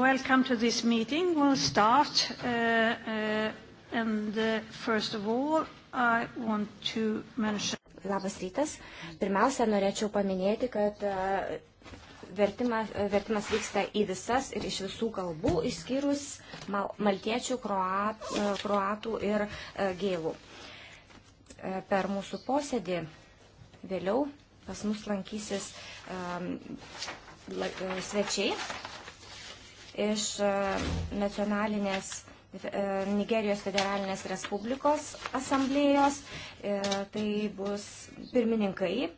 Welcome to this meeting. We'll start. Uh, uh, and uh, first of all, I want to mention. Labas rytas. Pirmiausia, norėčiau paminėti, kad uh, vertimas, uh, vertimas vyksta į visas ir iš visų kalbų, išskyrus mal, maltiečių, kroat, uh, kroatų ir gėlų. Per mūsų posėdį vėliau pas mus lankysis um, la, svečiai iš e, nacionalinės e, Nigerijos federalinės respublikos asamblėjos. E, tai bus pirmininkai.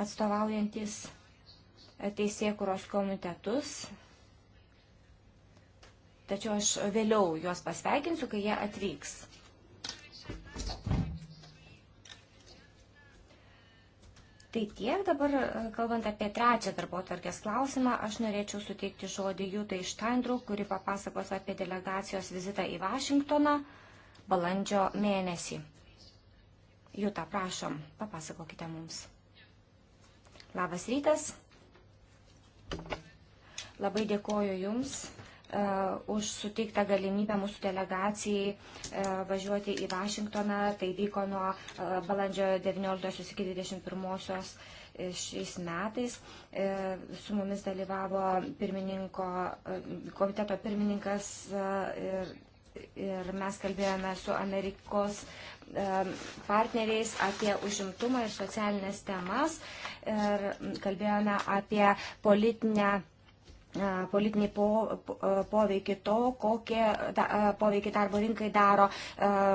atstovaujantis teisėkuros komitetus. Tačiau aš vėliau juos pasveikinsiu, kai jie atvyks. Tai tiek dabar, e, kalbant apie trečią darbo tvarkės klausimą, aš norėčiau suteikti žodį Jutai Štaindrų, kuri papasakos apie delegacijos vizitą į Vašingtoną balandžio mėnesį. Juta, prašom, papasakokite mums. Labas rytas. Labai dėkoju Jums E, už suteiktą galimybę mūsų delegacijai e, važiuoti į Vašingtoną. Tai vyko nuo e, balandžio 19 iki 21 šiais metais. Su mumis dalyvavo pirmininko, komiteto pirmininkas ir, ir mes kalbėjome su Amerikos partneriais apie užimtumą ir socialinės temas ir kalbėjome apie politinę politinį po, po, poveikį to, kokie da, poveikį darbo rinkai daro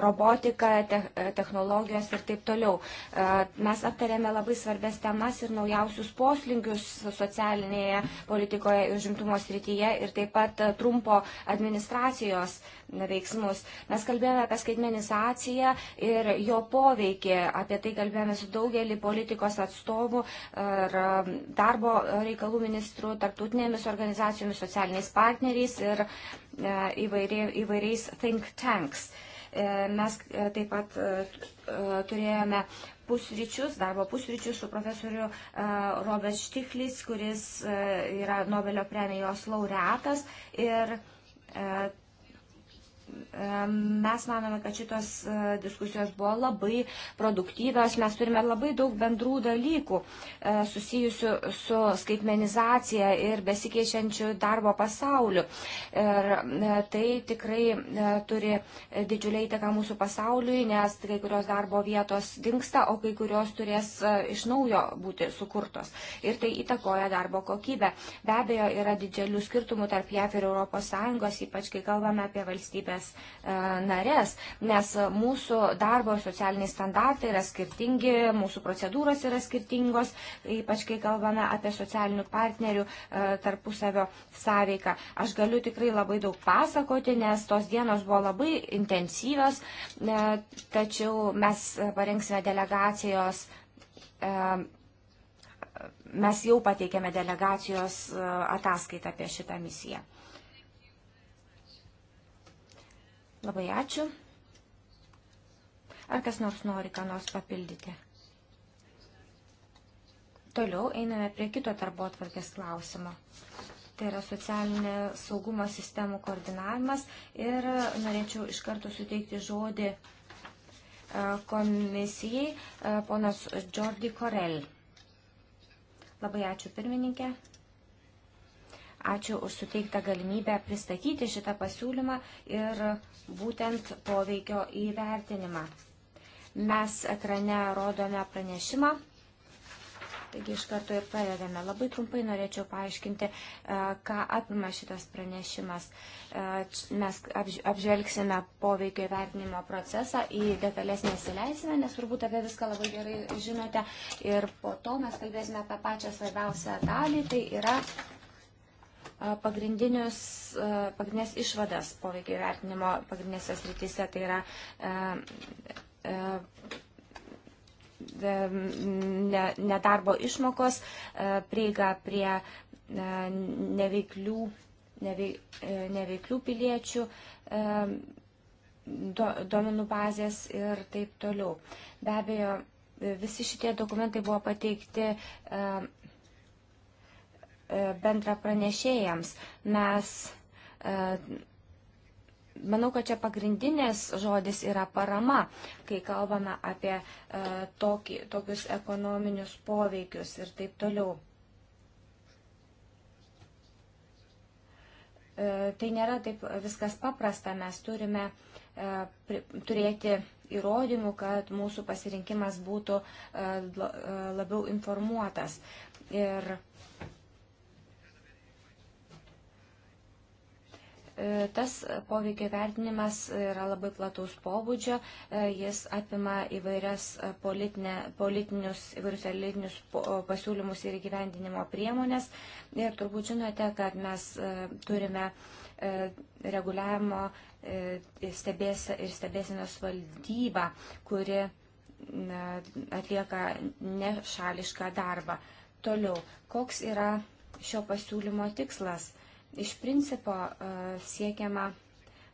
robotika, te, technologijos ir taip toliau. Mes aptarėme labai svarbės temas ir naujausius poslinkius socialinėje politikoje ir žimtumo srityje ir taip pat trumpo administracijos veiksmus. Mes kalbėjome apie skaitmenizaciją ir jo poveikį. Apie tai kalbėjome su daugelį politikos atstovų ir um, darbo reikalų ministrų, tarptautinėmis organizacijomis, socialiniais partneriais ir e, įvairiais think tanks. E, mes e, taip pat turėjome pusryčius, darbo pusryčius su profesoriu Robert Štiklis, kuris yra Nobelio premijos laureatas. Ir Mes manome, kad šitos e, diskusijos buvo labai produktyvios, mes turime labai daug bendrų dalykų e, susijusių su skaitmenizacija ir besikeičiančiu darbo pasauliu. Ir e, tai tikrai turi didžiulį įtaką mūsų pasauliui, nes kai kurios darbo vietos dinksta, o kai kurios turės iš naujo būti sukurtos. Ir tai įtakoja darbo kokybę. Be abejo, yra didžiulių skirtumų tarp JAF ir ES, ypač kai kalbame apie valstybę valstybės e, narės, nes mūsų darbo ir socialiniai standartai yra skirtingi, mūsų procedūros yra skirtingos, ypač kai kalbame apie socialinių partnerių e, tarpusavio sąveiką. Aš galiu tikrai labai daug pasakoti, nes tos dienos buvo labai intensyvios, e, tačiau mes parengsime delegacijos mes jau pateikėme delegacijos ataskaitą apie šitą misiją. Labai ačiū. Ar kas nors nori ką nors papildyti? Toliau einame prie kito darbo atvarkės klausimo. Tai yra socialinė saugumo sistemų koordinavimas ir norėčiau iš karto suteikti žodį e, komisijai e, ponas Jordi Korel. Labai ačiū pirmininkė. Ačiū už suteiktą galimybę pristatyti šitą pasiūlymą ir būtent poveikio įvertinimą. Mes ekrane rodome pranešimą. Taigi iš karto ir pradedame. Labai trumpai norėčiau paaiškinti, e, ką apima šitas pranešimas. E, mes apžvelgsime poveikio įvertinimo procesą, į detalės nesileisime, nes turbūt apie viską labai gerai žinote. Ir po to mes kalbėsime apie pačią svarbiausią dalį, tai yra pagrindinius, pagrindinės išvadas poveikio įvertinimo pagrindinėse srityse. Tai yra nedarbo išmokos, prieiga prie neveiklių, e, neveiklių piliečių duomenų bazės ir taip toliau. Be abejo, visi šitie dokumentai buvo pateikti E, bendra pranešėjams. Mes, e, manau, kad čia pagrindinis žodis yra parama, kai kalbame apie e, tokį, tokius ekonominius poveikius ir taip toliau. Tai nėra taip viskas paprasta, mes turime turėti įrodymų, kad mūsų pasirinkimas būtų labiau informuotas. Ir E, tas poveikio vertinimas yra labai plataus pobūdžio, e, jis apima įvairias e, politinė, politinius, įvairius elitinius pasiūlymus ir įgyvendinimo priemonės. Ir turbūt žinote, kad mes turime reguliavimo stebės, ir stebėsinos valdybą, kuri atlieka nešališką darbą. Toliau, koks yra šio pasiūlymo tikslas? Iš principo e, siekiama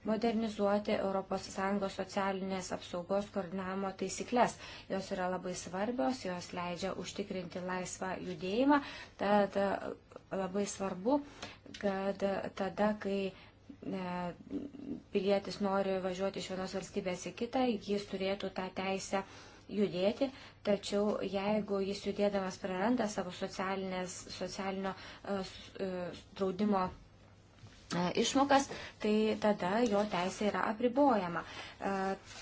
modernizuoti ES socialinės apsaugos koordinavimo taisyklės. Jos yra labai svarbios, jos leidžia užtikrinti laisvą judėjimą, tad e, labai svarbu, kad tada, kai e, pilietis nori važiuoti iš vienos valstybės į kitą, jis turėtų tą teisę judėti, tačiau jeigu jis judėdamas praranda savo socialinio draudimo E, išmokas, tai tada jo teisė yra apribojama. E,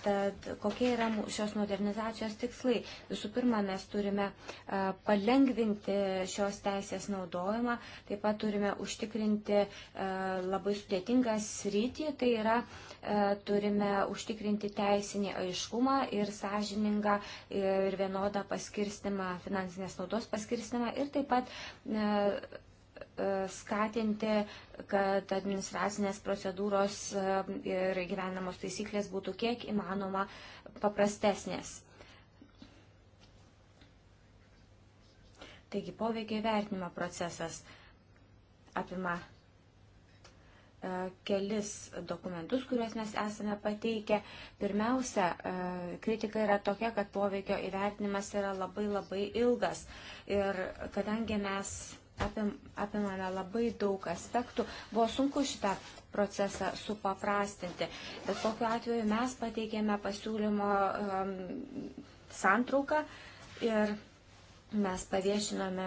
tad kokie yra šios modernizacijos tikslai? Visų pirma, mes turime e, palengvinti šios teisės naudojimą, taip pat turime užtikrinti labai sudėtingą sritį, tai yra turime užtikrinti teisinį aiškumą ir sąžiningą ir vienodą paskirstimą, finansinės naudos paskirstimą ir taip pat skatinti, kad administracinės procedūros e, ir gyvenamos taisyklės būtų kiek įmanoma paprastesnės. Taigi poveikio įvertinimo procesas apima e, kelis dokumentus, kuriuos mes esame pateikę. Pirmiausia, e, kritika yra tokia, kad poveikio įvertinimas yra labai labai ilgas. Ir kadangi mes apimame labai daug aspektų. Buvo sunku šitą procesą supaprastinti, bet kokiu atveju mes pateikėme pasiūlymo um, santrauką ir mes paviešinome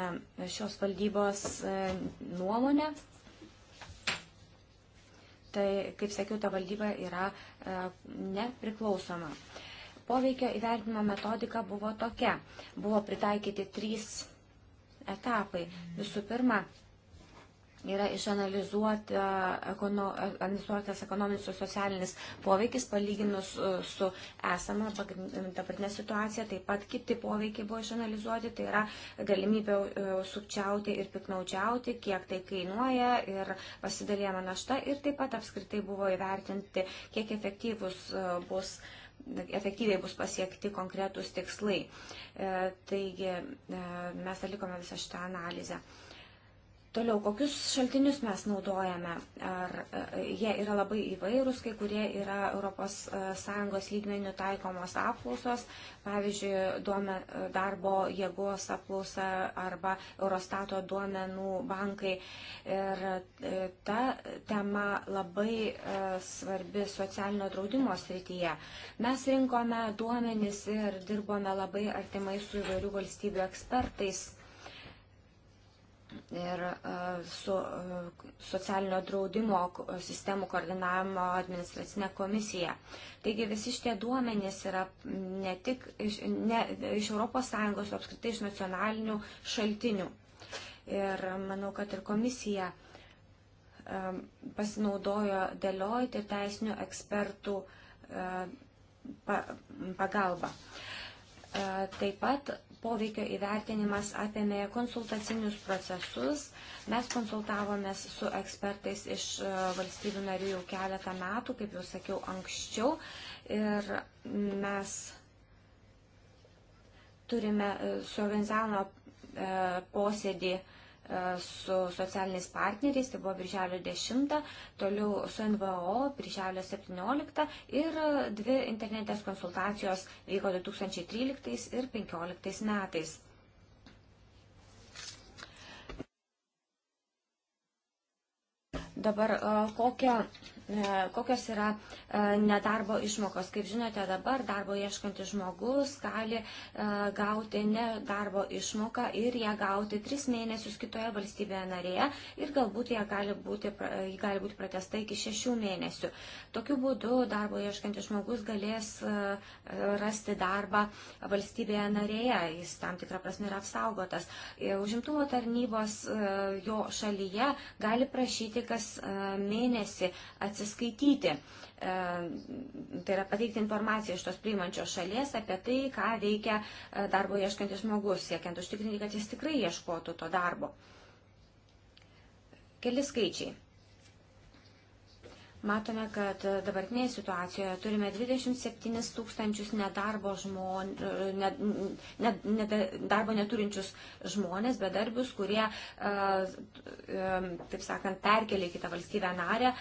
šios valdybos um, nuomonę. Tai, kaip sakiau, ta valdyba yra um, nepriklausoma. Poveikio įvertinimo metodika buvo tokia. Buvo pritaikyti trys etapai. Visų pirma, yra išanalizuotas ekonominis ir socialinis poveikis palyginus e, su esama dabartinė situacija, taip pat kiti poveikiai buvo išanalizuoti, tai yra galimybė e, sukčiauti ir piknaučiauti, kiek tai kainuoja ir pasidalėjama našta ir taip pat apskritai buvo įvertinti, kiek efektyvus e, bus uh, efektyviai bus pasiekti konkretūs tikslai. E, taigi e, mes atlikome visą šitą analizę. Toliau, kokius šaltinius mes naudojame? Ar e, jie yra labai įvairūs, kai kurie yra ES e, lygmenių taikomos apklausos, pavyzdžiui, duome, e, darbo jėgos apklausa arba Eurostato duomenų bankai. Ir ta tema labai svarbi socialinio draudimo srityje. Mes rinkome duomenis ir dirbome labai artimai su įvairių valstybių ekspertais ir e, su e, socialinio draudimo sistemų koordinavimo administracinė komisija. Taigi visi šitie duomenys yra ne tik iš, ne, iš ES, o apskritai iš nacionalinių šaltinių. Ir manau, kad ir komisija e, pasinaudojo dėliojti ir teisinių ekspertų pagalbą. Taip pat poveikio įvertinimas apėmė konsultacinius procesus. Mes konsultavomės su ekspertais iš e, valstybių narių jau keletą metų, kaip jau sakiau anksčiau. Ir mes turime e, suorganizavome e, posėdį E, su socialiniais partneriais, tai buvo birželio 10, toliau su NVO birželio 17 ir dvi internetės konsultacijos vyko 2013 ir 2015 metais. Dabar e, kokią E, kokios yra e, nedarbo išmokos. Kaip žinote, dabar darbo ieškantis žmogus gali e, gauti nedarbo išmoką ir ją gauti tris mėnesius kitoje valstybėje narėje ir galbūt jie gali būti, jie gali būti pratesta iki šešių mėnesių. Tokiu būdu darbo ieškantis žmogus galės rasti darbą valstybėje narėje. Jis tam tikrą prasme yra apsaugotas. Užimtumo tarnybos jo šalyje gali prašyti kas mėnesį atsiskaityti atsiskaityti. E, tai yra pateikti informaciją iš tos priimančios šalies apie tai, ką veikia e, darbo ieškantis žmogus, siekiant užtikrinti, kad jis tikrai ieškotų to darbo. Keli skaičiai. Matome, kad dabartinėje situacijoje turime 27 tūkstančius nedarbo, žmon, ne, ne, ne, darbo neturinčius žmonės, bedarbius, kurie, e, e, taip sakant, perkelia į kitą valstybę narę e,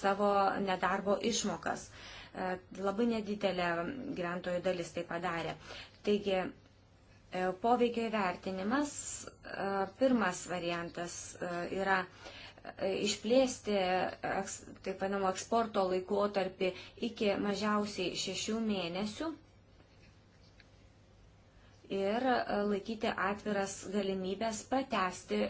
savo nedarbo išmokas. Labai nedidelė gyventojų dalis tai padarė. Taigi, poveikio įvertinimas, pirmas variantas yra išplėsti taip vadinamo eksporto laikotarpį iki mažiausiai šešių mėnesių ir e, laikyti atviras galimybės pratesti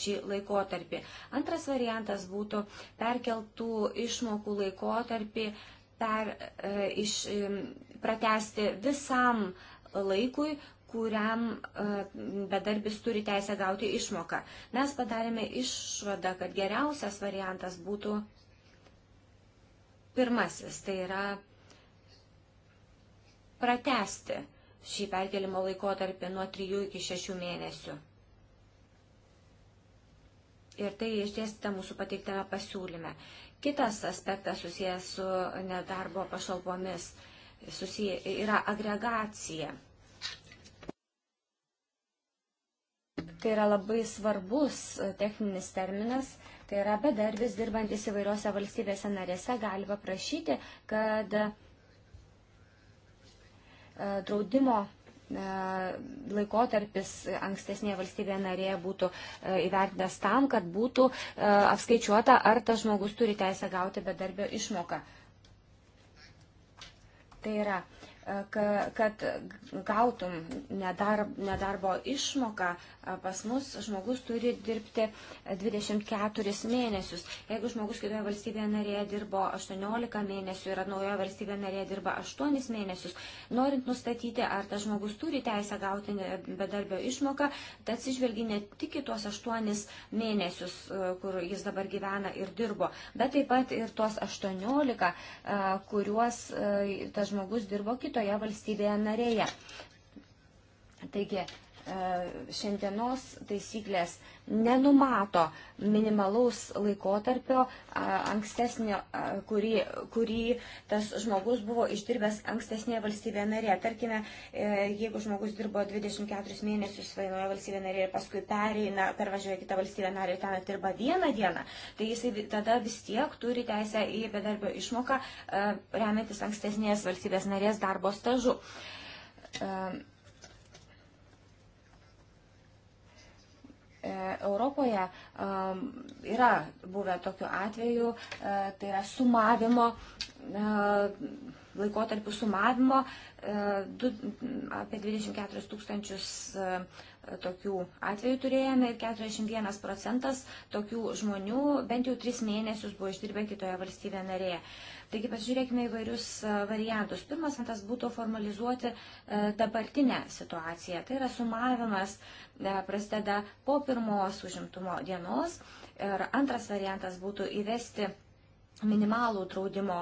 šį laikotarpį. Antras variantas būtų perkeltų išmokų laikotarpį per, e, iš, e, pratesti visam laikui, kuriam e, bedarbis turi teisę gauti išmoką. Mes padarėme išvadą, kad geriausias variantas būtų pirmasis, tai yra pratesti šį perkelimo laikotarpį nuo 3 iki 6 mėnesių. Ir tai išdėstyta mūsų pateiktame pasiūlyme. Kitas aspektas susijęs su nedarbo pašalpomis susiję, yra agregacija Tai yra labai svarbus e, techninis terminas. Tai yra bedarbis dirbantis įvairiose valstybėse narėse gali paprašyti, kad e, draudimo e, laikotarpis ankstesnėje valstybėje narėje būtų įvertintas tam, kad būtų apskaičiuota, ar tas žmogus turi teisę gauti bedarbio išmoką. Tai yra kad gautum nedarbo išmoką, pas mus žmogus turi dirbti 24 mėnesius. Jeigu žmogus kitoje valstybėje narėje dirbo 18 mėnesių ir naujoje valstybėje narėje dirba 8 mėnesius, norint nustatyti, ar tas žmogus turi teisę gauti bedarbio išmoką, tai atsižvelgi ne tik į tuos 8 mėnesius, kur jis dabar gyvena ir dirbo, bet taip pat ir tuos 18, kuriuos tas žmogus dirbo kitoje kitoje valstybėje narėje. Taigi, E, šiandienos taisyklės nenumato minimalaus laikotarpio, ankstesnio, kurį, kurį tas žmogus buvo išdirbęs ankstesnėje valstybėje narėje. Tarkime, e, jeigu žmogus dirbo 24 mėnesius vienoje valstybėje narėje ir paskui pereina, pervažiuoja kitą valstybę narę ir ten dirba vieną dieną, tai jisai tada vis tiek turi teisę į bedarbio išmoką e, remiantis ankstesnės valstybės narės darbo stažu. Um E, Europoje e, yra buvę tokių atvejų, e, tai yra sumavimo, laikotarpių sumavimo, apie 24 tūkstančius tokių atvejų turėjome ir 41 procentas tokių žmonių bent jau 3 mėnesius buvo išdirbę kitoje valstybėje narėje. Taigi pasižiūrėkime įvairius e, variantus. Pirmas antas būtų formalizuoti e, dabartinę situaciją. Tai yra sumavimas e, prasideda po pirmos užimtumo dienos. Ir antras variantas būtų įvesti minimalų draudimo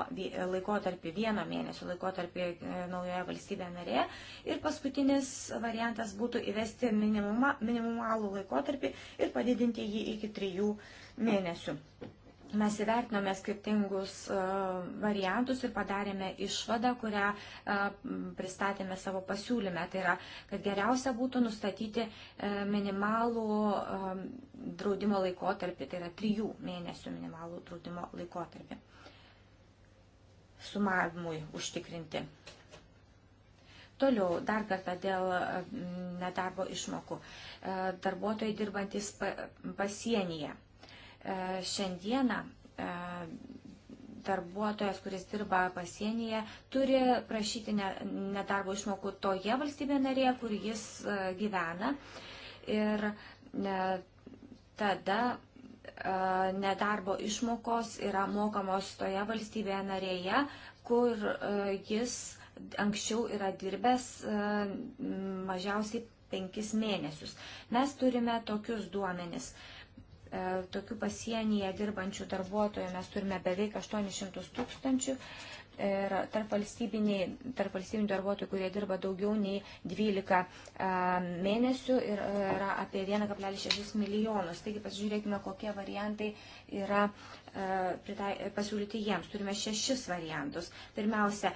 laikotarpį, vieno mėnesio laikotarpį naujoje valstybėje narėje. Ir paskutinis variantas būtų įvesti minimuma, minimalų laikotarpį ir padidinti jį iki trijų mėnesių. Mes įvertinome skirtingus e, variantus ir padarėme išvadą, kurią e, pristatėme savo pasiūlyme. Tai yra, kad geriausia būtų nustatyti e, minimalų draudimo laikotarpį, tai yra trijų mėnesių minimalų draudimo laikotarpį sumavimui užtikrinti. Toliau, dar kartą dėl nedarbo išmokų. Darbuotojai dirbantis pasienyje. E, šiandieną e, darbuotojas, kuris dirba pasienyje, turi prašyti nedarbo išmokų toje valstybėje narėje, kur jis e, gyvena. Ir tada nedarbo išmokos yra mokamos toje valstybėje narėje, kur jis anksčiau yra dirbęs mažiausiai penkis mėnesius. Mes turime tokius duomenis. E, tokių pasienyje dirbančių darbuotojų mes turime beveik 800 tūkstančių ir tarp, tarp valstybinių darbuotojų, kurie dirba daugiau nei 12 e, mėnesių, e, yra apie 1,6 milijonus. Taigi pasižiūrėkime, kokie variantai yra pasiūlyti jiems. Turime šešis variantus. Pirmiausia,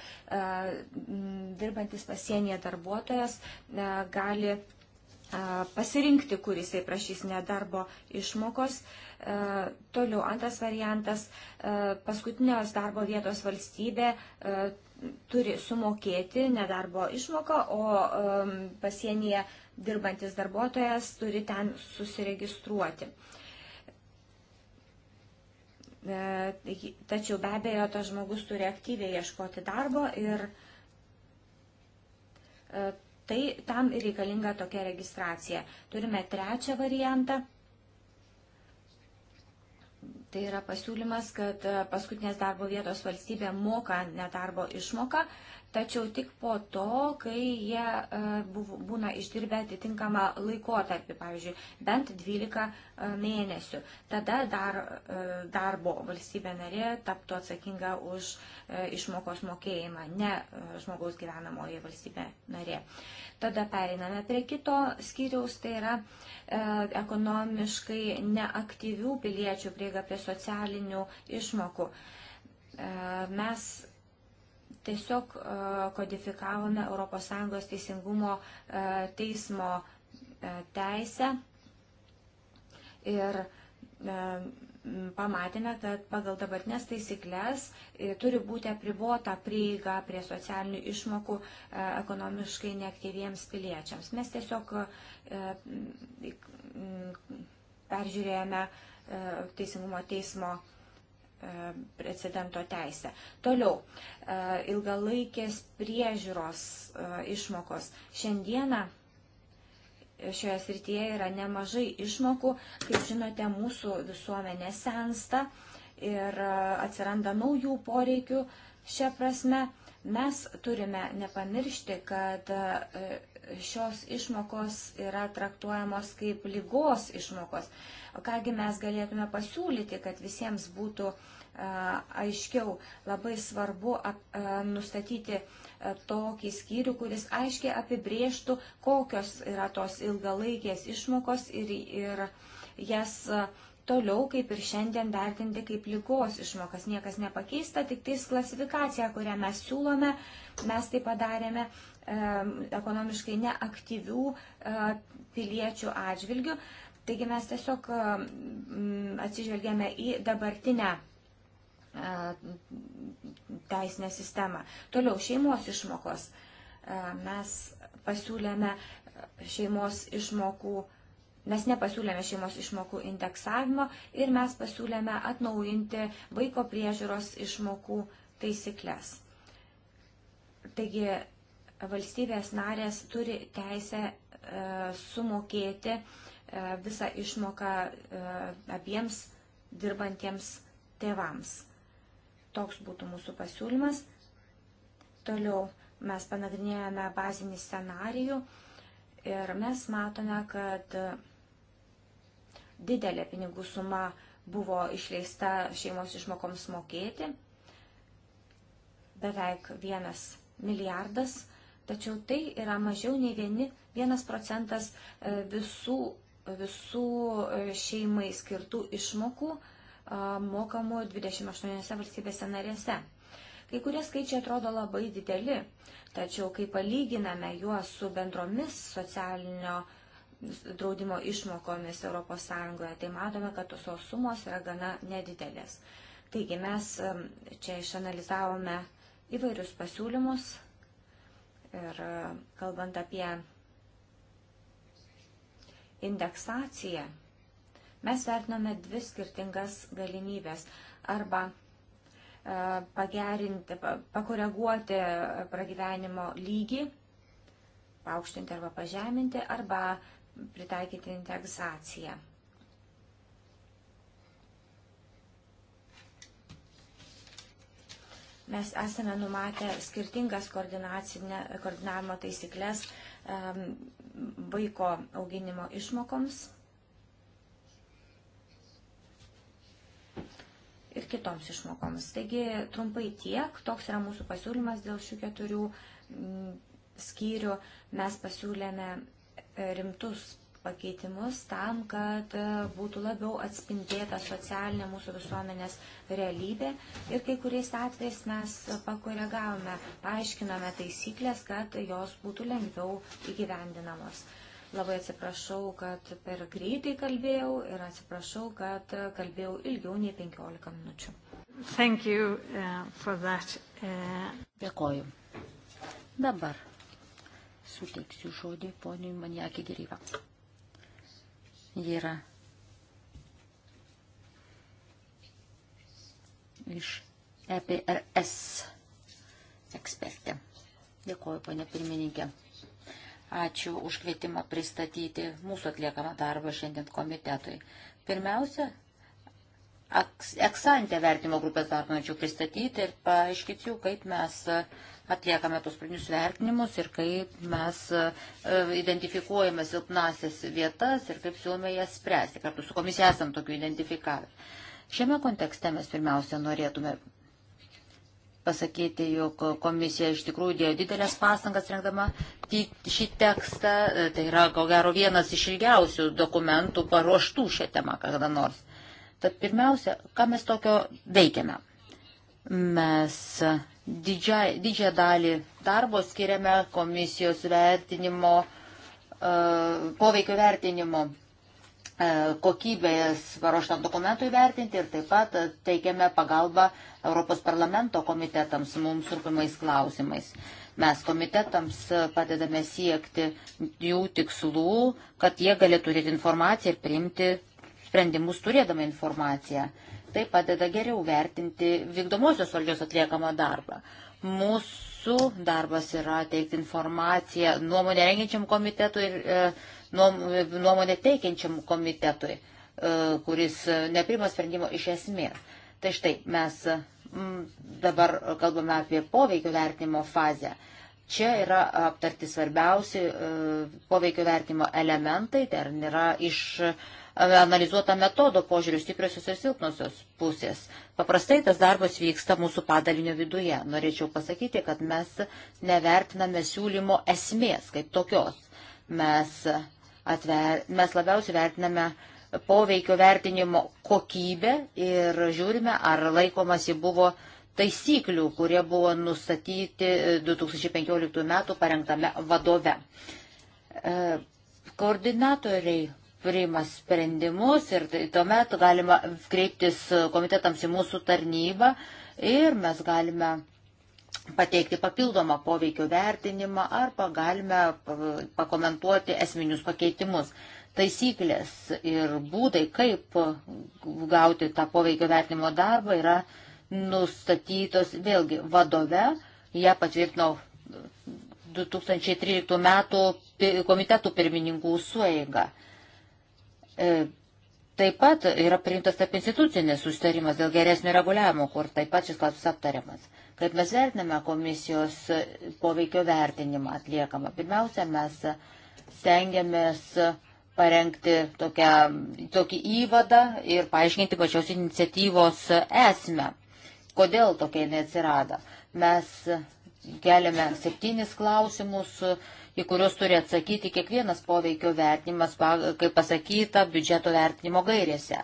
dirbantis pasienyje darbuotojas gali pasirinkti, kur jisai prašys nedarbo išmokos. Toliau antras variantas - paskutinios darbo vietos valstybė turi sumokėti nedarbo išmoką, o pasienyje dirbantis darbuotojas turi ten susiregistruoti. Tačiau be abejo, tas žmogus turi aktyviai ieškoti darbo ir tai tam reikalinga tokia registracija. Turime trečią variantą. Tai yra pasiūlymas, kad paskutinės darbo vietos valstybė moka nedarbo išmoką tačiau tik po to, kai jie e, buvo, būna išdirbę atitinkamą laikotarpį, pavyzdžiui, bent 12 e, mėnesių. Tada dar e, darbo valstybė narė taptų atsakinga už išmokos mokėjimą, ne žmogaus gyvenamoji valstybė narė. Tada pereiname prie kito skyriaus, tai yra ekonomiškai neaktyvių piliečių prieiga prie socialinių išmokų. Mes tiesiog e, kodifikavome ES teisingumo e, teismo e, teisę ir pamatėme, kad pagal dabartinės taisyklės turi būti apribota prieiga prie socialinių išmokų ekonomiškai neaktyviems piliečiams. Mes tiesiog peržiūrėjome Teisingumo teismo E, precedento teisę. Toliau, e, ilgalaikės priežiūros e, išmokos. Šiandieną šioje srityje yra nemažai išmokų. Kaip žinote, mūsų visuomenė sensta ir atsiranda naujų poreikių. Šią prasme mes turime nepamiršti, kad šios išmokos yra traktuojamos kaip lygos išmokos. Kągi mes galėtume pasiūlyti, kad visiems būtų aiškiau labai svarbu ap, nustatyti tokį skyrių, kuris aiškiai apibrieštų, kokios yra tos ilgalaikės išmokos ir, ir jas toliau, kaip ir šiandien, vertinti kaip lygos išmokas. Niekas nepakeista, tik tais klasifikacija, kurią mes siūlome, mes tai padarėme e, ekonomiškai neaktyvių e, piliečių atžvilgių. Taigi mes tiesiog atsižvelgėme į dabartinę e, teisinę sistemą. Toliau šeimos išmokos. E, mes pasiūlėme šeimos išmokų Mes nepasiūlėme šeimos išmokų indeksavimo ir mes pasiūlėme atnaujinti vaiko priežiūros išmokų taisyklės. Taigi valstybės narės turi teisę e, sumokėti e, visą išmoką e, abiems dirbantiems tėvams. Toks būtų mūsų pasiūlymas. Toliau mes panagrinėjame bazinį scenarijų ir mes matome, kad didelė pinigų suma buvo išleista šeimos išmokoms mokėti, beveik vienas milijardas, tačiau tai yra mažiau nei vieni, vienas procentas e, visų, visų e, šeimai skirtų išmokų e, mokamų 28 valstybėse narėse. Kai kurie skaičiai atrodo labai dideli, tačiau kai palyginame juos su bendromis socialinio uh, draudimo išmokomis ES. Tai matome, kad tos sumos yra gana nedidelės. Taigi mes čia išanalizavome įvairius pasiūlymus ir e, kalbant apie indeksaciją, mes vertiname dvi skirtingas galimybės arba e, pagerinti, pakoreguoti pragyvenimo lygį, paaukštinti arba pažeminti, arba pritaikyti indeksaciją. Mes esame numatę skirtingas koordinavimo taisyklės vaiko auginimo išmokoms ir kitoms išmokoms. Taigi trumpai tiek, toks yra mūsų pasiūlymas dėl šių keturių skyrių. Mes pasiūlėme rimtus pakeitimus tam, kad e, būtų labiau atspindėta socialinė mūsų visuomenės realybė. Ir kai kuriais atvejais mes pakoregavome, paaiškiname taisyklės, kad jos būtų lengviau įgyvendinamos. Labai atsiprašau, kad per greitai kalbėjau ir atsiprašau, kad kalbėjau ilgiau nei 15 minučių. Thank you uh, for that. Uh... Dėkoju. Dabar suteiksiu žodį poniui Maniakį Geryvą. Jie yra iš EPRS ekspertė. Dėkuoju, ponė pirmininkė. Ačiū už kvietimą pristatyti mūsų atliekamą darbą šiandien komitetui. Pirmiausia, eksantę vertimo grupės darbą norėčiau pristatyti ir paaiškinsiu, kaip mes atliekame tos pradinius vertinimus ir kaip mes e, identifikuojame silpnasias vietas ir kaip siūlome jas spręsti. Kartu su komisija esam tokių identifikavę. Šiame kontekste mes pirmiausia norėtume pasakyti, jog komisija iš tikrųjų dėjo didelės pastangas rengdama šį tekstą. E, tai yra, ko gero, vienas iš ilgiausių dokumentų paruoštų šią temą kada nors. Tad pirmiausia, ką mes tokio veikiame? Mes didžiąją dalį darbo skiriame komisijos vertinimo, e, poveikio vertinimo e, kokybės paruoštam dokumentui vertinti ir taip pat teikiame pagalbą Europos parlamento komitetams mums rūpimais klausimais. Mes komitetams padedame siekti jų tikslų, kad jie galėtų turėti informaciją ir priimti sprendimus turėdami informaciją. Tai padeda geriau vertinti vykdomosios valdžios atliekamą darbą. Mūsų darbas yra teikti informaciją nuomonę rengiančiam komitetui ir e, nuomonę teikiančiam komitetui, e, kuris e, neprima sprendimo iš esmės. Tai štai mes m, dabar kalbame apie poveikio vertinimo fazę. Čia yra aptarti svarbiausi e, poveikio vertimo elementai, ten tai yra iš e, analizuota metodo požiūrių stipriosios ir silpnosios pusės. Paprastai tas darbas vyksta mūsų padalinio viduje. Norėčiau pasakyti, kad mes nevertiname siūlymo esmės kaip tokios. Mes, atver, mes labiausiai vertiname poveikio vertinimo kokybę ir žiūrime, ar laikomasi buvo taisyklių, kurie buvo nustatyti 2015 metų parengtame vadove. E, koordinatoriai priima sprendimus ir tai tuomet galima kreiptis komitetams į mūsų tarnybą ir mes galime pateikti papildomą poveikio vertinimą arba galime pakomentuoti esminius pakeitimus. Taisyklės ir būdai, kaip gauti tą poveikio vertinimo darbą, yra nustatytos vėlgi vadove, ją patvirtino 2013 m. komitetų pirmininkų sueiga. E, taip pat yra priimtas tarp institucinis sustarimas dėl geresnio reguliavimo, kur taip pat šis klausimas aptariamas. Kaip mes vertiname komisijos poveikio vertinimą atliekamą? Pirmiausia, mes stengiamės parengti tokią, tokį įvadą ir paaiškinti pačios iniciatyvos esmę. Kodėl tokia jinai atsirado? Mes keliame septynis klausimus į kuriuos turi atsakyti kiekvienas poveikio vertinimas, kaip pasakyta, biudžeto vertinimo gairėse.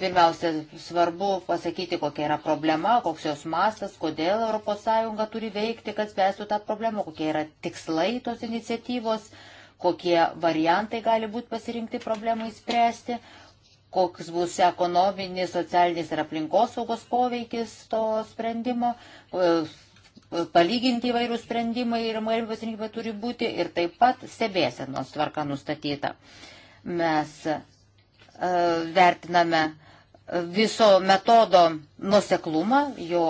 Pirmiausia, svarbu pasakyti, kokia yra problema, koks jos mastas, kodėl ES turi veikti, kad spėstų tą problemą, kokie yra tikslai tos iniciatyvos, kokie variantai gali būti pasirinkti problemai spręsti, koks bus ekonominis, socialinis ir aplinkosaugos poveikis to sprendimo, palyginti įvairių sprendimai ir mūrėjimų pasirinkimai turi būti ir taip pat stebėsenos tvarka nustatyta. Mes e, vertiname viso metodo nuseklumą, jo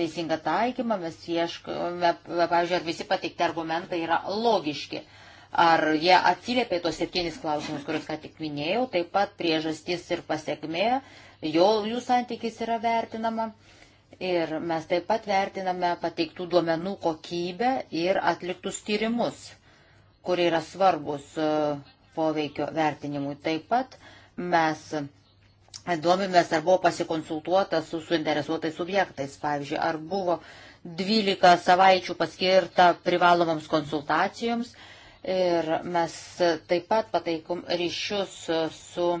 teisingą taikymą, mes ieškome, pavyzdžiui, ar visi pateikti argumentai yra logiški. Ar jie atsiliepia tuos septynis klausimus, kuriuos ką tik minėjau, taip pat priežastis ir pasiekmė, jo jų santykis yra vertinama. Uh, Ir mes taip pat vertiname pateiktų duomenų kokybę ir atliktus tyrimus, kurie yra svarbus e, poveikio vertinimui. Taip pat mes duomimės, ar buvo pasikonsultuota su suinteresuotais subjektais, pavyzdžiui, ar buvo 12 savaičių paskirta privalomoms konsultacijoms. Ir mes taip pat pateikom ryšius su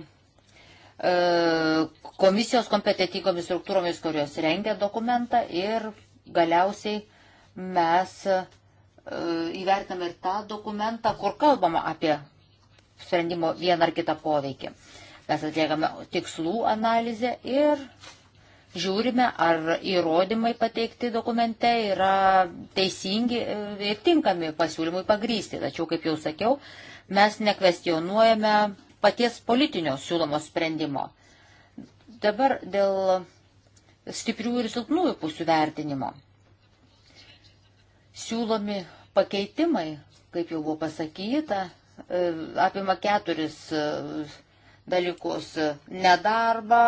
E, komisijos kompetitingomis struktūromis, kurios rengia dokumentą ir galiausiai mes e, įvertiname ir tą dokumentą, kur kalbama apie sprendimo vieną ar kitą poveikį. Mes atliekame tikslų analizę ir žiūrime, ar įrodymai pateikti dokumente yra teisingi e, ir tinkami pasiūlymui pagrysti. Tačiau, kaip jau sakiau, mes nekvestionuojame paties politinio siūlomo sprendimo. Dabar dėl stiprių ir silpnųjų pusių vertinimo. Siūlomi pakeitimai, kaip jau buvo pasakyta, e, apima keturis e, dalykus - nedarbą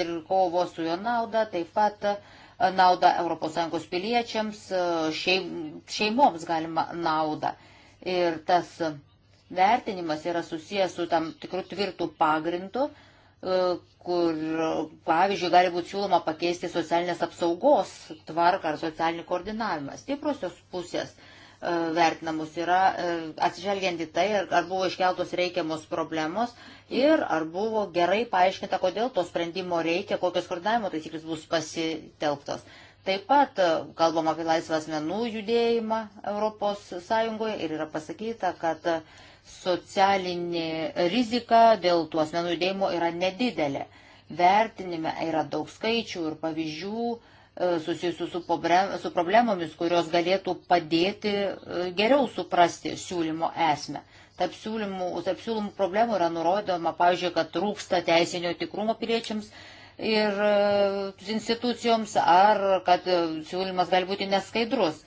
ir kovo su jo nauda, taip pat e, naudą ES piliečiams, šeim, šeimoms galima naudą. Ir tas vertinimas yra susijęs su tam tikru tvirtų pagrindu, e, kur, pavyzdžiui, gali būti siūloma pakeisti socialinės apsaugos tvarką ar socialinį koordinavimą. Stiprosios pusės e, vertinamus yra e, atsižvelgiant į tai, ar buvo iškeltos reikiamos problemos ir ar buvo gerai paaiškinta, kodėl to sprendimo reikia, kokios koordinavimo taisyklės bus pasitelktos. Taip pat kalbam apie laisvą asmenų judėjimą ES ir yra pasakyta, kad uh, socialinė rizika dėl tų asmenų judėjimo yra nedidelė. Vertinime yra daug skaičių ir pavyzdžių e, susijusių su, su problemomis, kurios galėtų padėti e, geriau suprasti siūlymo esmę. Tarp siūlymų, tarp siūlymų problemų yra nurodoma, pavyzdžiui, kad trūksta teisinio tikrumo piliečiams ir e, institucijoms, ar kad siūlymas gali būti neskaidrus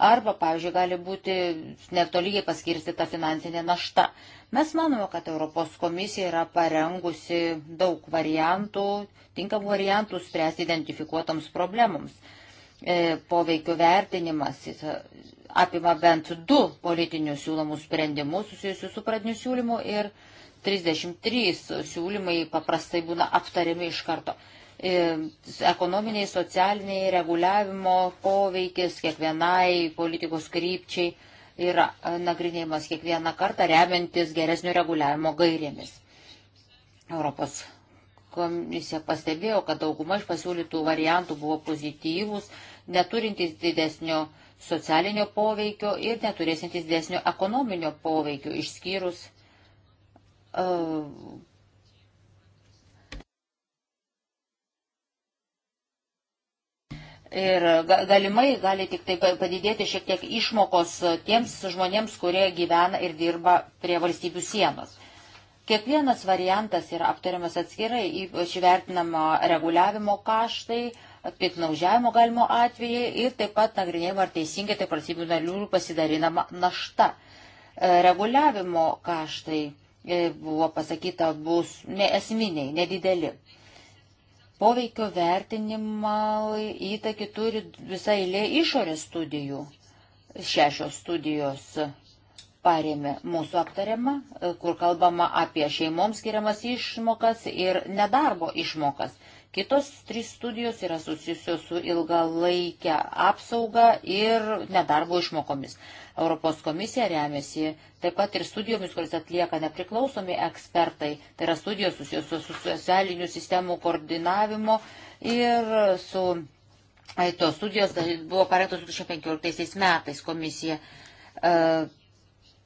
arba, pavyzdžiui, gali būti netolygiai paskirstyta finansinė našta. Mes manome, kad Europos komisija yra parengusi daug variantų, tinkamų variantų spręsti identifikuotams problemams. E, poveikio vertinimas apima bent du politinius siūlomus sprendimus susijusius su pradiniu siūlymu ir 33 siūlymai paprastai būna aptariami iš karto. E, ekonominiai, socialiniai reguliavimo poveikis kiekvienai politikos krypčiai yra nagrinėjimas kiekvieną kartą remiantis geresnio reguliavimo gairėmis. Europos komisija pastebėjo, kad dauguma iš pasiūlytų variantų buvo pozityvūs, neturintys didesnio socialinio poveikio ir neturėsintys didesnio ekonominio poveikio, išskyrus uh, Ir galimai gali tik tai padidėti šiek tiek išmokos e, tiems žmonėms, kurie gyvena ir dirba prie valstybių sienos. Kiekvienas variantas yra aptariamas atskirai, ypač vertinama reguliavimo kaštai, piknaužiavimo galimo atvejai ir taip pat nagrinėjama, ar teisingai tai valstybių narių pasidarinama našta. E, reguliavimo kaštai, e, buvo pasakyta, bus neesminiai, nedideli. Poveikio vertinimą įtakį turi visai lė išorės studijų. Šešios studijos parėmė mūsų aptariamą, kur kalbama apie šeimoms skiriamas išmokas ir nedarbo išmokas. Kitos trys studijos yra susijusios su ilgalaikia apsauga ir nedarbo išmokomis. Europos komisija remiasi taip pat ir studijomis, kuris atlieka nepriklausomi ekspertai, tai yra studijos susijusios su socialinių sistemų koordinavimo ir su, ai, tos studijos buvo parengtos 2015 metais komisija. E,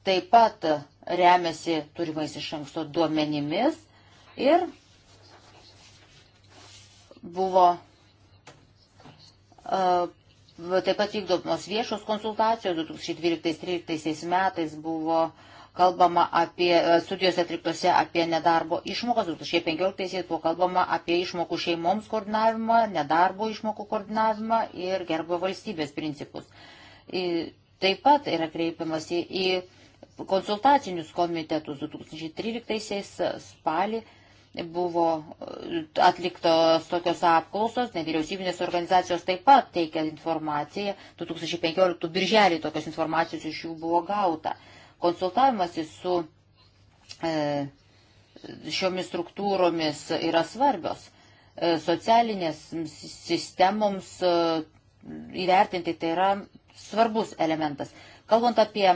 taip pat remiasi turimais iš anksto duomenimis ir buvo e, Taip pat vykdomos viešos konsultacijos 2012-2013 metais buvo kalbama apie studijos atliktose apie nedarbo išmokas, 2015-aisiais buvo kalbama apie išmokų šeimoms koordinavimą, nedarbo išmokų koordinavimą ir gerbo valstybės principus. Taip pat yra kreipiamasi į konsultacinius komitetus 2013-aisiais spalį buvo e, atliktos tokios apklausos, nevyriausybinės organizacijos taip pat teikia informaciją, 2015 birželį tokios informacijos iš jų buvo gauta. Konsultavimasis su e, šiomis struktūromis yra svarbios. E, socialinės sistemoms įvertinti tai yra svarbus elementas. Kalbant apie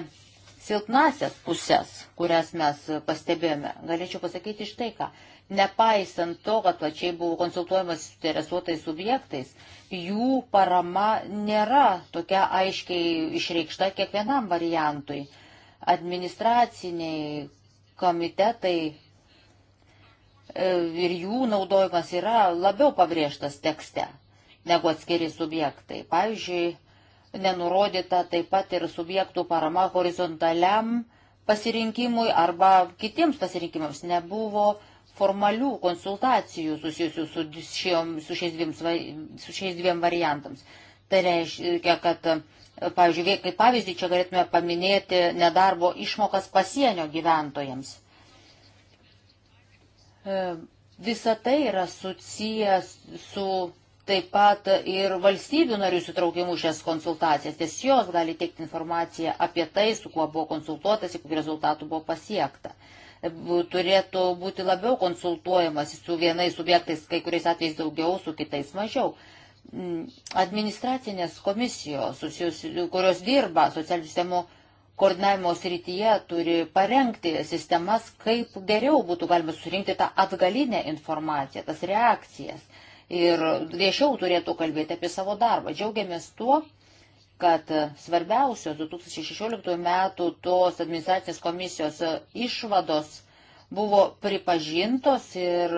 silpnasias pusės, kurias mes pastebėjome, galėčiau pasakyti štai ką nepaisant to, kad plačiai buvo konsultuojamas interesuotais subjektais, jų parama nėra tokia aiškiai išreikšta kiekvienam variantui. Administraciniai komitetai e, ir jų naudojimas yra labiau pabrėžtas tekste negu atskiri subjektai. Pavyzdžiui, nenurodyta taip pat ir subjektų parama horizontaliam pasirinkimui arba kitiems pasirinkimams nebuvo formalių konsultacijų susijusių su, šiom, su, šiais, dviem, su šiais dviem variantams. Tai reiškia, kad, pavyzdžiui, kaip pavyzdį čia galėtume paminėti nedarbo išmokas pasienio gyventojams. E, visa tai yra susijęs su taip pat ir valstybių narių sitraukimų šias konsultacijas, nes jos gali teikti informaciją apie tai, su kuo buvo konsultuotas, kokiu rezultatu buvo pasiekta. Uh, turėtų būti labiau konsultuojamas su vienais subjektais, kai kuriais atvejais daugiau, su kitais mažiau. Mm, administracinės komisijos, kurios dirba socialinių sistemų koordinavimo srityje, turi parengti sistemas, kaip geriau būtų galima surinkti tą atgalinę informaciją, tas reakcijas. Ir viešiau turėtų kalbėti apie savo darbą. Džiaugiamės tuo, kad svarbiausios 2016 metų tos administracinės komisijos išvados buvo pripažintos ir,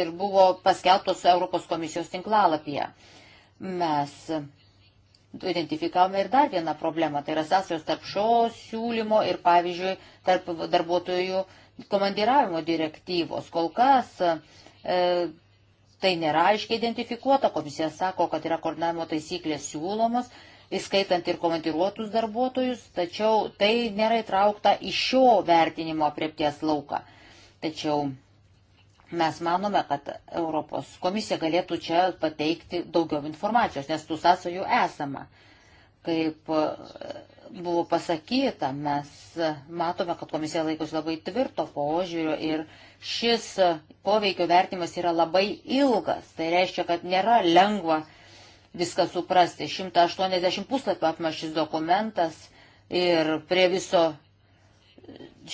ir buvo paskelbtos Europos komisijos tinklalapyje. Mes identifikavome ir dar vieną problemą, tai yra sąsajos tarp šio siūlymo ir, pavyzdžiui, tarp darbuotojų komandiravimo direktyvos. Kol kas e, tai nėra aiškiai identifikuota, komisija sako, kad yra koordinavimo taisyklės siūlomos, įskaitant ir komandiruotus darbuotojus, tačiau tai nėra įtraukta į šio vertinimo apriepties lauką. Tačiau mes manome, kad Europos komisija galėtų čia pateikti daugiau informacijos, nes tų sąsajų esama. Kaip e, buvo pasakyta, mes matome, kad komisija laikosi labai tvirto požiūrio ir šis poveikio vertimas yra labai ilgas. Tai reiškia, kad nėra lengva viską suprasti. 180 puslapio apima šis dokumentas ir prie viso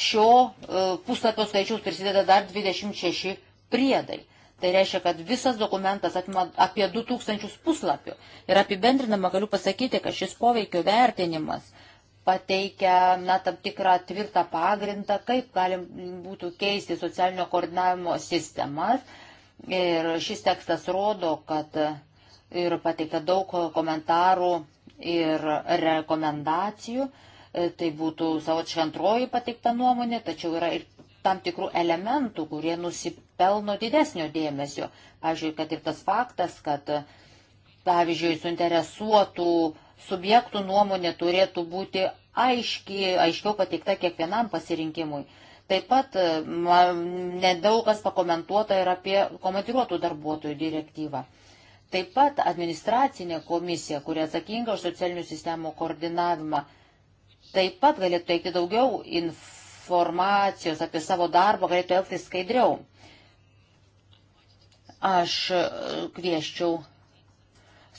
šio e, puslapio skaičiaus prisideda dar 26 priedai. Tai reiškia, kad visas dokumentas apima apie 2000 puslapių. Ir apibendrinama galiu pasakyti, kad šis poveikio vertinimas pateikia na, tam tikrą tvirtą pagrindą, kaip galim būtų keisti socialinio koordinavimo sistemas. Ir šis tekstas rodo, kad ir pateikta daug komentarų ir rekomendacijų. E, tai būtų savočiai antroji pateikta nuomonė, tačiau yra ir tam tikrų elementų, kurie nusipelno didesnio dėmesio. Pavyzdžiui, kad ir tas faktas, kad, pavyzdžiui, suinteresuotų subjektų nuomonė turėtų būti aiški, aiškiau pateikta kiekvienam pasirinkimui. Taip pat e, nedaug kas pakomentuota ir apie komandiruotų darbuotojų direktyvą. Taip pat administracinė komisija, kuri atsakinga už socialinių sistemų koordinavimą, taip pat galėtų teikti daugiau informacijos apie savo darbą, galėtų elgtis skaidriau. Aš e, kvieščiau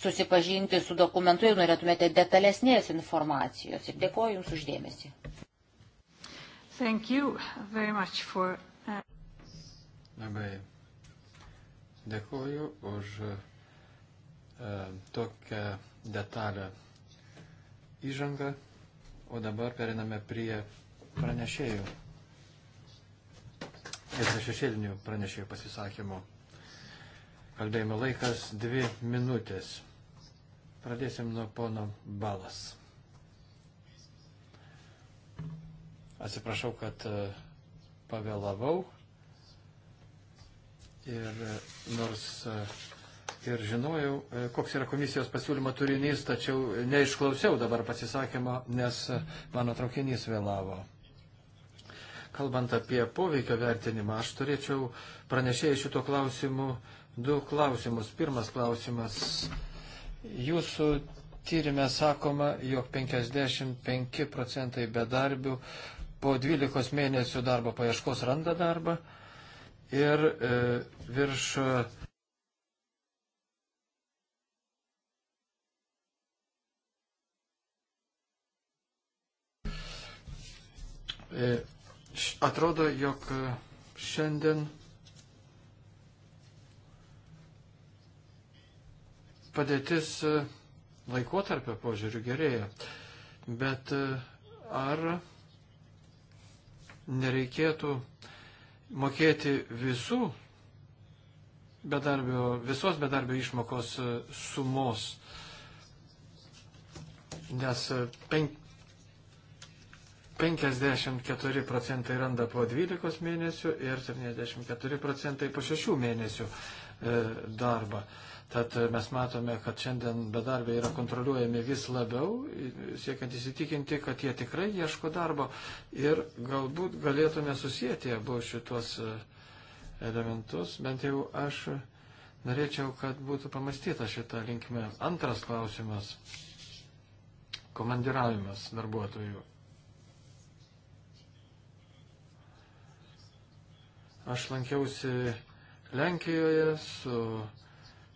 susipažinti su dokumentu, jeigu norėtumėte detalesnės informacijos. Ir dėkuoju Jums uždėmesi. Thank you very much for... Uh, Labai dėkuoju už... Uh... E, tokią detalę įžangą, o dabar periname prie pranešėjų ir šešėlinių pranešėjų pasisakymų. Kalbėjimo laikas dvi minutės. Pradėsim nuo pono Balas. Atsiprašau, kad e, pavėlavau ir e, nors ir žinojau, e, koks yra komisijos pasiūlymo turinys, tačiau neišklausiau dabar pasisakymą, nes e, mano traukinys vėlavo. Kalbant apie poveikio vertinimą, aš turėčiau pranešėjai šito klausimu du klausimus. Pirmas klausimas. Jūsų tyrimė sakoma, jog 55 procentai bedarbių po 12 mėnesių darbo paieškos randa darbą ir e, virš Atrodo, jog e, šiandien padėtis e, laikotarpio požiūrių gerėja, bet e, ar nereikėtų mokėti visų bedarbio, visos bedarbio išmokos sumos, nes penk, 54 procentai randa po 12 mėnesių ir 74 procentai po 6 mėnesių e, darbą. Tad e, mes matome, kad šiandien bedarbiai yra kontroliuojami vis labiau, siekiant įsitikinti, kad jie tikrai ieško darbo ir galbūt galėtume susijęti abu šitos e, elementus, bent jau aš norėčiau, kad būtų pamastyta šitą linkmę. Antras klausimas - komandiravimas darbuotojų. Aš lankiausi Lenkijoje su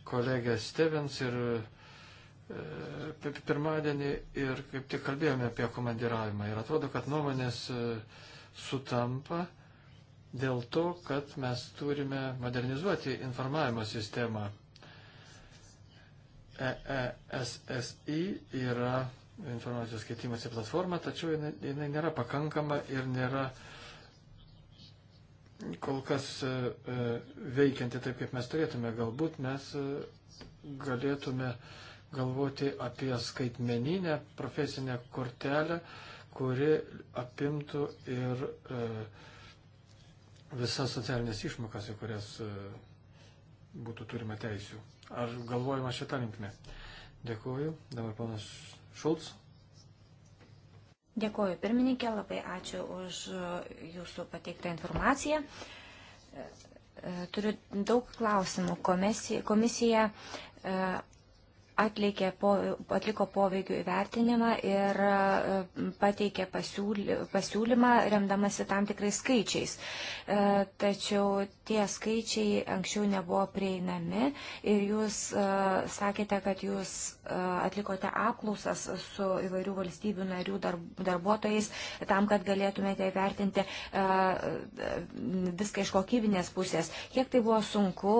kolegė Stevens ir e, pirmadienį ir kaip tik kalbėjome apie komandiravimą. Ir atrodo, kad nuomonės e, sutampa dėl to, kad mes turime modernizuoti informavimo sistemą. EESSI yra informacijos keitimosi platforma, tačiau jinai, jinai nėra pakankama ir nėra e, kol kas e, e, veikianti taip, kaip mes turėtume. Galbūt mes e, galėtume galvoti apie skaitmeninę profesinę kortelę, kuri apimtų ir visas socialinės išmokas, į kurias būtų turima teisių. Ar galvojama šitą linkmę? Dėkuoju. Dabar panas Šulc. Dėkuoju pirmininkė, labai ačiū už jūsų pateiktą informaciją. Turiu daug klausimų. Komisija, komisija e, atlikė po, atliko poveikių įvertinimą ir e, pateikė pasiūlymą remdamasi tam tikrais skaičiais. E, tačiau tie skaičiai anksčiau nebuvo prieinami ir jūs e, sakėte, kad jūs atlikote apklausas su įvairių valstybių narių darbuotojais tam, kad galėtumėte įvertinti viską iš kokybinės pusės. Kiek tai buvo sunku,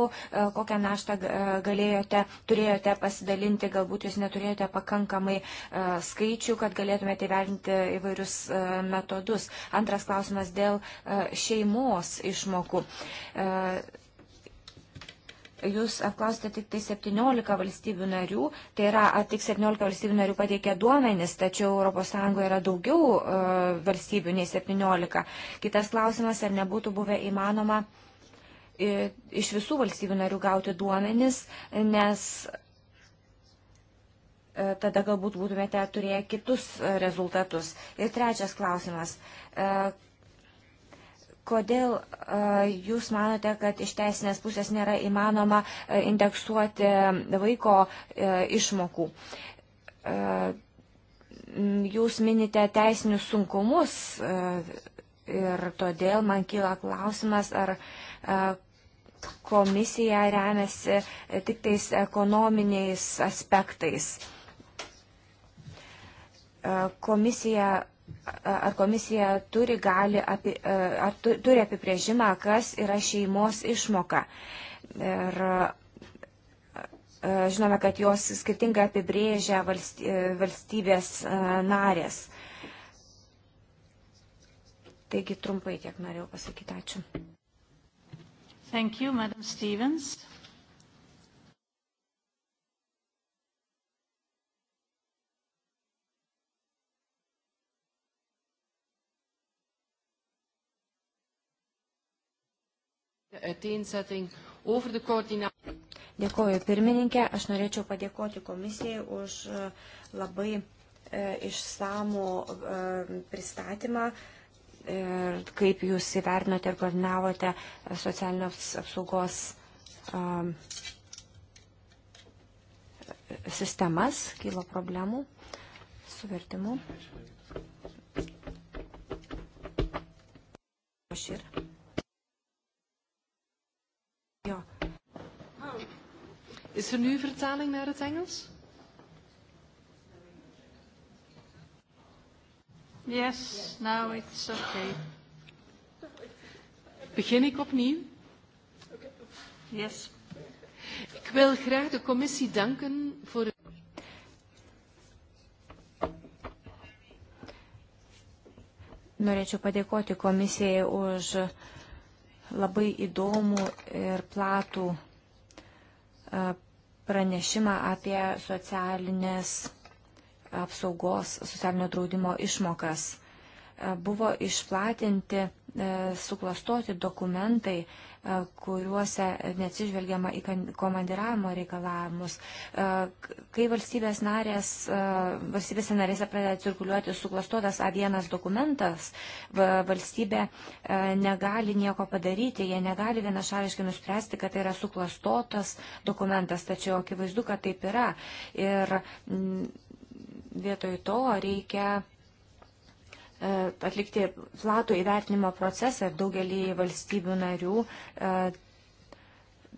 kokią naštą galėjote, turėjote pasidalinti įvertinti, galbūt jūs neturėjote pakankamai e, skaičių, kad galėtumėte įvertinti įvairius e, metodus. Antras klausimas dėl e, šeimos išmokų. Jūs apklausite tik tai 17 valstybių narių, tai yra tik 17 valstybių narių pateikė duomenis, tačiau ES yra daugiau e, valstybių nei 17. Kitas klausimas, ar nebūtų buvę įmanoma e, iš visų valstybių narių gauti duomenis, nes E, tada galbūt būtumėte turėję kitus e, rezultatus. Ir trečias klausimas. E, kodėl jūs manote, kad iš teisinės pusės nėra įmanoma indeksuoti vaiko išmokų? Jūs minite teisinius sunkumus ir todėl man kyla klausimas, ar komisija remiasi tik tais ekonominiais aspektais. E, komisija e, ar komisija turi, gali, api, e, ar turi apibrėžimą, kas yra šeimos išmoka. Ir žinome, kad jos skirtingai apibrėžia valstybės narės. Taigi trumpai tiek norėjau pasakyti. Ačiū. Thank you, Madam Stevens. uiteenzetting over de coördinatie. Dėkoju pirmininkė, aš norėčiau padėkoti komisijai už e, labai e, išsamų e, pristatymą ir e, kaip jūs įvertinote ir koordinavote socialinės apsaugos e, sistemas, kilo problemų su vertimu. Aš ir. Is er nu vertaling naar het Engels? Yes, now it's okay. Begin ik opnieuw? Yes. Ik wil graag de commissie danken voor het... Norėčiau padėkoti komisijai už labai įdomų ir platų pranešimą apie socialinės apsaugos, socialinio draudimo išmokas. Buvo išplatinti suklastoti dokumentai, kuriuose neatsižvelgiama į komandiravimo reikalavimus. Kai valstybės narės, valstybėse narėse pradeda cirkuliuoti suklastotas A1 dokumentas, valstybė negali nieko padaryti, jie negali vienašališkai nuspręsti, kad tai yra suklastotas dokumentas, tačiau akivaizdu, kad taip yra. Ir vietoj to reikia E, atlikti platų įvertinimo procesą daugelį valstybių narių. E,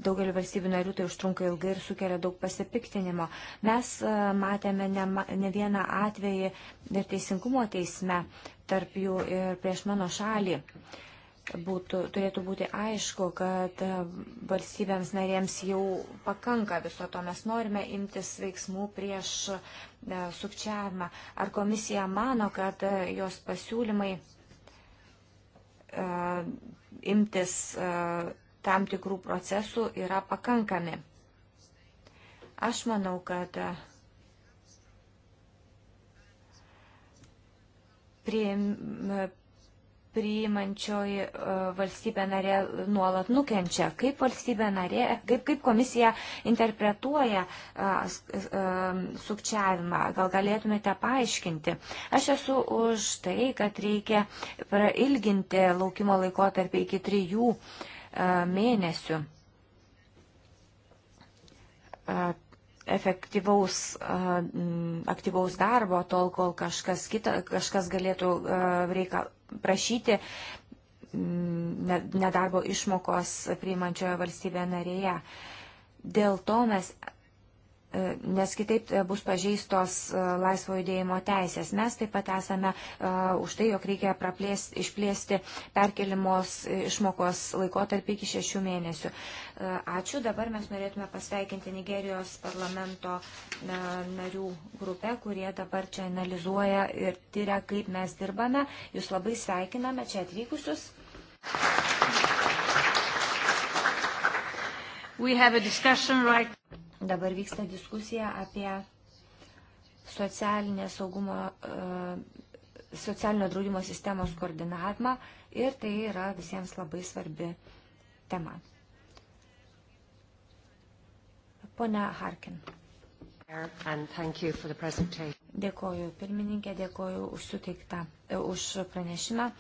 daugelį valstybių narių tai užtrunka ilgai ir sukelia daug pasipiktinimo. Mes e, matėme ne, ne vieną atvejį ir teisingumo teisme, tarp jų ir prieš mano šalį. Uh, būtų, turėtų būti aišku, kad e, valstybėms narėms jau pakanka viso to. Mes norime imtis veiksmų prieš e, sukčiavimą. Ar komisija mano, kad e, jos pasiūlymai imtis tam tikrų procesų yra pakankami? Aš manau, kad priim, priimančioji e, valstybė narė nuolat nukenčia. Kaip valstybė narė, kaip, kaip komisija interpretuoja e, e, sukčiavimą, gal galėtumėte paaiškinti. Aš esu už tai, kad reikia prailginti laukimo laikotarpį iki trijų mėnesių efektyvaus, aktyvaus darbo, tol kol kažkas, kita, kažkas galėtų reikal, prašyti mm, nedarbo išmokos priimančioje valstybėje narėje. Dėl to mes nes kitaip e, bus pažeistos e, laisvo judėjimo teisės. Mes taip pat esame e, už tai, jog reikia praplėst, išplėsti perkelimos išmokos laikotarpį iki šešių mėnesių. Ačiū. Dabar mes norėtume pasveikinti Nigerijos parlamento narių grupę, kurie dabar čia analizuoja ir tyria, kaip mes dirbame. Jūs labai sveikiname čia atvykusius. We have a discussion right Dabar vyksta diskusija apie socialinio saugumo, e, socialinio draudimo sistemos koordinavimą ir tai yra visiems labai svarbi tema. Pone Harkin. Dėkoju pirmininkė, dėkoju už suteiktą, e, už pranešimą.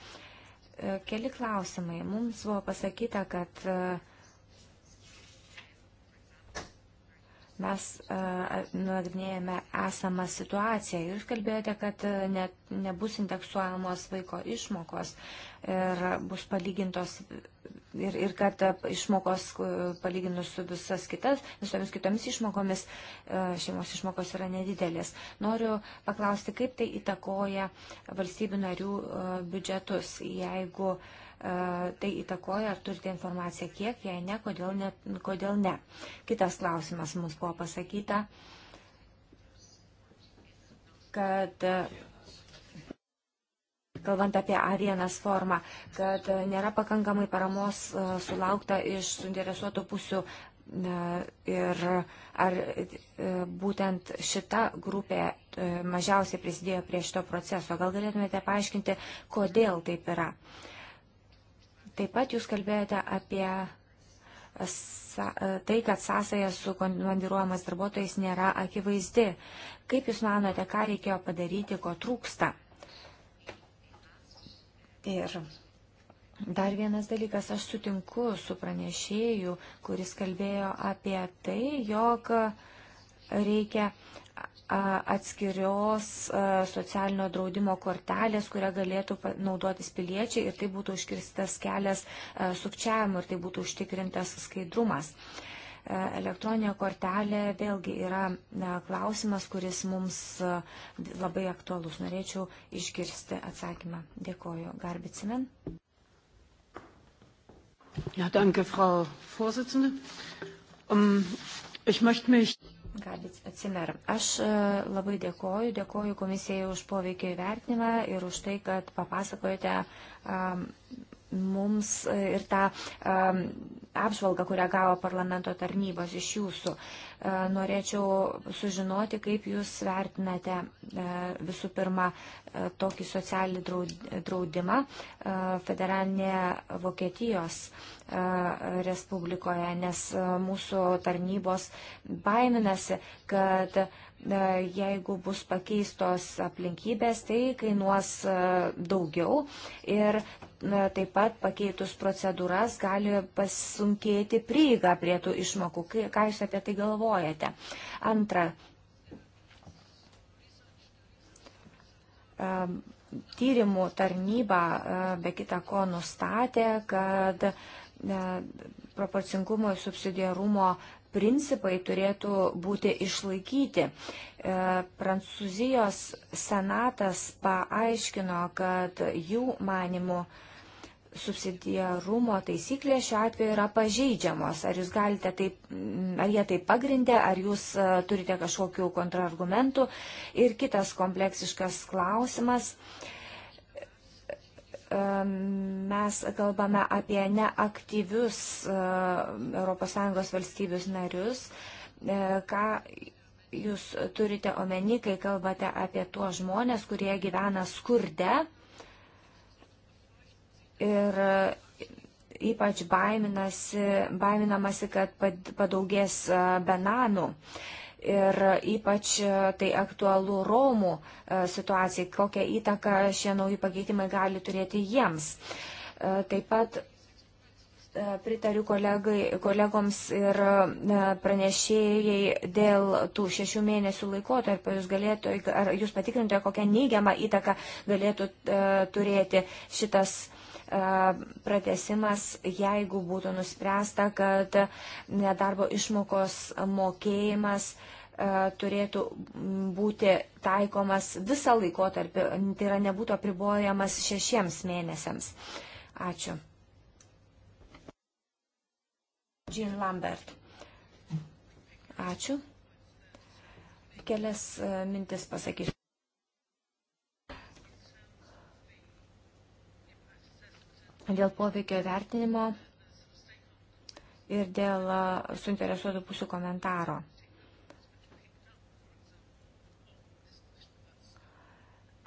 E, keli klausimai. Mums buvo pasakyta, kad uh, Mes uh, nagrinėjame esamą situaciją. Jūs kalbėjote, kad ne, nebus indeksuojamos vaiko išmokos ir bus palygintos ir, ir kad išmokos palyginus su visas kitas, visomis kitomis išmokomis šeimos išmokos yra nedidelės. Noriu paklausti, kaip tai įtakoja valstybių narių biudžetus, jeigu uh, tai įtakoja, ar turite informaciją kiek, jei ne, kodėl ne. Kodėl ne. Kitas klausimas mums buvo pasakyta, kad kalbant apie A1 formą, kad nėra pakankamai paramos e, sulaukta iš suinteresuotų pusių e, Ir ar e, būtent šita grupė mažiausiai prisidėjo prie šito proceso? Gal galėtumėte paaiškinti, kodėl taip yra? Uh, Taip pat jūs kalbėjote apie tai, kad sąsaja su komandiruojamas darbuotojais nėra akivaizdi. Kaip Jūs manote, ką reikėjo padaryti, ko trūksta? Ir dar vienas dalykas, aš sutinku su pranešėju, kuris kalbėjo apie tai, jog reikia atskirios socialinio draudimo kortelės, kurią galėtų naudotis piliečiai ir tai būtų užkirstas kelias sukčiavimu ir tai būtų užtikrintas skaidrumas. Elektroninė kortelė vėlgi yra klausimas, kuris mums labai aktualus. Norėčiau išgirsti atsakymą. Dėkoju. Garbicimen. Ja, danke, Frau Vorsitzende. Um, ich möchte mich Gabit Cimer. Aš e, labai dėkoju, dėkoju komisijai už poveikio įvertinimą ir už tai, kad papasakojate mums e, ir tą apžvalgą, kurią gavo parlamento tarnybos iš jūsų. E, norėčiau sužinoti, kaip jūs vertinate e, visų pirma tokį socialinį draudimą federalinėje Vokietijos Respublikoje, nes mūsų tarnybos baiminasi, kad E, jeigu bus pakeistos aplinkybės, tai kainuos e, daugiau ir e, taip pat pakeitus procedūras gali pasunkėti prieiga prie tų išmokų. Ką Jūs apie tai galvojate? Antra. Tyrimų tarnyba be kita ko nustatė, kad proporcingumo ir subsidiarumo principai turėtų būti išlaikyti. E, Prancūzijos senatas paaiškino, kad jų manimų subsidiarumo taisyklės šiuo atveju yra pažeidžiamos. Ar jūs galite taip, ar jie taip pagrindė, ar jūs e, turite kažkokių kontrargumentų. Ir kitas kompleksiškas klausimas. Uh, mes kalbame apie neaktyvius e, ES valstybius narius. E, ką jūs turite omeny, kai kalbate apie tuos žmonės, kurie gyvena skurde ir ypač baiminasi, baiminamasi, kad padaugės e, benamių. Ir ypač e, tai aktualu Romų e, situacijai, kokią įtaką šie nauji pakeitimai gali turėti jiems. E, taip pat pritariu kolegai, kolegoms ir pranešėjai dėl tų šešių mėnesių laikotarpio. Jūs, galėtų, jūs patikrintumėte, kokią neigiamą įtaką galėtų turėti šitas E, pratesimas, jeigu būtų nuspręsta, kad nedarbo išmokos mokėjimas e, turėtų būti taikomas visą laikotarpį, tai yra nebūtų apribojamas šešiems mėnesiams. Ačiū. Jean Lambert. Ačiū. Kelias e, mintis pasakysiu. dėl poveikio vertinimo ir dėl suinteresuotų pusių komentaro.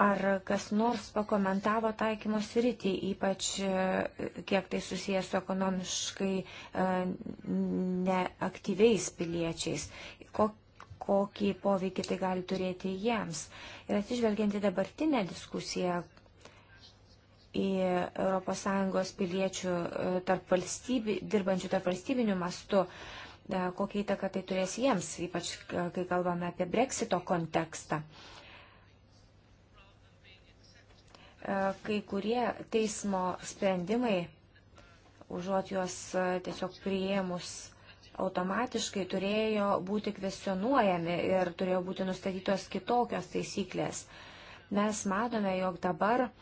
Ar kas nors pakomentavo taikymo sritį, ypač e, kiek tai susijęs su ekonomiškai e, neaktyviais piliečiais, kokį poveikį tai gali turėti jiems. Ir atsižvelgiant į dabartinę diskusiją, į ES piliečių e, tarp valstybių, dirbančių tarp valstybinių mastų, e, kokią įtaką tai turės jiems, ypač e, kai kalbame apie breksito kontekstą. Kai kurie teismo sprendimai, užuot juos tiesiog priėmus automatiškai turėjo būti kvesionuojami ir turėjo būti nustatytos kitokios taisyklės. Mes matome, jog dabar uh,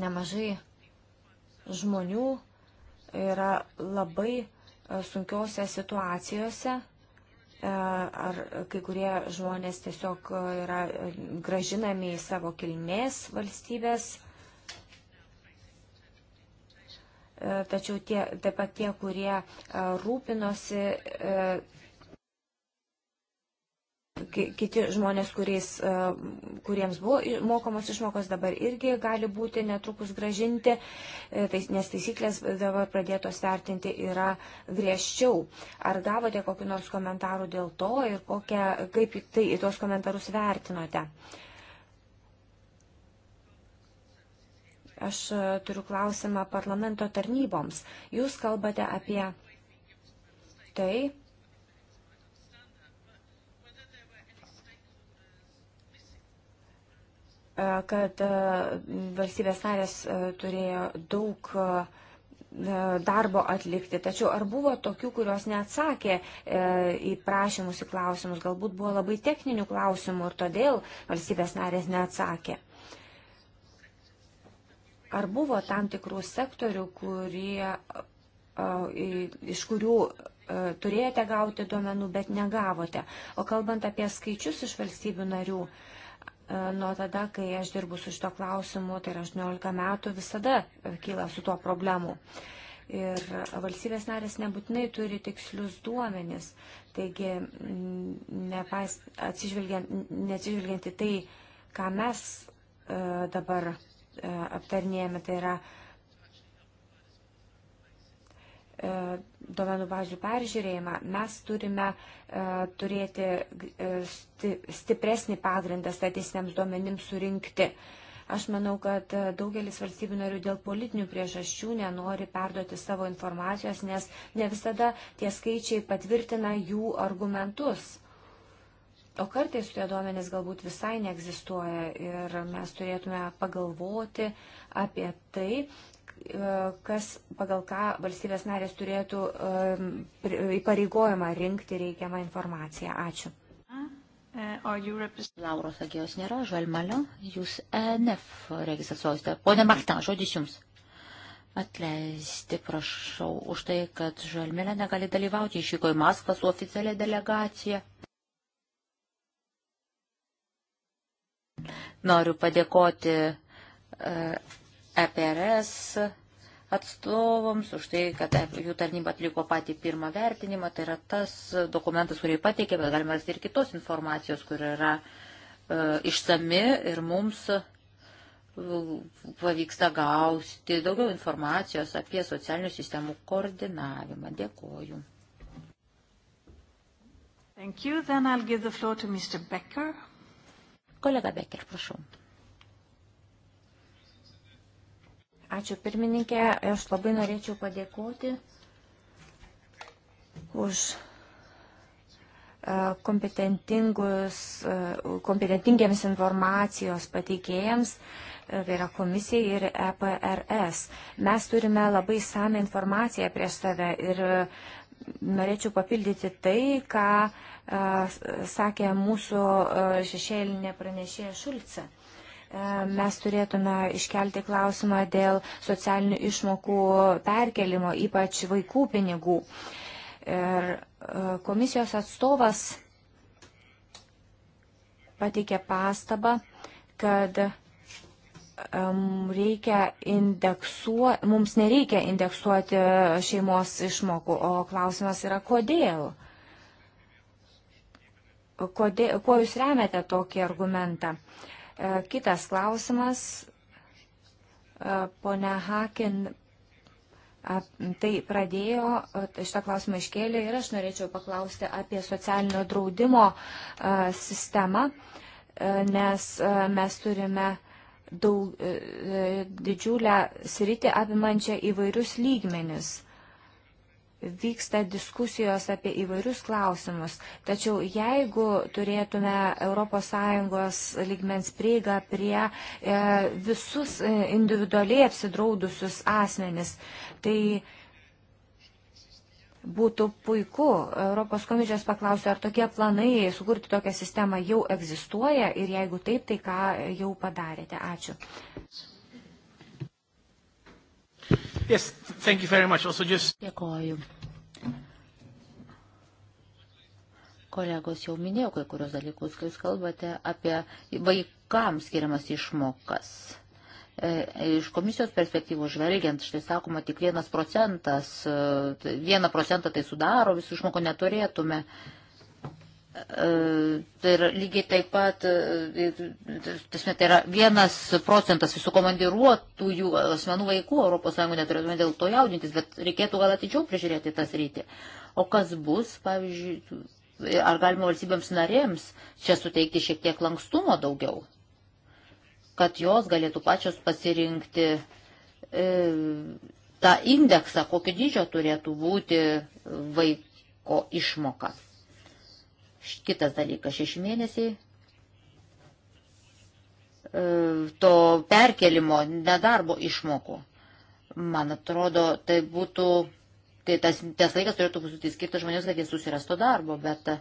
nemažai žmonių yra labai e, sunkiose situacijose e, ar kai kurie žmonės tiesiog e, yra gražinami į savo kilmės valstybės. Tačiau tie, taip pat tie, kurie rūpinosi kiti žmonės, kuriais, e, kuriems buvo mokamos išmokos, dabar irgi gali būti netrukus gražinti, e, tai, nes taisyklės dabar pradėtos vertinti yra griežčiau. Ar gavote kokį nors komentarų dėl to ir kokią, kaip tai į tuos komentarus vertinote? Aš e, turiu klausimą parlamento tarnyboms. Jūs kalbate apie tai, E, kad e, valstybės narės e, turėjo daug darbo atlikti. Tačiau ar buvo tokių, kurios neatsakė į prašymus, į klausimus? Galbūt buvo labai techninių klausimų ir todėl valstybės narės neatsakė. Ar buvo tam tikrų sektorių, kurie, iš kurių turėjote gauti duomenų, bet negavote? O kalbant apie skaičius iš valstybių narių, E, nuo tada, kai aš dirbu su šito klausimu, tai yra 18 metų, visada e, kyla su tuo problemu. Ir valstybės narės nebūtinai turi tikslius duomenis. Taigi, nepais, atsižvelgiant, neatsižvelgiant į tai, ką mes e, dabar e, aptarnėjame, tai yra e, E, duomenų bazių peržiūrėjimą, mes turime e, turėti e, stipresnį pagrindą statistiniams duomenims surinkti. Aš manau, kad daugelis valstybių narių dėl politinių priežasčių nenori perduoti savo informacijos, nes ne visada tie skaičiai patvirtina jų argumentus. O kartais tie duomenys galbūt visai neegzistuoja ir mes turėtume pagalvoti apie tai, E, kas pagal ką valstybės narės turėtų e, įpareigojimą rinkti reikiamą informaciją. Ačiū. E, Lauros Agijos nėra, Žalmalio, jūs ENF registracijosite. Pone Martin, žodis jums. Atleisti, prašau, už tai, kad Žalmelė negali dalyvauti, išvyko į Maskvą su oficialia delegacija. Noriu padėkoti uh, EPRS atstovams už tai, kad jų tarnyba atliko patį pirmą vertinimą. Tai yra tas dokumentas, kurį pateikė, bet galima rasti ir kitos informacijos, kur yra e, išsami ir mums e, pavyksta gausti daugiau informacijos apie socialinių sistemų koordinavimą. Dėkoju. Thank you. Then I'll give the floor to Mr. Becker. Kolega Becker, prašau. Ačiū pirmininkė, aš labai norėčiau padėkoti už e, e, kompetentingiems informacijos pateikėjams, e, tai yra komisijai ir EPRS. Mes turime labai samę informaciją prieš save ir norėčiau papildyti tai, ką sakė mūsų šešėlinė pranešėja Šulce. E, mes turėtume iškelti klausimą dėl socialinių išmokų perkelimo, ypač vaikų pinigų. Ir e, komisijos atstovas pateikė pastabą, kad reikia indeksuoti, mums nereikia indeksuoti šeimos išmokų, o klausimas yra kodėl. kodėl kuo jūs remiate tokį argumentą? Uh, E, kitas klausimas, e, ponia Hakin tai pradėjo, e, šitą klausimą iškėlė ir aš norėčiau paklausti apie socialinio draudimo sistemą, nes mes turime daug, didžiulę sritį apimančią įvairius lygmenis vyksta diskusijos apie įvairius klausimus, tačiau jeigu turėtume ES lygmens prieigą prie e, visus e, individualiai apsidraudusius asmenis, tai būtų puiku. Europos komisijos paklausė, ar tokie planai sukurti tokią sistemą jau egzistuoja ir jeigu taip, tai ką jau padarėte. Ačiū. Yes, thank you very much. Also just... Dėkoju. Kolegos jau minėjau kai kurios dalykus, kai jūs kalbate apie vaikams skiriamas išmokas. E, iš komisijos perspektyvų žvelgiant, štai sakoma, tik vienas procentas, e, vieną procentą tai sudaro, visų išmoko neturėtume. Uh, E, tai yra lygiai taip pat, e, tiesiog tai yra vienas procentas visų komandiruotųjų asmenų vaikų ES neturėtume dėl to jaudintis, bet reikėtų gal atidžiau prižiūrėti tas rytį. O kas bus, pavyzdžiui, ar galima valstybėms narėms čia suteikti šiek tiek lankstumo daugiau, kad jos galėtų pačios pasirinkti e, tą indeksą, kokio dydžio turėtų būti vaiko išmokas. Kitas dalykas, šeši mėnesiai e, to perkelimo nedarbo išmokų. Man atrodo, tai būtų, tai tas, tas laikas turėtų būti skirtas žmonėms, kad jis susirastų darbo, bet e,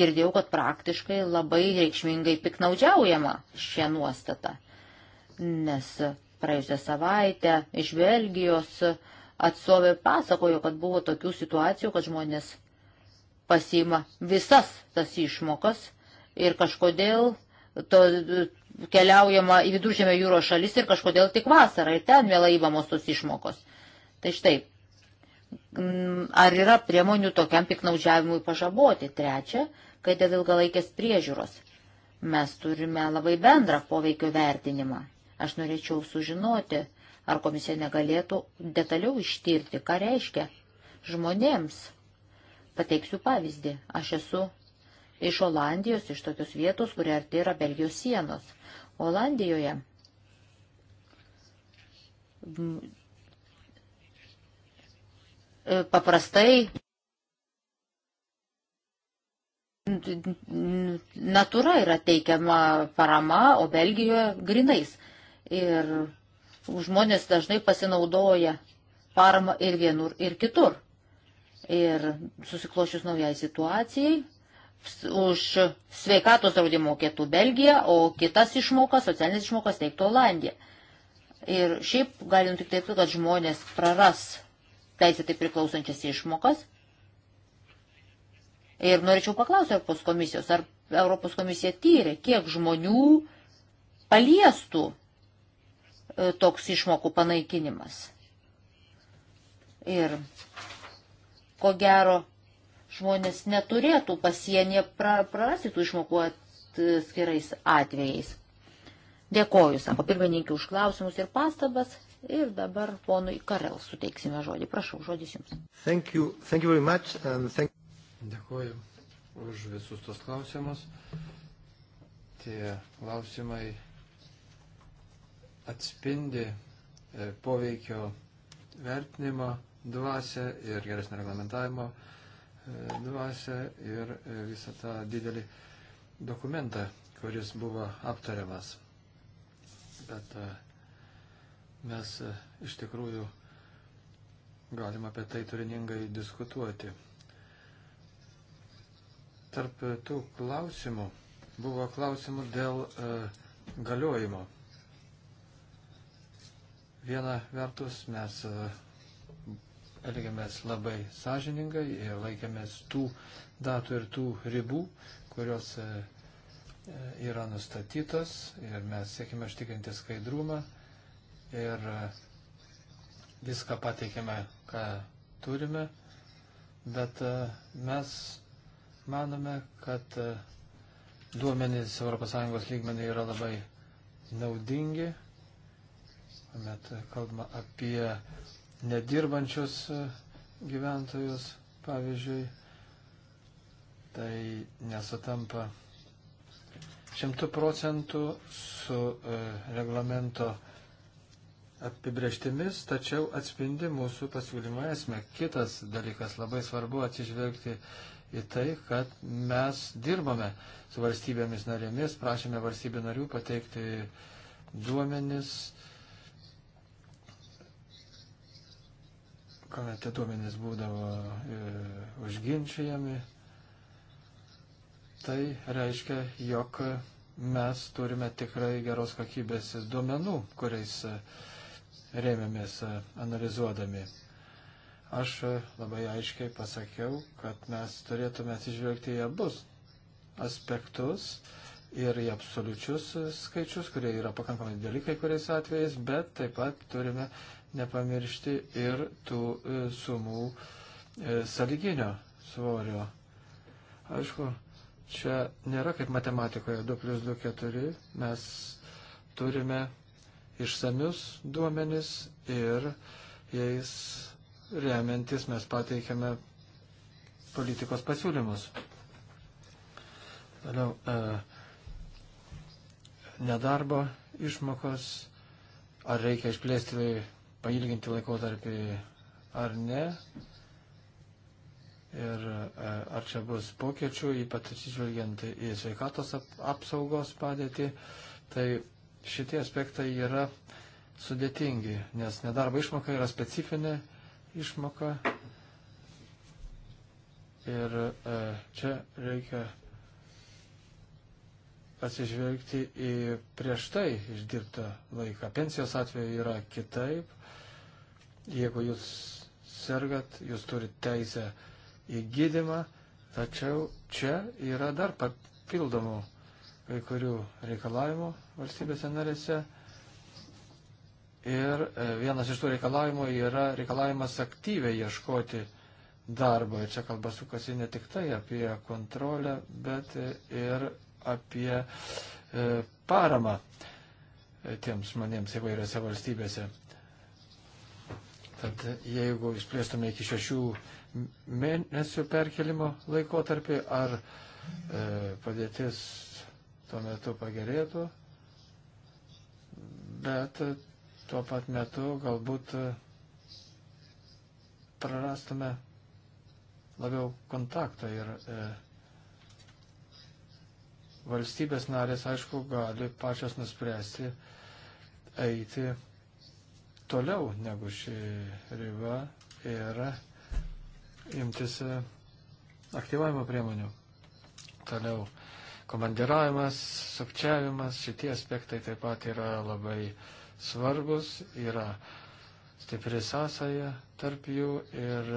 girdėjau, kad praktiškai labai reikšmingai piknaudžiaujama šią nuostatą. Nes praėjusią savaitę iš Belgijos atstovė pasakojo, kad buvo tokių situacijų, kad žmonės pasima visas tas išmokas ir kažkodėl to keliaujama į viduržėmio jūros šalis ir kažkodėl tik vasarą ir ten vėlai įmamos tos išmokos. Tai štai, mm, ar yra priemonių tokiam piknaudžiavimui pažaboti? Trečia, kai dėl ilgalaikės priežiūros mes turime labai bendrą poveikio vertinimą. Aš norėčiau sužinoti, ar komisija negalėtų detaliau ištirti, ką reiškia žmonėms Pateiksiu pavyzdį. Aš esu iš Olandijos, iš tokios vietos, kurie arti yra Belgijos sienos. Olandijoje paprastai natūra yra teikiama parama, o Belgijoje grinais. Ir žmonės dažnai pasinaudoja parama ir vienur, ir kitur. Ir susiklošius naujai situacijai, už sveikatos draudimą mokėtų Belgija, o kitas išmokas, socialinės išmokas teiktų Olandija. Ir šiaip galim tik taip, kad žmonės praras teisėtai priklausančias išmokas. Ir norėčiau paklausti Europos komisijos, ar Europos komisija tyrė, kiek žmonių paliestų e, toks išmokų panaikinimas. Ir ko gero žmonės neturėtų pasienyje pra, prarasti tų išmokų atskirais atvejais. Dėkoju, sako pirmininkė, už klausimus ir pastabas. Ir dabar ponui Karel suteiksime žodį. Prašau, žodis jums. Thank you, thank you very much. Thank... Dėkoju už visus tos klausimus. Tie klausimai atspindi e, poveikio vertinimo dvasę ir geresnio reglamentavimo e, dvasę ir e, visą tą didelį dokumentą, kuris buvo aptariamas. Bet e, mes iš tikrųjų galime apie tai turiningai diskutuoti. Tarp tų klausimų buvo klausimų dėl e, galiojimo. Viena vertus mes e, elgiamės labai sąžiningai ir laikėmės tų datų ir tų ribų, kurios e, e, yra nustatytos ir mes siekime užtikrinti skaidrumą ir e, viską pateikėme, ką turime, bet mes manome, kad duomenys ES lygmenį yra labai naudingi, kuomet kalbama apie nedirbančius e, gyventojus, pavyzdžiui, tai nesutampa šimtų procentų su e, reglamento apibrieštimis, tačiau atspindi mūsų pasiūlymą esmę. Kitas dalykas labai svarbu atsižvelgti į tai, kad mes dirbame su valstybėmis narėmis, prašėme valstybių narių pateikti duomenis, uh, kuomet duomenys būdavo e, užginčiami, tai reiškia, jog mes turime tikrai geros kokybės duomenų, kuriais e, rėmėmės e, analizuodami. Aš e, labai aiškiai pasakiau, kad mes turėtume atsižvelgti į abus aspektus ir į absoliučius skaičius, kurie yra pakankamai dideli kai kuriais atvejais, bet taip pat turime nepamiršti ir tų e, sumų e, saliginio svorio. Aišku, čia nėra kaip matematikoje 2 plus 2 4, mes turime išsamius duomenis ir jais remiantis mes pateikiame politikos pasiūlymus. Toliau, e, nedarbo išmokos, ar reikia išplėsti pailginti laikotarpį ar ne. Ir e, ar čia bus pokėčių, ypač atsižvelgiant į sveikatos apsaugos padėtį, tai šitie aspektai yra sudėtingi, nes nedarbo išmoka yra specifinė išmoka. Ir e, čia reikia atsižvelgti į prieš tai išdirbtą laiką. Pensijos atveju yra kitaip. Jeigu jūs sergat, jūs turite teisę į gydimą, tačiau čia yra dar papildomų kai kurių reikalavimų valstybėse narėse. Ir e, vienas iš tų reikalavimų yra reikalavimas aktyviai ieškoti darbo. Ir čia kalba sukasi ne tik tai apie kontrolę, bet e, ir apie e, paramą e, tiems žmonėms įvairiose valstybėse. Tad jeigu išplėstume iki šešių mėnesių perkelimo laikotarpį, ar e, padėtis tuo metu pagerėtų, bet tuo pat metu galbūt e, prarastume labiau kontaktą ir e, valstybės narės, aišku, gali pačios nuspręsti eiti toliau negu ši riba ir imtis aktyvavimo priemonių. Toliau komandiravimas, sukčiavimas, šitie aspektai taip pat yra labai svarbus, yra stipri sąsaja tarp jų ir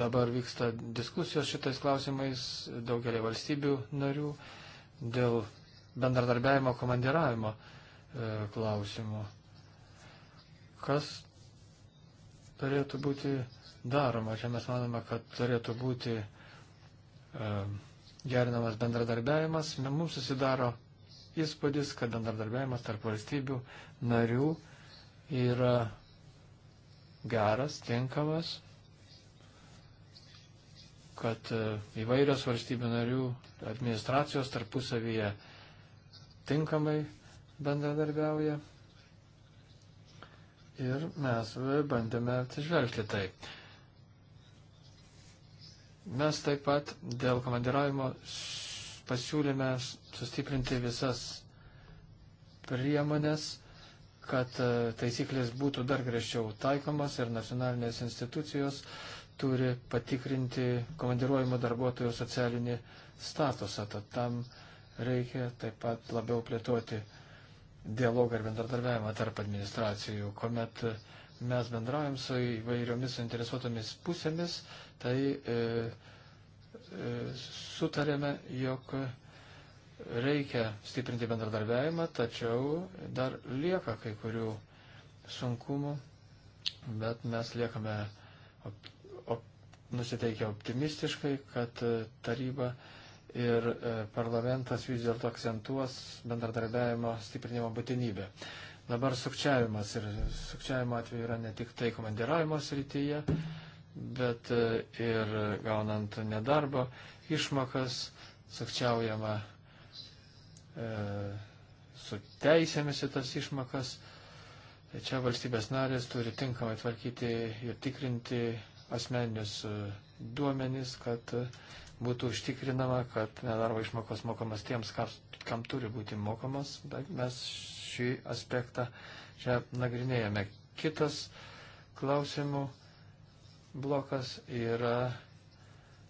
dabar vyksta diskusijos šitais klausimais daugelį valstybių narių dėl bendradarbiavimo komandiravimo e, klausimų. Kas turėtų būti daroma? Čia mes manome, kad turėtų būti e, gerinamas bendradarbiavimas. Mums susidaro įspūdis, kad bendradarbiavimas tarp valstybių narių yra geras, tinkamas kad e, įvairios valstybių narių administracijos tarpusavyje tinkamai bendradarbiauja. Ir mes bandėme atsižvelgti tai. Mes taip pat dėl komandiravimo pasiūlėme sustiprinti visas priemonės, kad e, taisyklės būtų dar griežčiau taikomas ir nacionalinės institucijos uh, turi patikrinti komandiruojimo darbuotojų socialinį statusą. Tad tam reikia taip pat labiau plėtoti dialogą ir bendradarbiavimą tarp administracijų, kuomet mes bendraujam su įvairiomis suinteresuotomis pusėmis, tai e, e, sutarėme, jog reikia stiprinti bendradarbiavimą, tačiau dar lieka kai kurių sunkumų, bet mes liekame nusiteikę optimistiškai, kad e, taryba ir e, parlamentas vis dėlto akcentuos bendradarbiavimo stiprinimo būtinybę. Dabar sukčiavimas ir sukčiavimo atveju yra ne tik tai komandiravimo srityje, bet e, ir gaunant nedarbo išmokas, sukčiaujama e, su teisėmis į tas išmokas. Čia valstybės narės turi tinkamai tvarkyti ir tikrinti asmeninius e, duomenis, kad e, būtų užtikrinama, kad nedarbo išmokos mokamas tiems, kas, kam turi būti mokamas. Mes šį aspektą čia nagrinėjame. Kitas klausimų blokas yra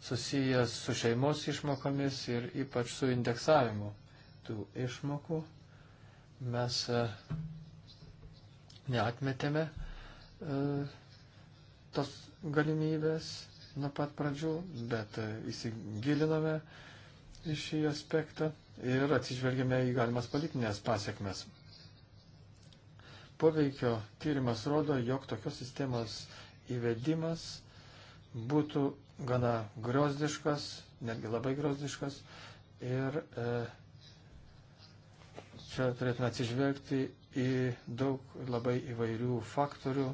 susijęs su šeimos išmokomis ir ypač su indeksavimu tų išmokų. Mes e, neatmetėme. Uh, tos galimybės nuo pat pradžių, bet e, įsigilinome į šį aspektą ir atsižvelgėme į galimas politinės pasiekmes. Poveikio tyrimas rodo, jog tokios sistemos įvedimas būtų gana grozdiškas, netgi labai grozdiškas ir e, čia turėtume atsižvelgti į daug labai įvairių faktorių,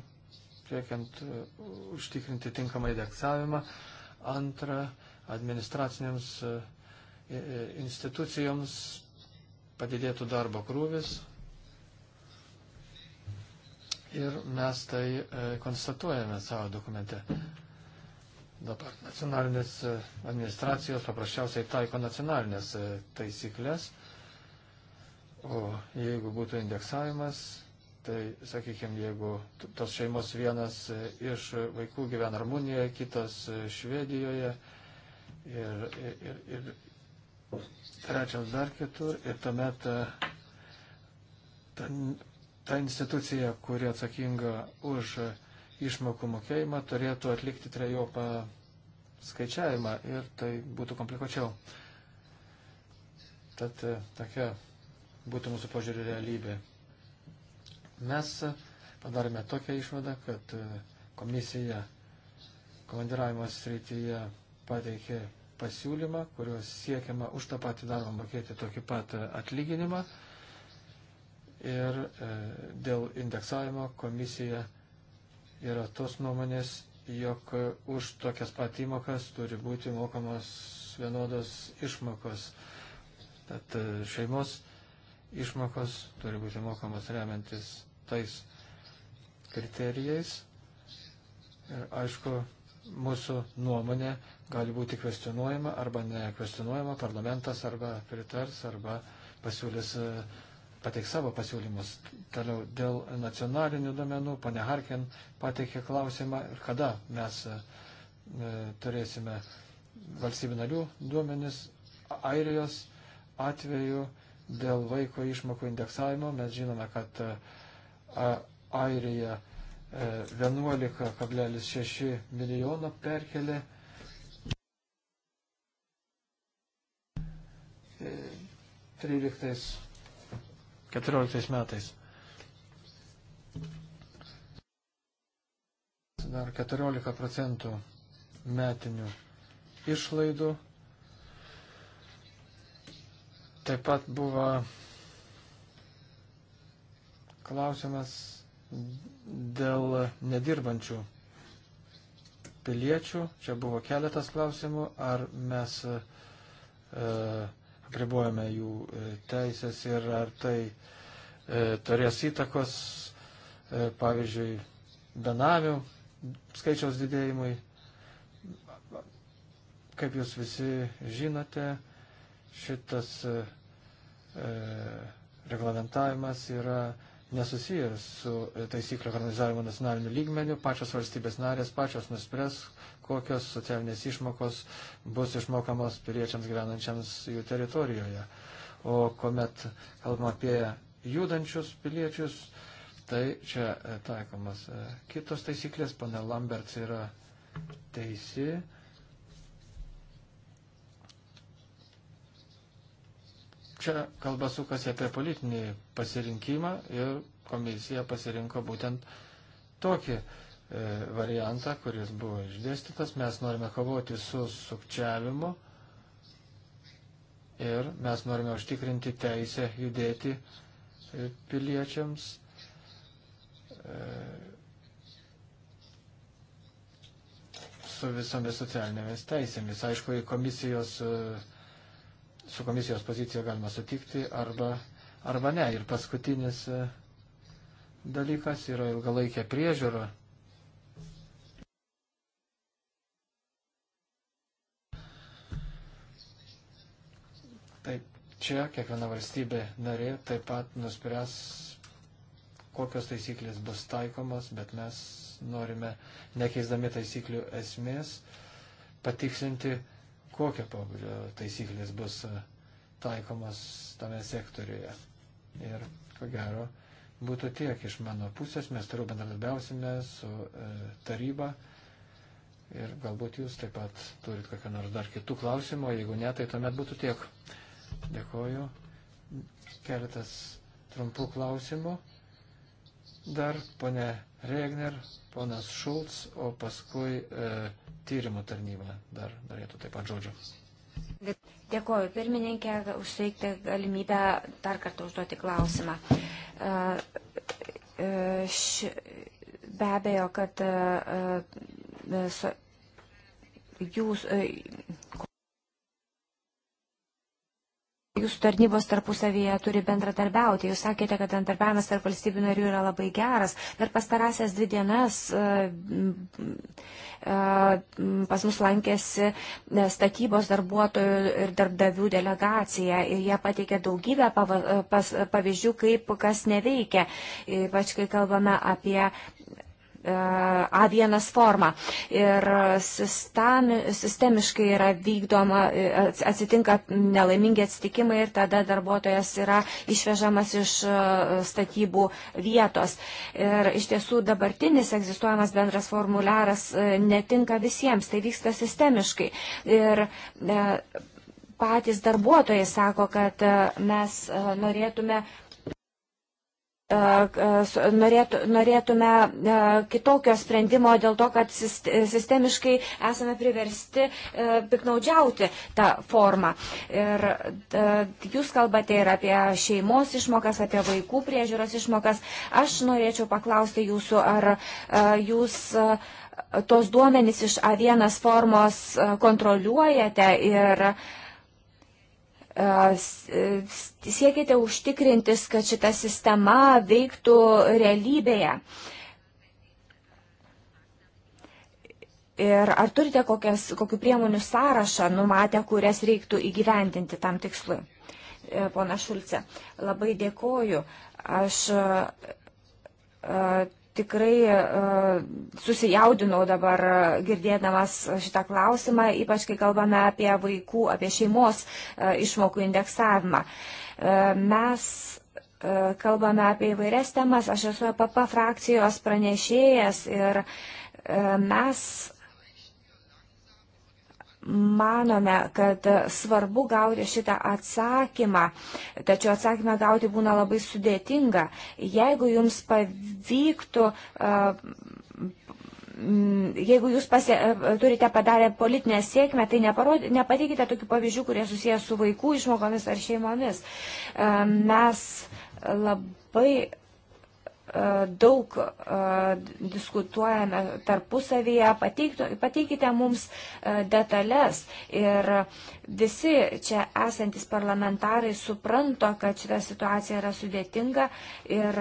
siekiant e, užtikrinti tinkamą indeksavimą. Antra, administracinėms e, institucijoms padidėtų darbo krūvis. Ir mes tai e, konstatuojame savo dokumente. Dabar nacionalinės administracijos paprasčiausiai taiko nacionalinės taisyklės, o jeigu būtų indeksavimas, Tai, sakykime, jeigu tos šeimos vienas e, iš vaikų gyvena Armunijoje, kitas e, Švedijoje ir, ir, ir, ir trečias dar kitur ir tuomet ta, e, ta, ta institucija, kuri atsakinga už išmokų mokėjimą, turėtų atlikti trejopą skaičiavimą ir tai būtų komplikuočiau. Tad tokia būtų mūsų požiūrį realybė. Mes padarėme tokią išvadą, kad e, komisija komandiravimo srityje pateikė pasiūlymą, kurios siekiama už tą patį darbą mokėti tokį pat e, atlyginimą. Ir e, dėl indeksavimo komisija yra tos nuomonės, jog už tokias pat įmokas turi būti mokamos vienodos išmokos. Tad e, šeimos išmokos turi būti mokamos remiantis tais kriterijais. Ir aišku, mūsų nuomonė gali būti kvestionuojama arba nekvestionuojama, parlamentas arba pritars arba pasiūlys, e, pateiks savo pasiūlymus. Toliau dėl nacionalinių domenų, pane Harkin pateikė klausimą, kada mes e, e, turėsime valstybių narių duomenis Airijos atveju dėl vaiko išmokų indeksavimo. Mes žinome, kad e, Airija 11,6 e, milijono perkelė. E, 13-14 metais. Dar 14 procentų metinių išlaidų. Taip pat buvo klausimas dėl nedirbančių piliečių. Čia buvo keletas klausimų, ar mes e, apribojame jų e, teisės ir ar tai e, turės įtakos, e, pavyzdžiui, benamių skaičiaus didėjimui. Kaip jūs visi žinote, šitas e, e reglamentavimas yra e, nesusijęs su taisyklių harmonizavimu nacionaliniu lygmeniu, pačios valstybės narės pačios nuspręs, kokios socialinės išmokos bus išmokamos piliečiams gyvenančiams jų teritorijoje. O kuomet kalbam apie judančius piliečius, tai čia e, taikomas e, kitos taisyklės, pana Lambert yra teisi. čia kalba sukasi apie politinį pasirinkimą ir komisija pasirinko būtent tokį e, variantą, kuris buvo išdėstytas. Mes norime kovoti su sukčiavimu ir mes norime užtikrinti teisę judėti e, piliečiams. E, su visomis socialinėmis teisėmis. Aišku, į komisijos uh, su komisijos pozicija galima sutikti arba, arba ne. Ir paskutinis e, dalykas yra ilgalaikė priežiūra. Taip, čia kiekviena valstybė narė taip pat nuspręs, kokios taisyklės bus taikomos, bet mes norime, nekeisdami taisyklių esmės, patikslinti kokio pobūdžio taisyklės bus e, taikomas tame sektoriuje. Ir ko gero, būtų tiek iš mano pusės, mes toliau bendradarbiausime su e, taryba ir galbūt jūs taip pat turit kokią nors dar kitų klausimų, jeigu ne, tai tuomet būtų tiek. Dėkoju. Keletas trumpų klausimų dar ponė Regner, ponas Šulc, o paskui e, tyrimų tarnyba dar norėtų taip pat žodžio. Dėkuoju pirmininkė už suteikti galimybę dar kartą užduoti klausimą. E, e, š, be abejo, kad e, e, so, jūs. E, Jūsų tarnybos tarpusavyje turi bendradarbiauti. Jūs sakėte, kad bendradarbiavimas tarp valstybių narių yra labai geras. Per pastarąsias dvi dienas e, e, pas mus lankėsi statybos darbuotojų ir darbdavių delegacija ir jie pateikė daugybę pavyzdžių, kaip kas neveikia, ypač kai kalbame apie E, A1 formą. Ir sistami, sistemiškai yra vykdoma, e, atsitinka nelaimingi atsitikimai ir tada darbuotojas yra išvežamas iš e, statybų vietos. Ir iš tiesų dabartinis egzistuojamas bendras formuliaras netinka visiems, tai vyksta sistemiškai. Ir, patys darbuotojai sako, kad mes norėtume E, norėtume e, kitokio sprendimo dėl to, kad sistemiškai esame priversti e, piknaudžiauti tą formą. Ir jūs kalbate ir apie šeimos išmokas, apie vaikų priežiūros išmokas. Aš norėčiau paklausti jūsų, ar jūs tos duomenys iš A1 formos kontroliuojate ir uh, siekite užtikrintis, kad šita sistema veiktų realybėje. Ir ar turite kokias, kokių priemonių sąrašą numatę, kurias reiktų įgyvendinti tam tikslui? E, pona Šulce, labai dėkoju. Aš e, tikrai e, susijaudinau dabar e, girdėdamas šitą klausimą, ypač kai kalbame apie vaikų, apie šeimos e, išmokų indeksavimą. Mes kalbame apie įvairias temas, aš esu APP frakcijos pranešėjas ir mes manome, kad svarbu gauti šitą atsakymą, tačiau atsakymą gauti būna labai sudėtinga. Jeigu jums pavyktų. Jeigu jūs pasie, turite padarę politinę sėkmę, tai neparod, nepatikite tokių pavyzdžių, kurie susijęs su vaikų išmokomis ar šeimomis. Mes labai E, daug e, diskutuojame tarpusavyje, pateikite mums e, detalės. Ir visi čia esantis parlamentarai supranto, kad šita situacija yra sudėtinga ir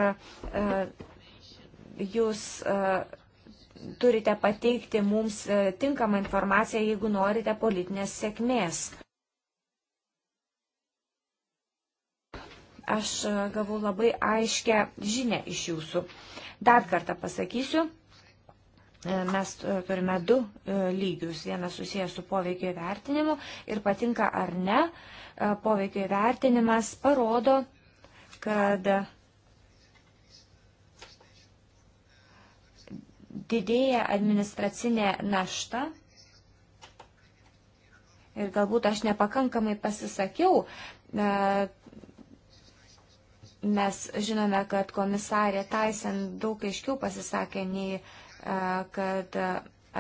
jūs turite pateikti mums tinkamą informaciją, jeigu norite politinės sėkmės. aš e, gavau labai aiškę žinę iš jūsų. Dar kartą pasakysiu, e, mes e, turime du lygius. Vienas susijęs su poveikio įvertinimu ir patinka ar ne, poveikio įvertinimas parodo, kad didėja administracinė našta. Ir galbūt aš nepakankamai pasisakiau, Mes žinome, kad komisarė Tyson daug aiškiau pasisakė nei e, kad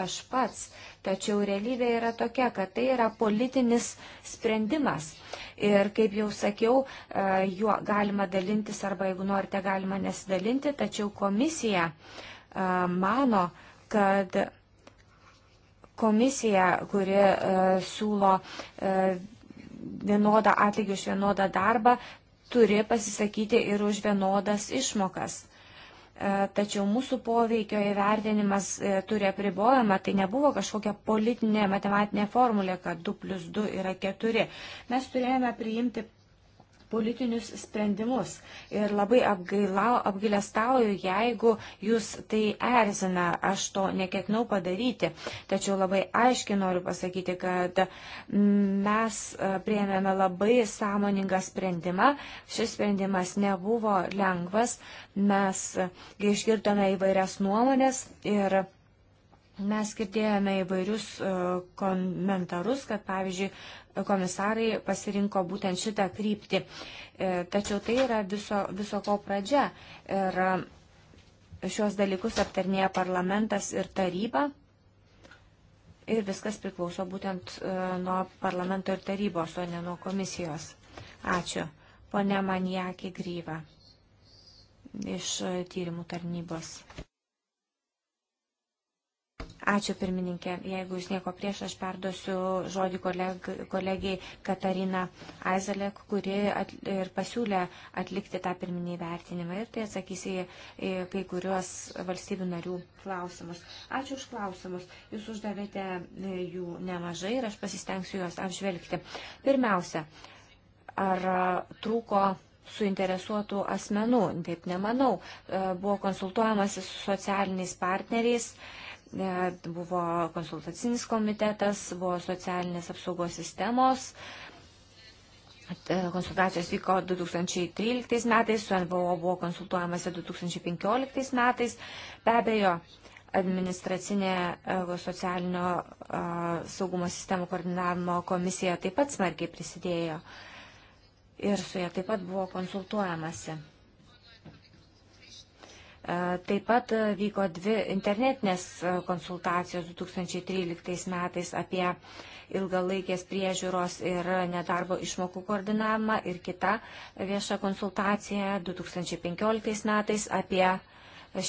aš pats. Tačiau realybė yra tokia, kad tai yra politinis sprendimas. Ir kaip jau sakiau, e, juo galima dalintis arba jeigu norite, galima nesidalinti. Tačiau komisija e, mano, kad komisija, kuri siūlo vienodą atlygį už vienodą darbą, turi pasisakyti ir už vienodas išmokas. E, tačiau mūsų poveikio įvertinimas e, turi apribojimą, tai nebuvo kažkokia politinė matematinė formulė, kad 2 plus 2 yra 4. Mes turėjome priimti politinius sprendimus. Ir labai apgailestauju, jeigu jūs tai erzina, aš to neketinau padaryti. Tačiau labai aiškiai noriu pasakyti, kad mes e, prieėmėme labai sąmoningą sprendimą. Šis sprendimas nebuvo lengvas. Mes e, išgirdome įvairias nuomonės ir Mes girdėjome įvairius e, komentarus, kad pavyzdžiui komisarai pasirinko būtent šitą kryptį. E, tačiau tai yra viso, viso ko pradžia. Ir e, šios dalykus aptarnėja parlamentas ir taryba. Ir viskas priklauso būtent e, nuo parlamento ir tarybos, o ne nuo komisijos. Ačiū. Pone Manijakė Gryva iš tyrimų tarnybos. Ačiū pirmininkė. Jeigu jūs nieko prieš, aš perduosiu žodį koleg, kolegijai Katarina Aizelek, kuri at, ir pasiūlė atlikti tą pirminį vertinimą ir tai atsakys į, į kai kuriuos valstybių narių klausimus. Ačiū už klausimus. Jūs uždavėte e, jų nemažai ir aš pasistengsiu juos apžvelgti. Pirmiausia, ar trūko suinteresuotų asmenų, taip nemanau. E, buvo konsultuojamasi su socialiniais partneriais buvo konsultacinis komitetas, buvo socialinės apsaugos sistemos. Konsultacijos vyko 2013 metais, su NVO buvo konsultuojamasi 2015 metais. Be abejo, administracinė e, socialinio e, saugumo sistemų koordinavimo komisija taip pat smarkiai prisidėjo ir su ja taip pat buvo konsultuojamasi. Taip pat vyko dvi internetinės konsultacijos 2013 metais apie ilgalaikės priežiūros ir nedarbo išmokų koordinavimą ir kita vieša konsultacija 2015 metais apie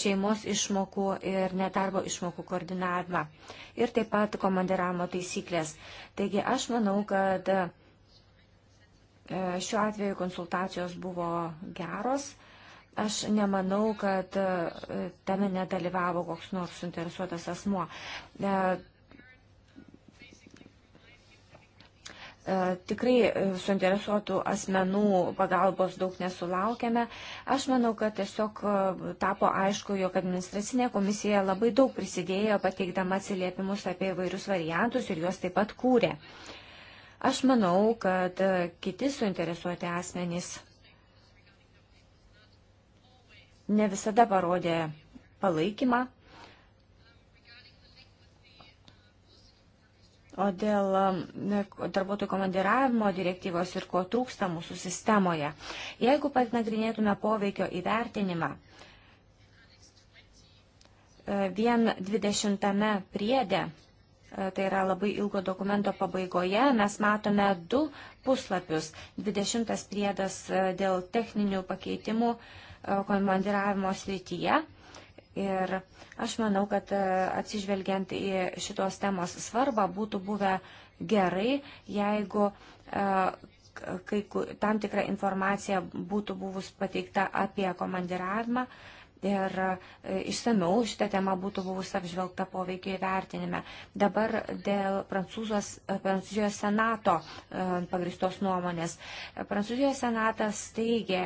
šeimos išmokų ir nedarbo išmokų koordinavimą ir taip pat komandiravimo taisyklės. Taigi aš manau, kad e, šiuo atveju konsultacijos buvo geros Aš nemanau, kad e, tame nedalyvavo koks nors suinteresuotas asmuo. E, e, tikrai suinteresuotų asmenų pagalbos daug nesulaukėme. Aš manau, kad tiesiog tapo aišku, jog administracinė komisija labai daug prisidėjo pateikdama atsiliepimus apie įvairius variantus ir juos taip pat kūrė. Aš manau, kad kiti suinteresuoti asmenys ne visada parodė palaikymą. O dėl um, darbuotojų komandiravimo direktyvos ir ko trūksta mūsų sistemoje. Jeigu pat nagrinėtume poveikio įvertinimą, e, vien 20 priedė, e, tai yra labai ilgo dokumento pabaigoje, mes matome du puslapius. 20 priedas e, dėl techninių pakeitimų komandiravimo srityje. Ir aš manau, kad e, atsižvelgiant į šitos temos svarbą, būtų buvę gerai, jeigu e, kai tam tikra informacija būtų buvus pateikta apie komandiravimą Ir e, išsameu šitą temą būtų buvusi apžvelgta poveikio įvertinime. Dabar dėl Prancūzijos, e, Prancūzijos senato e, pagristos nuomonės. Prancūzijos senatas teigia,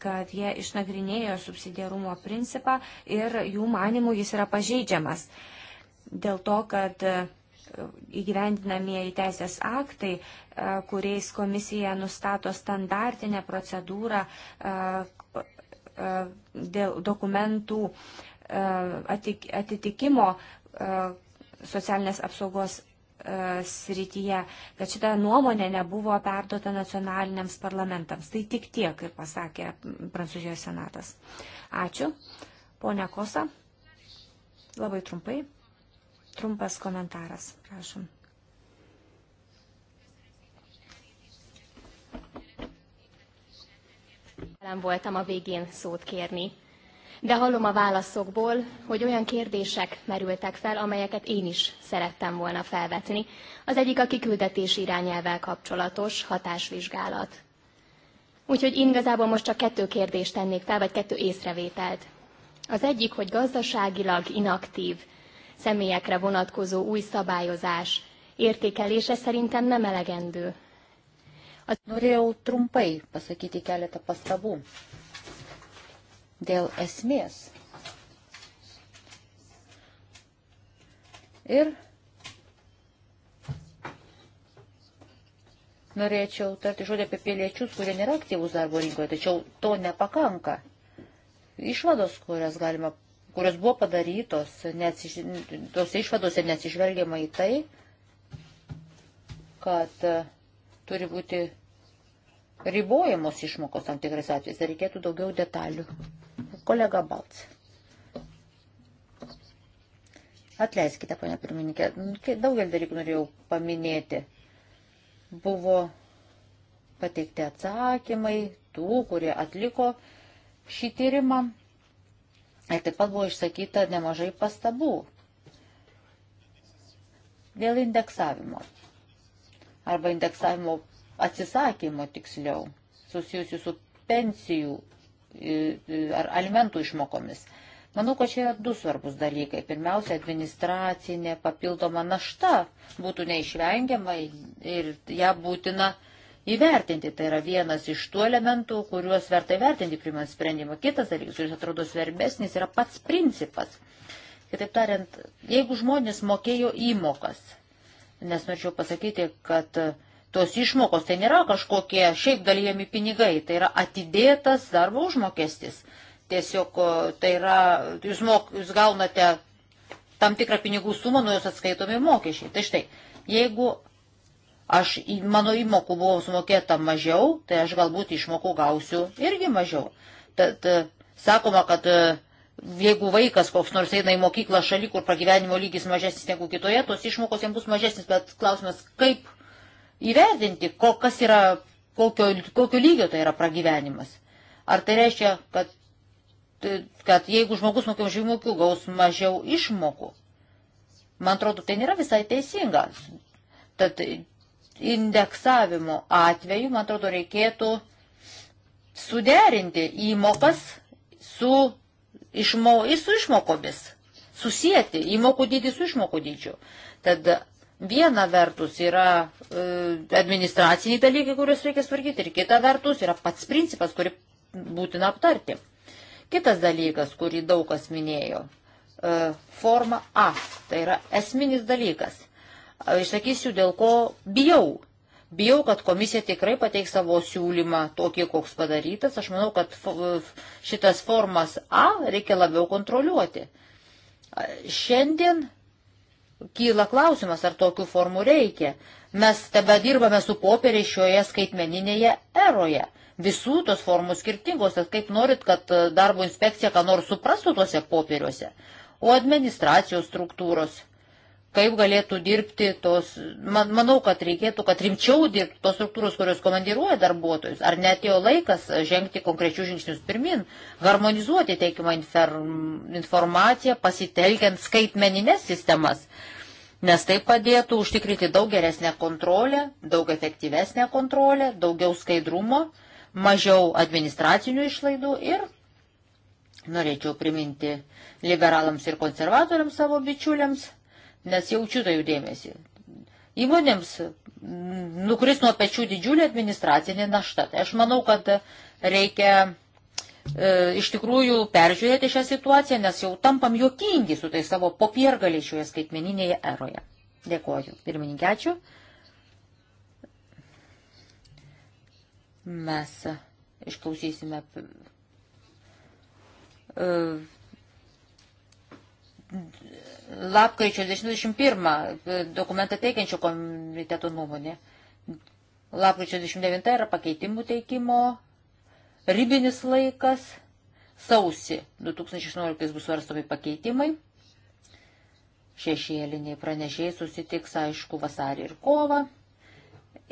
kad jie išnagrinėjo subsidiarumo principą ir jų manimų jis yra pažeidžiamas. Dėl to, kad įgyvendinamieji teisės aktai, kuriais komisija nustato standartinę procedūrą E, dėl dokumentų e, atitikimo e, socialinės apsaugos srityje, kad šita nuomonė nebuvo perduota nacionaliniams parlamentams. Tai tik tiek ir pasakė Prancūzijos senatas. Ačiū. Pone Kosa, labai trumpai. Trumpas komentaras, prašom. Nem voltam a végén szót kérni, de hallom a válaszokból, hogy olyan kérdések merültek fel, amelyeket én is szerettem volna felvetni. Az egyik a kiküldetés irányelvel kapcsolatos hatásvizsgálat. Úgyhogy én igazából most csak kettő kérdést tennék fel, vagy kettő észrevételt. Az egyik, hogy gazdaságilag inaktív személyekre vonatkozó új szabályozás értékelése szerintem nem elegendő Norėjau trumpai pasakyti keletą pastabų dėl esmės. Ir norėčiau tarti žodį apie piliečius, kurie nėra aktyvus darbo rinkoje, tačiau to nepakanka. Išvados, kurias galima, kurios buvo padarytos, neatsiž... tos išvadose neatsižvelgiama į tai, kad turi būti ribojamos išmokos tam tikrais atvejais. Ar reikėtų daugiau detalių? Kolega Balts. Atleiskite, ponia pirmininkė, nu, daugelį dalykų norėjau paminėti. Buvo pateikti atsakymai tų, kurie atliko šį tyrimą. Ir taip pat buvo išsakyta nemažai pastabų dėl indeksavimo arba indeksavimo atsisakymo tiksliau, susijusių su pensijų e, e, ar alimentų išmokomis. Manau, kad čia yra du svarbus dalykai. Pirmiausia, administracinė papildoma našta būtų neišvengiama ir ją būtina įvertinti. Tai yra vienas iš tų elementų, kuriuos verta įvertinti primant sprendimą. Kitas dalykas, kuris atrodo svarbesnis, yra pats principas. Kitaip tariant, jeigu žmonės mokėjo įmokas nes norėčiau pasakyti, kad tos išmokos tai nėra kažkokie šiaip dalyjami pinigai, tai yra atidėtas darbo užmokestis. Tiesiog tai yra, jūs, mok, jūs gaunate tam tikrą pinigų sumą, nuo jos atskaitomi mokesčiai. Tai štai, jeigu aš, mano įmokų buvo sumokėta mažiau, tai aš galbūt išmokų gausiu irgi mažiau. Tad sakoma, kad jeigu vaikas koks nors eina į mokyklą šaly, kur pragyvenimo lygis mažesnis negu kitoje, tos išmokos jam bus mažesnis, bet klausimas, kaip įvertinti, ko, kas yra, kokio, kokio lygio tai yra pragyvenimas. Ar tai reiškia, kad, kad jeigu žmogus mokė už įmokių, gaus mažiau išmokų? Man atrodo, tai nėra visai teisinga. Tad indeksavimo atveju, man atrodo, reikėtų suderinti įmokas su išmo, su išmokomis, susijęti įmokų dydį su išmokų dydžiu. Tad viena vertus yra e, administraciniai dalykai, kuriuos reikia svarkyti, ir kita vertus yra pats principas, kurį būtina aptarti. Kitas dalykas, kurį daug kas minėjo, e, forma A, tai yra esminis dalykas. E, išsakysiu, dėl ko bijau Bijau, kad komisija tikrai pateiks savo siūlymą tokį, koks padarytas. Aš manau, kad šitas formas A reikia labiau kontroliuoti. Šiandien kyla klausimas, ar tokių formų reikia. Mes tebe dirbame su popieriai šioje skaitmeninėje eroje. Visų tos formų skirtingos, tad kaip norit, kad e, darbo inspekcija ką nors suprastų tuose popieriuose. O administracijos struktūros kaip galėtų dirbti tos, man, manau, kad reikėtų, kad rimčiau dirbtų tos struktūros, kurios komandiruoja darbuotojus, ar netėjo laikas žengti konkrečius žingsnius pirmin, harmonizuoti teikimą informaciją, pasitelkiant skaitmeninės sistemas, nes tai padėtų užtikrinti daug geresnę kontrolę, daug efektyvesnę kontrolę, daugiau skaidrumo, mažiau administracinių išlaidų ir norėčiau priminti liberalams ir konservatoriams savo bičiuliams nes jaučiu tą jų dėmesį. Įmonėms mm, nukris nuo pečių didžiulė administracinė našta. Tai aš manau, kad reikia e, iš tikrųjų peržiūrėti šią situaciją, nes jau tampam juokingi su tai savo popiergaliai šioje skaitmeninėje eroje. Dėkuoju. Pirmininkė, ačiū. Mes išklausysime e, lapkričio 21 dokumentą teikiančių komiteto nuomonė. Lapkričio 29 yra pakeitimų teikimo ribinis laikas. Sausi 2016 bus svarstomi pakeitimai. Šešėliniai pranešėjai susitiks, aišku, vasarį ir kovą.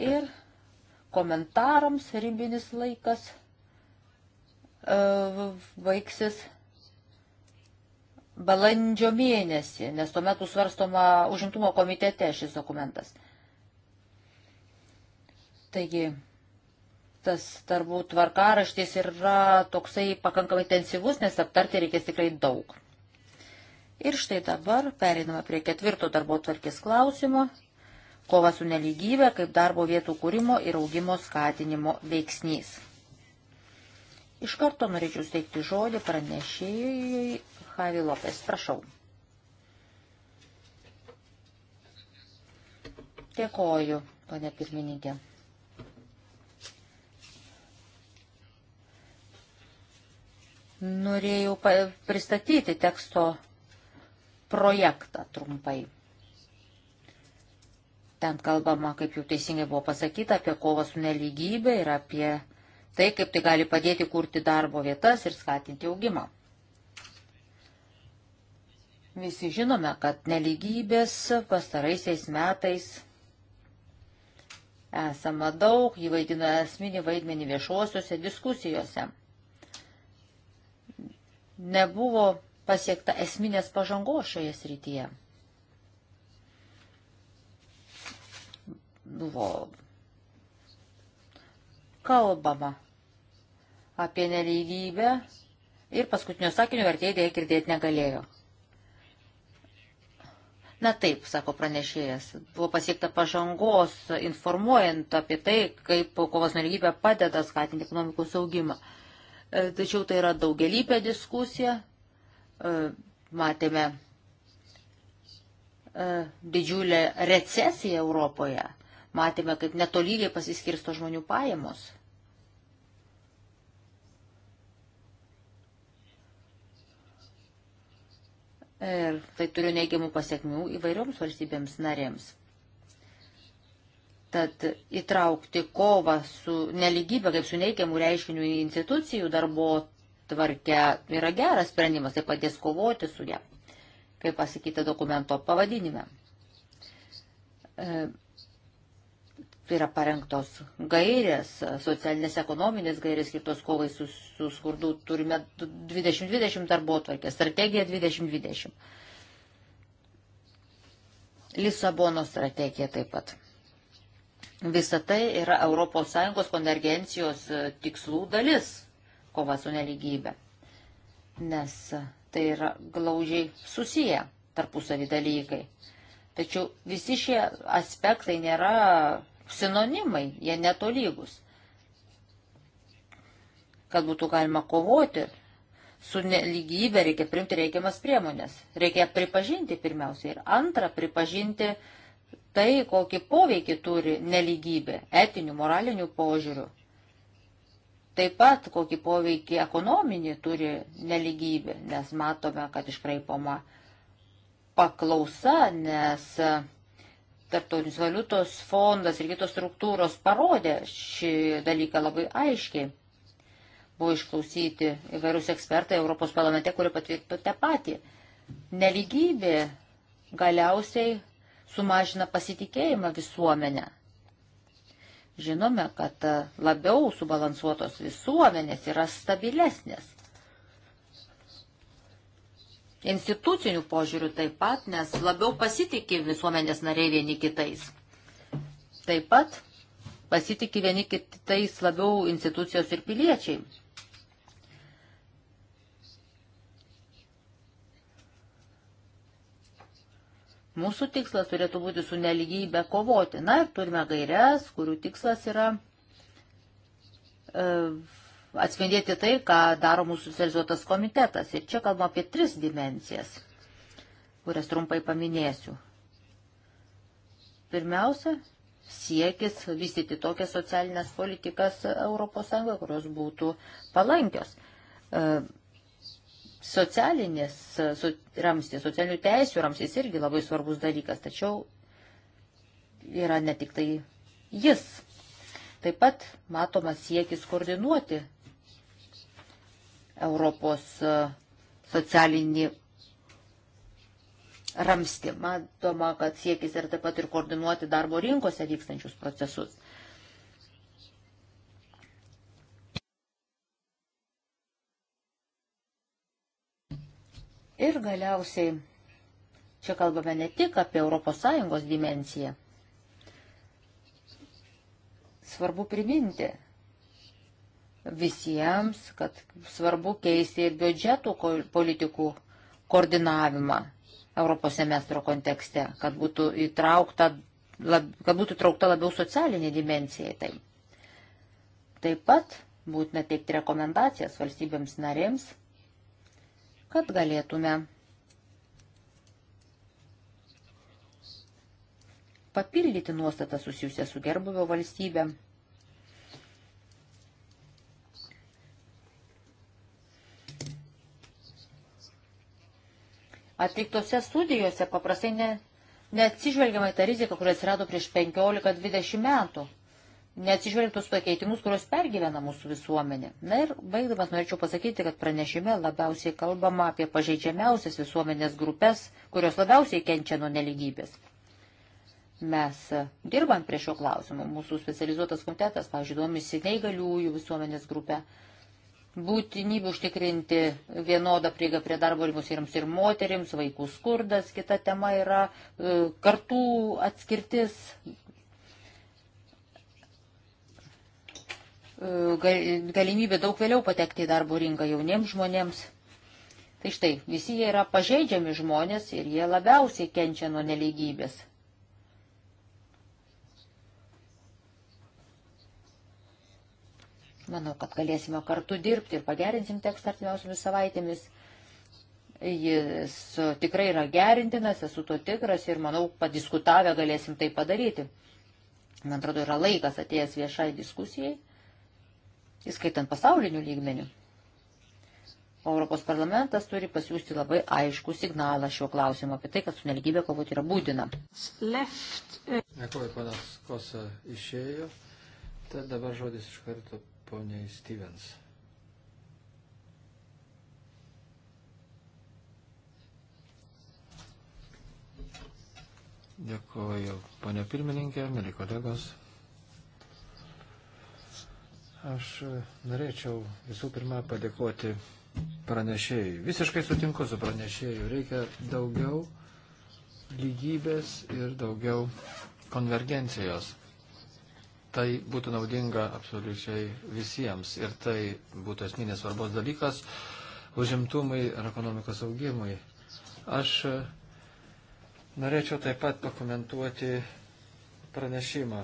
Ir komentarams ribinis laikas e, baigsis balandžio mėnesį, nes tuomet svarstoma užimtumo komitete šis dokumentas. Taigi, tas darbų tvarkaraštis yra toksai pakankamai intensyvus, nes aptarti reikės tikrai daug. Ir štai dabar pereiname prie ketvirto darbo tvarkės klausimo - kova su neligybė kaip darbo vietų kūrimo ir augimo skatinimo veiksnys. Iš karto norėčiau steigti žodį pranešėjai Havi Lopes. Prašau. Dėkoju, pane pirmininkė. Norėjau pristatyti teksto projektą trumpai. Ten kalbama, kaip jau teisingai buvo pasakyta, apie kovą su neligybė ir apie tai, kaip tai gali padėti kurti darbo vietas ir skatinti augimą. Visi žinome, kad neligybės pastaraisiais metais esama daug, jį vaidina esminį vaidmenį viešuosiuose diskusijose. Nebuvo pasiekta esminės pažangos šioje srityje. Buvo kalbama apie nelygybę ir paskutinio sakinio vertėjai dėja girdėti negalėjo. Na taip, sako pranešėjas, buvo pasiekta pažangos, informuojant apie tai, kaip kovos nelygybė padeda skatinti ekonomikos augimą. E, tačiau tai yra daugelybė diskusija. E, matėme e, didžiulę recesiją Europoje. Matėme, kaip netolygiai pasiskirsto žmonių pajamos. Ir tai turi neigiamų pasiekmių įvairioms valstybėms narėms. Tad įtraukti kovą su neligybė, kaip su neigiamų reiškinių institucijų darbo tvarkę yra geras sprendimas, tai padės kovoti su ją, kaip pasakyta dokumento pavadinime. E, yra parengtos gairės, socialinės ekonominės gairės skirtos kovai su, su skurdu. Turime 2020 darbo atvarkę, strategiją 2020. Lisabono strategija taip pat. Visa tai yra ES konvergencijos e, tikslų dalis - kova su neligybė. Nes tai yra glaužiai susiję tarpusavį dalykai. Tačiau visi šie aspektai nėra sinonimai, jie netolygus. Kad būtų galima kovoti su neligybė, reikia primti reikiamas priemonės. Reikia pripažinti pirmiausia ir antra, pripažinti tai, kokį poveikį turi neligybė etinių, moralinių požiūrių. Taip pat kokį poveikį ekonominį turi neligybė, nes matome, kad iškraipoma paklausa, nes Tartonis valiutos fondas ir kitos struktūros parodė šį dalyką labai aiškiai. Buvo išklausyti įvairius ekspertai Europos parlamente, kurie patvirtino tą patį. Neligybė galiausiai sumažina pasitikėjimą visuomenę. Žinome, kad labiau subalansuotos visuomenės yra stabilesnės institucinių požiūrių taip pat, nes labiau pasitikė visuomenės nariai vieni kitais. Taip pat pasitikė vieni kitais labiau institucijos ir piliečiai. Mūsų tikslas turėtų būti su neligybė kovoti. Na ir turime gairias, kurių tikslas yra e, atspindėti tai, ką daro mūsų socializuotas komitetas. Ir čia kalbam apie tris dimencijas, kurias trumpai paminėsiu. Pirmiausia, siekis vystyti tokias socialinės politikas ES, kurios būtų palankios. E, socialinės e, ramstis, socialinių teisių ramstis irgi labai svarbus dalykas, tačiau yra ne tik tai jis. Taip pat matomas siekis koordinuoti Europos e, socialinį ramstį. Matoma, kad siekis ir taip pat ir koordinuoti darbo rinkose vykstančius procesus. Ir galiausiai čia kalbame ne tik apie ES dimenciją. Svarbu priminti, visiems, kad svarbu keisti ir biudžetų politikų koordinavimą Europos semestro kontekste, kad būtų įtraukta, lab, kad būtų traukta labiau socialinė dimencija į tai. Taip pat būtina teikti rekomendacijas valstybėms narėms, kad galėtume papildyti nuostatą susijusią su gerbuvio valstybėm Atliktose studijose paprastai ne, neatsižvelgiama į tą riziką, kuri atsirado prieš 15-20 metų. Neatsižvelgtus pakeitimus, kurios pergyvena mūsų visuomenė. Na ir baigdamas norėčiau pasakyti, kad pranešime labiausiai kalbama apie pažeidžiamiausias visuomenės grupės, kurios labiausiai kenčia nuo neligybės. Mes e, dirbam prie šio klausimo. Mūsų specializuotas komitetas, pavyzdžiui, domisi neįgaliųjų visuomenės grupę būtinybė užtikrinti vienodą prieigą prie darbo rinkos vyrams ir moterims, vaikų skurdas, kita tema yra e, kartų atskirtis. E, galimybė daug vėliau patekti į darbo rinką jauniems žmonėms. Tai štai, visi jie yra pažeidžiami žmonės ir jie labiausiai kenčia nuo neligybės. Manau, kad galėsime kartu dirbti ir pagerinsim tekstą artimiausiomis savaitėmis. Jis tikrai yra gerintinas, esu to tikras ir manau, padiskutavę galėsim tai padaryti. Man atrodo, yra laikas atėjęs viešai diskusijai, įskaitant pasaulinių lygmenių. Europos parlamentas turi pasiūsti labai aiškų signalą šiuo klausimu apie tai, kad su nelygybė kovoti yra būtina. Left. Uh, Dėkuoju, panas Kosa išėjo. Tad dabar žodis iš karto poniai Stevens. Dėkuoju, ponė pirmininkė, mėly kolegos. Aš e, norėčiau visų pirma padėkoti pranešėjui. Visiškai sutinku su pranešėjui. Reikia daugiau lygybės ir daugiau konvergencijos tai būtų naudinga absoliučiai visiems ir tai būtų esminės svarbos dalykas užimtumui ir ekonomikos augimui. Aš e, norėčiau taip pat pakomentuoti pranešimą.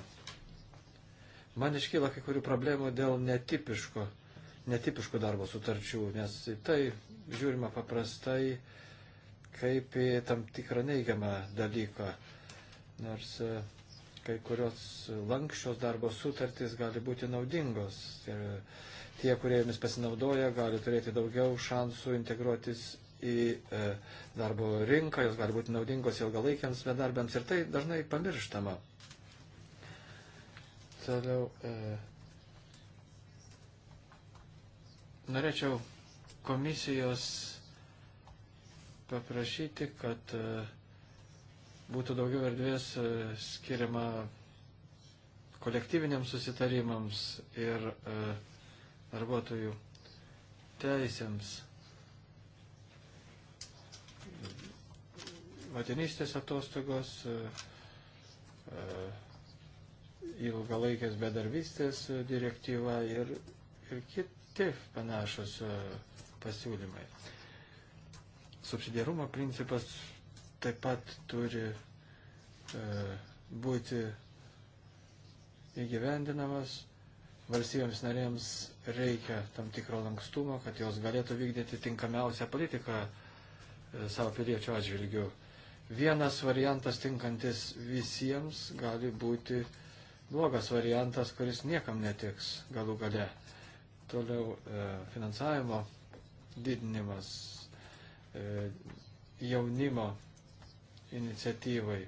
Man iškyla kai kurių problemų dėl netipiško, netipiško darbo sutarčių, nes tai žiūrima paprastai kaip į tam tikrą neigiamą dalyką. Nors e, kai kurios lankščios darbo sutartys gali būti naudingos. Ir tai tie, kurie jomis pasinaudoja, gali turėti daugiau šansų integruotis į e, darbo rinką, jos gali būti naudingos ilgalaikiams bedarbiams ir tai dažnai pamirštama. Toliau. E, norėčiau komisijos paprašyti, kad e, būtų daugiau erdvės e, skiriama kolektyviniams susitarimams ir e, darbuotojų teisėms. Motinystės atostogos, e, ilgalaikės bedarbystės direktyva ir, ir kiti panašus pasiūlymai. Subsidiarumo principas taip pat turi e, būti įgyvendinamas. Valstybėms narėms reikia tam tikro lankstumo, kad jos galėtų vykdyti tinkamiausią politiką e, savo piliečių atžvilgių. Vienas variantas tinkantis visiems gali būti blogas variantas, kuris niekam netiks galų gale. Toliau e, finansavimo didinimas, e, jaunimo iniciatyvai.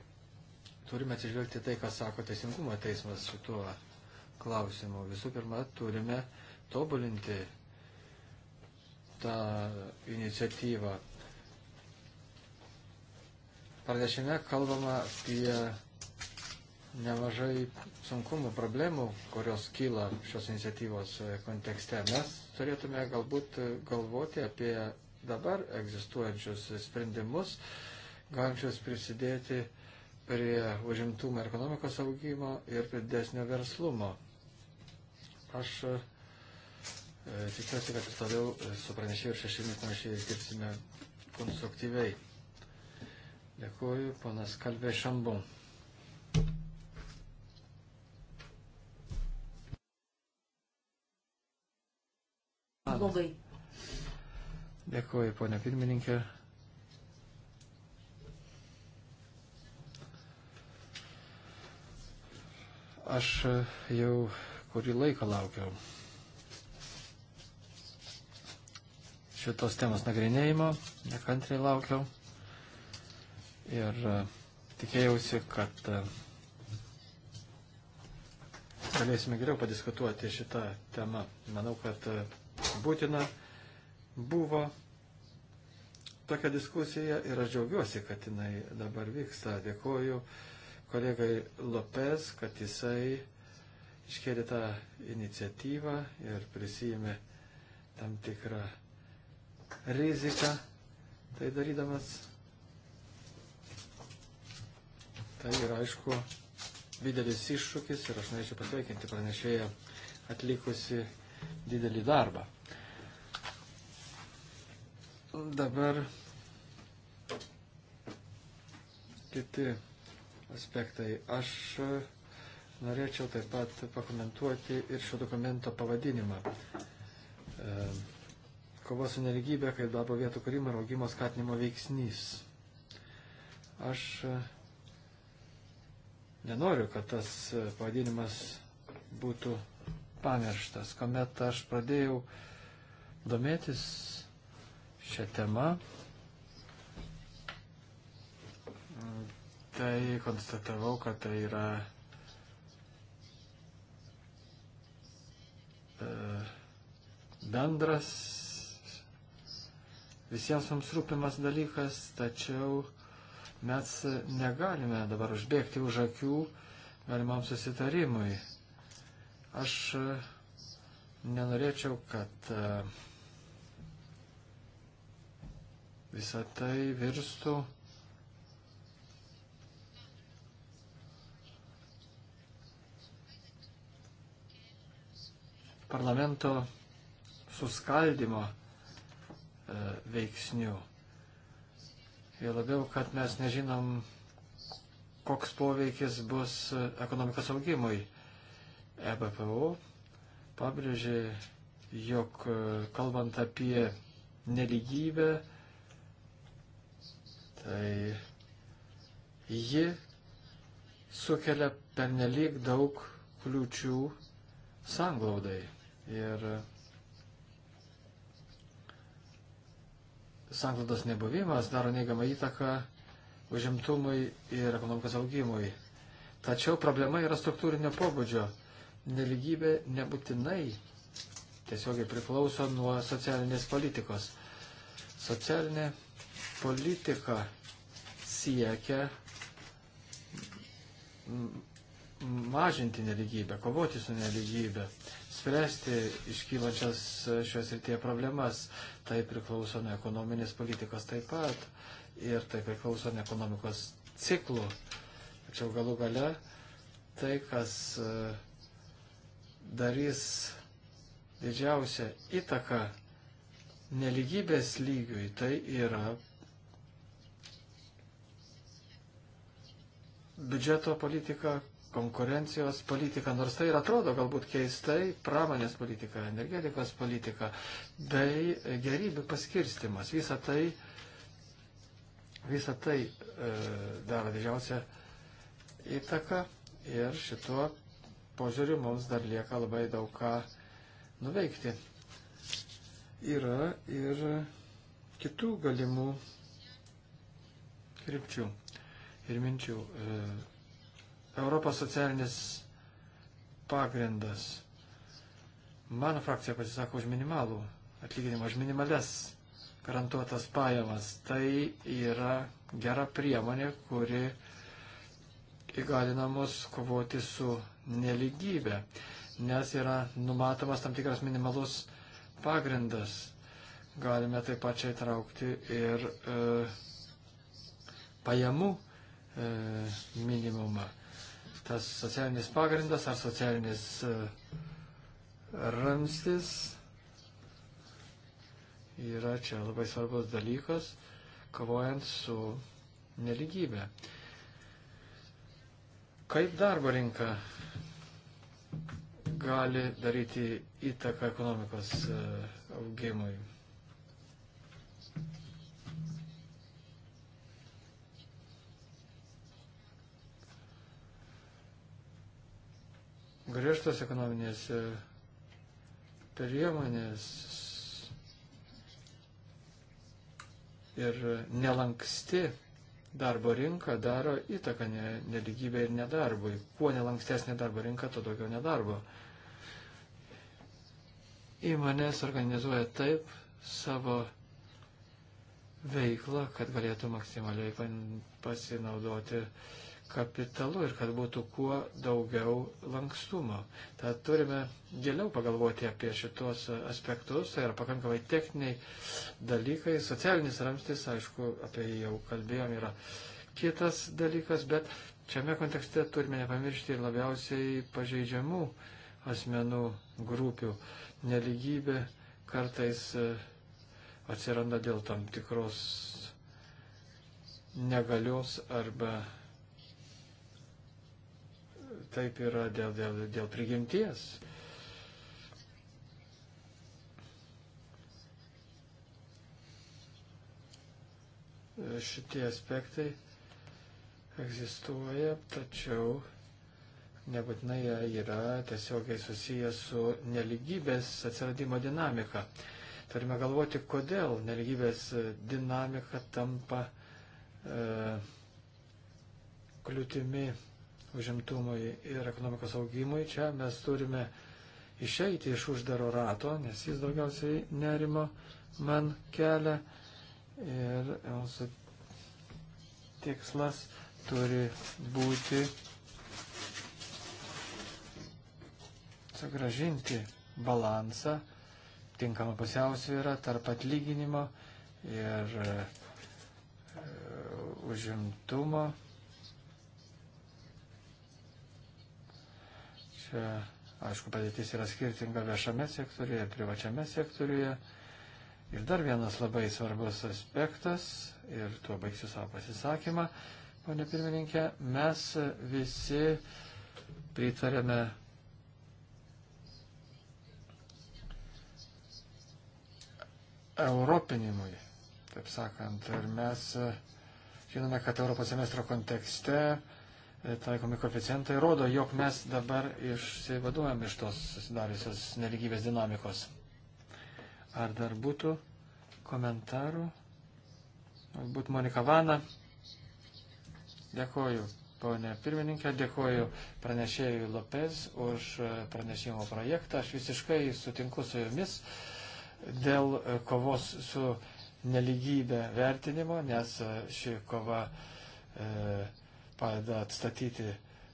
Turime atsižvelgti tai, ką sako Teisingumo teismas šituo klausimu. Visų pirma, turime tobulinti tą iniciatyvą. Pranešime kalbama apie nemažai sunkumų, problemų, kurios kyla šios iniciatyvos kontekste. Mes turėtume galbūt galvoti apie dabar egzistuojančius sprendimus, uh, galinčios prisidėti prie užimtumo ekonomikos augimo ir prie didesnio verslumo. Aš e, tikiuosi, kad ir toliau e, su pranešėjų ir šešėmis panašiai dirbsime konstruktyviai. Dėkuoju, ponas Kalvė Šambon. Blogai. Dėkuoju, ponia pirmininkė. Aš e, jau kurį laiką laukiau šitos temos nagrinėjimo, nekantriai laukiau ir e, tikėjausi, kad e, galėsime geriau padiskutuoti šitą temą. Manau, kad būtina buvo tokia diskusija ir aš džiaugiuosi, kad jinai dabar vyksta. Dėkuoju kolegai Lopez, kad jisai iškėlė tą iniciatyvą ir prisijėmė tam tikrą riziką, tai darydamas. Tai yra, aišku, didelis iššūkis ir aš norėčiau pasveikinti pranešėją atlikusi didelį darbą. Dabar kiti aspektai. Aš e, norėčiau taip pat pakomentuoti ir šio dokumento pavadinimą. E, Kova su neligybė kaip darbo vietų kūrimo ir augimo skatinimo veiksnys. Aš e, nenoriu, kad tas pavadinimas būtų pamirštas. Komet aš pradėjau domėtis šią temą, tai konstatavau, kad tai yra e, bendras visiems mums rūpimas dalykas, tačiau mes negalime dabar užbėgti už akių galimam susitarimui. Aš e, nenorėčiau, kad e, visą tai virstų parlamento suskaldimo e, veiksnių. Ir labiau, kad mes nežinom, koks poveikis bus e, ekonomikos augimui. EBPO pabrėžė, jog e, kalbant apie neligybę, tai ji sukelia pernelyg daug kliūčių sanglaudai. Ir e, sanklaudos nebuvimas daro neigiamą įtaką užimtumui ir ekonomikos augimui. Tačiau problema yra struktūrinio pobūdžio. Neligybė nebūtinai tiesiogiai priklauso nuo socialinės politikos. Socialinė politika siekia mažinti neligybę, kovoti su neligybė spręsti iškylančias šios rytie problemas. Tai priklauso nuo ekonominės politikos taip pat ir tai priklauso nuo ekonomikos ciklų. Tačiau galų gale tai, kas e, darys didžiausią įtaką neligybės lygiui, tai yra biudžeto politika, konkurencijos politiką, nors tai ir atrodo galbūt keistai, pramonės politika, energetikos politika bei gerybių paskirstimas. Visa tai, visa tai e, daro didžiausią įtaką ir šituo požiūriu mums dar lieka labai daug ką nuveikti. Yra ir kitų galimų krypčių ir minčių. E, Europos socialinis pagrindas. Mano frakcija pasisako už minimalų atlyginimą, už minimales garantuotas pajamas. Tai yra gera priemonė, kuri įgalina mus kovoti su neligybė, nes yra numatomas tam tikras minimalus pagrindas. Galime taip pat čia įtraukti ir e, pajamų e, minimumą tas socialinis pagrindas ar socialinis e, ramstis yra čia labai svarbus dalykas, kovojant su neligybė. Kaip darbo rinka gali daryti įtaką ekonomikos e, augimui? griežtos ekonominės e, priemonės ir nelanksti darbo rinka daro įtaką neligybė ir nedarbui. Kuo nelankstesnė darbo rinka, to daugiau nedarbo. Įmonės organizuoja taip savo veiklą, kad galėtų maksimaliai pasinaudoti uh, kapitalu ir kad būtų kuo daugiau lankstumo. Tad turime giliau pagalvoti apie šitos aspektus, tai yra pakankamai techniniai dalykai. Socialinis ramstis, aišku, apie jį jau kalbėjom, yra kitas dalykas, bet šiame kontekste turime nepamiršti ir labiausiai pažeidžiamų asmenų grupių. Neligybė kartais e, atsiranda dėl tam tikros negalios arba taip yra dėl, dėl, dėl prigimties. Šitie aspektai egzistuoja, tačiau nebūtinai jie yra tiesiogiai susiję su neligybės atsiradimo dinamika. Turime galvoti, kodėl neligybės dinamika tampa e, kliūtimi užimtumui ir ekonomikos augimui. Čia mes turime išeiti iš uždaro rato, nes jis daugiausiai nerimo man kelia. Ir mūsų tikslas turi būti sugražinti balansą, tinkamą pusiausvyrą tarp atlyginimo ir e, užimtumo Aišku, padėtis yra skirtinga viešame sektoriuje, privačiame sektoriuje. Ir dar vienas labai svarbus aspektas, ir tuo baigsiu savo pasisakymą, ponė pirmininkė, mes visi pritarėme europinimui, taip sakant. Ir mes žinome, kad Europos semestro kontekste E, taikomi koficientai rodo, jog mes dabar išsivaduojam iš tos susidariusios neligybės dinamikos. Ar dar būtų komentarų? Galbūt Monika Vana. Dėkoju, ponė pirmininkė, dėkoju pranešėjui Lopez už e, pranešimo projektą. Aš visiškai sutinku su jumis dėl e, kovos su neligybė vertinimo, nes ši kova e, padeda atstatyti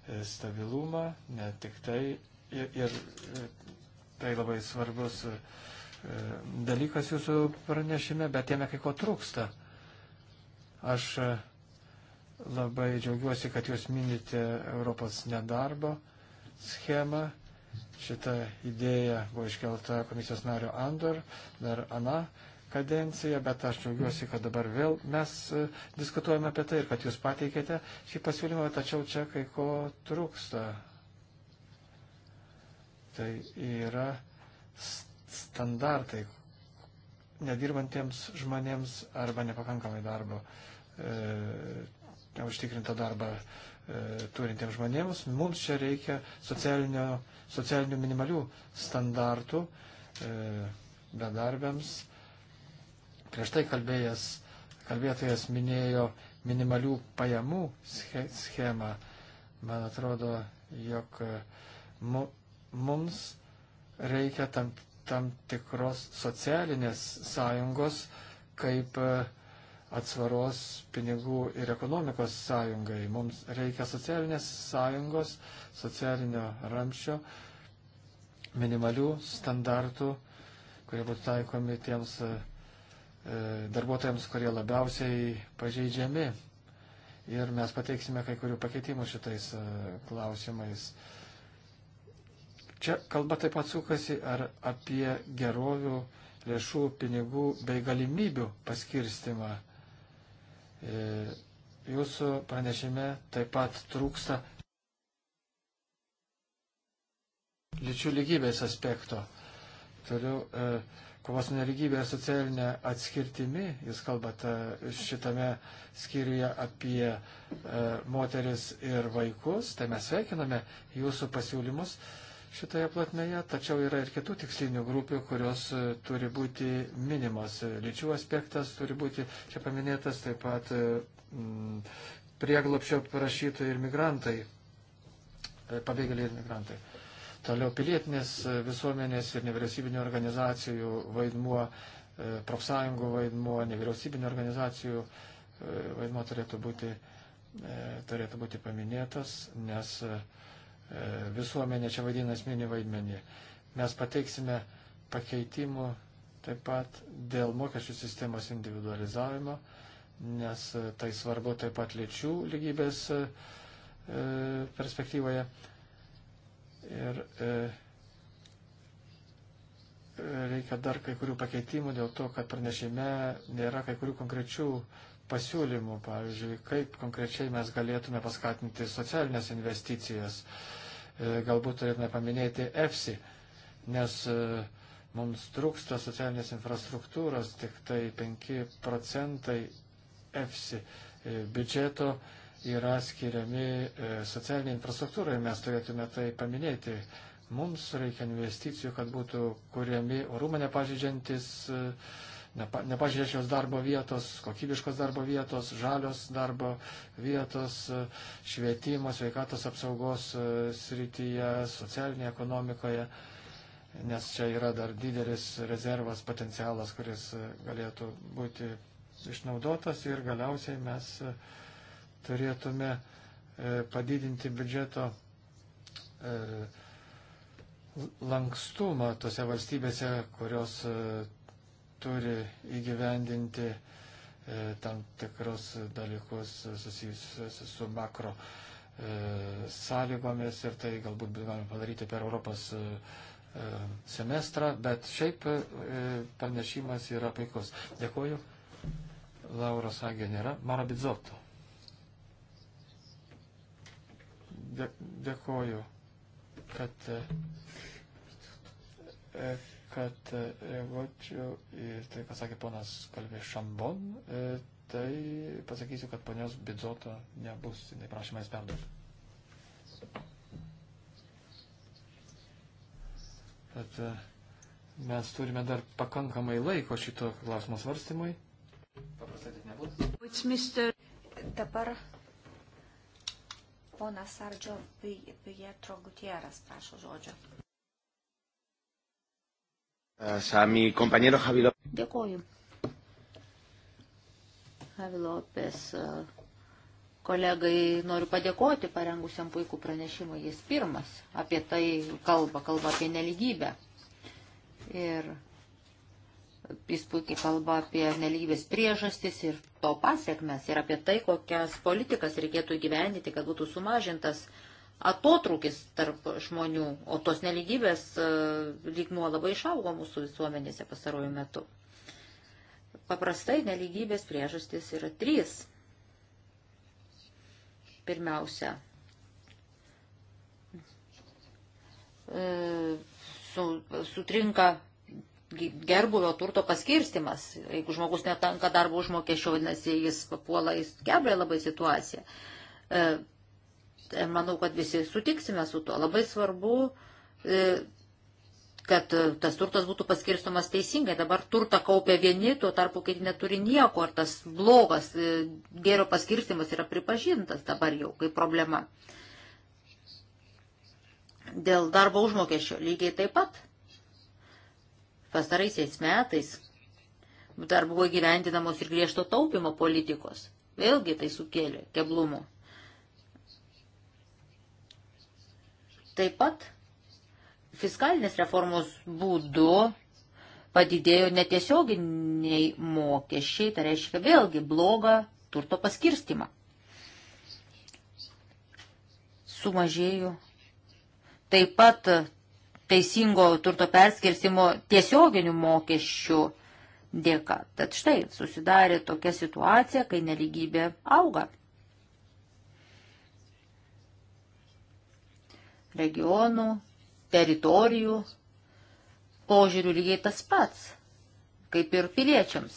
e, stabilumą, ne tik tai. Ir, ir e, tai labai svarbus e, dalykas jūsų pranešime, bet jame kai ko trūksta. Aš labai džiaugiuosi, kad jūs minite Europos nedarbo schemą. Šitą idėją buvo iškelta komisijos nario Andor, dar Ana kadenciją, bet aš džiaugiuosi, kad dabar vėl mes e, diskutuojame apie tai ir kad jūs pateikėte šį pasiūlymą, tačiau čia kai ko trūksta. Tai yra standartai nedirbantiems žmonėms arba nepakankamai darbo, e, neužtikrinto darbą e, turintiems žmonėms. Mums čia reikia socialinių minimalių standartų e, bedarbiams. E, prieš tai kalbėjęs, kalbėtojas minėjo minimalių pajamų schemą. Man atrodo, jog e, mums reikia tam, tam tikros socialinės sąjungos kaip e, atsvaros pinigų ir ekonomikos sąjungai. Mums reikia socialinės sąjungos, socialinio ramščio, minimalių standartų, kurie būtų taikomi tiems uh, E, darbuotojams, kurie labiausiai pažeidžiami. Ir mes pateiksime kai kurių pakeitimų šitais e, klausimais. Čia kalba taip pat sukasi ar apie gerovių lėšų, pinigų bei galimybių paskirstimą. E, jūsų pranešime taip pat trūksta lyčių lygybės aspekto. Toliau e, kovos nelygybė ir socialinė atskirtimi. Jūs kalbate šitame skyriuje apie e, moteris ir vaikus, tai mes sveikiname jūsų pasiūlymus šitoje platmeje, tačiau yra ir kitų tikslinių grupių, kurios e, turi būti minimos. Lyčių aspektas turi būti čia paminėtas, taip pat mm, e, prieglopšio prašytojai ir migrantai, e, pabėgėliai ir migrantai. Toliau pilietinės visuomenės ir nevyriausybinio organizacijų vaidmuo, e, profsąjungų vaidmuo, nevyriausybinio organizacijų e, vaidmuo turėtų būti, e, turėtų būti paminėtas, nes visuomenė čia vaidina esminį vaidmenį. Mes pateiksime pakeitimų taip pat dėl mokesčių sistemos individualizavimo, nes tai svarbu taip pat lyčių lygybės perspektyvoje. Ir e, reikia dar kai kurių pakeitimų dėl to, kad pranešime nėra kai kurių konkrečių pasiūlymų, pavyzdžiui, kaip konkrečiai mes galėtume paskatinti socialinės investicijas, e, galbūt turėtume paminėti EFSI, nes e, mums trūksta socialinės infrastruktūros, tik tai 5 procentai EFSI e, biudžeto yra skiriami e, socialiniai infrastruktūrai, mes turėtume tai paminėti. Mums reikia investicijų, kad būtų kuriami orumą nepažydžiantis, e, nepa, nepažydžiančios darbo vietos, kokybiškos darbo vietos, žalios darbo vietos, e, švietimo, sveikatos apsaugos srityje, socialinėje ekonomikoje, nes čia yra dar didelis rezervas, potencialas, kuris galėtų būti išnaudotas ir galiausiai mes uh, turėtume e, padidinti biudžeto e, lankstumą tose valstybėse, kurios e, turi įgyvendinti tam tikrus dalykus susijusius su makro sąlygomis ir tai galbūt galime padaryti per Europos semestrą, bet šiaip pranešimas yra puikus. Dėkuoju. Laura Sagė nėra. Mara Bizotto. dė, dėkoju, kad, e, kad e, reaguočiau į tai, ką sakė ponas Kalvė Šambon, e, tai pasakysiu, kad ponios Bidzoto nebus, jinai prašymą jis perduoti. Bet mes turime dar pakankamai laiko šito klausimo svarstymui. Paprastai tai nebus. Dabar Ponas Sardžio Pietro Gutieras prašo žodžio. Dėkoju. Havilopės e, kolegai noriu padėkoti parengusiam puikų pranešimą. Jis pirmas apie tai kalba, kalba apie neligybę. Ir Jis puikiai kalba apie nelygybės priežastis ir to pasiekmes ir apie tai, kokias politikas reikėtų gyvendyti, kad būtų sumažintas atotrukis tarp žmonių, o tos nelygybės e, lygmuo labai išaugo mūsų visuomenėse pasarojų metu. Paprastai nelygybės priežastis yra trys. Pirmiausia, e, sutrinka gerbuvio turto paskirstimas. Jeigu žmogus netanka darbo užmokesčio, vadinasi, jis papuola į keblę labai situaciją. E, tai manau, kad visi sutiksime su tuo. Labai svarbu, e, kad tas turtas būtų paskirstomas teisingai. Dabar turtą kaupia vieni, tuo tarpu, kai neturi nieko, ar tas blogas e, gėrio paskirstimas yra pripažintas dabar jau kaip problema. Dėl darbo užmokesčio lygiai taip pat Pastaraisiais metais dar buvo gyventinamos ir griežto taupimo politikos. Vėlgi tai sukėlė keblumų. Taip pat fiskalinės reformos būdu padidėjo netiesioginiai mokesčiai, tai reiškia vėlgi blogą turto paskirstimą. Sumažėjo taip pat teisingo turto perskirsimo tiesioginių mokesčių dėka. Tad štai susidarė tokia situacija, kai neligybė auga. Regionų, teritorijų požiūrių lygiai tas pats, kaip ir piliečiams.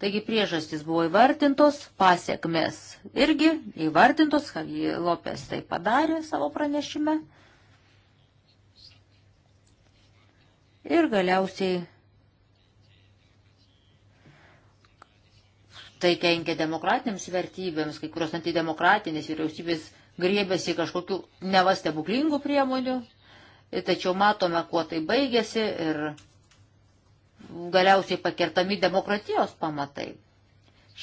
Taigi priežastis buvo įvartintos, pasiekmes irgi įvartintos, Javi Lopes tai padarė savo pranešime. Ir galiausiai tai kenkia demokratinėms vertybėms, kai kurios antidemokratinės vyriausybės griebėsi kažkokių nevastebuklingų priemonių, tačiau matome, kuo tai baigėsi ir galiausiai pakertami demokratijos pamatai.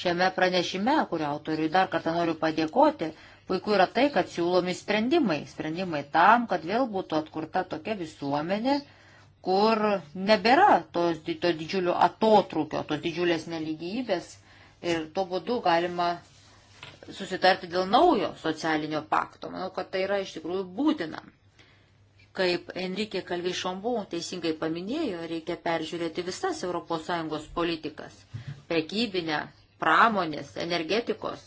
Šiame pranešime, kurio autoriui dar kartą noriu padėkoti, puiku yra tai, kad siūlomi sprendimai. Sprendimai tam, kad vėl būtų atkurta tokia visuomenė, kur nebėra to, to didžiulio atotrukio, tos didžiulės neligybės ir tuo būdu galima susitarti dėl naujo socialinio pakto. Manau, kad tai yra iš tikrųjų būtina. Kaip Enrique Kalvišombu teisingai paminėjo, reikia peržiūrėti visas ES politikas - prekybinę, pramonės, energetikos,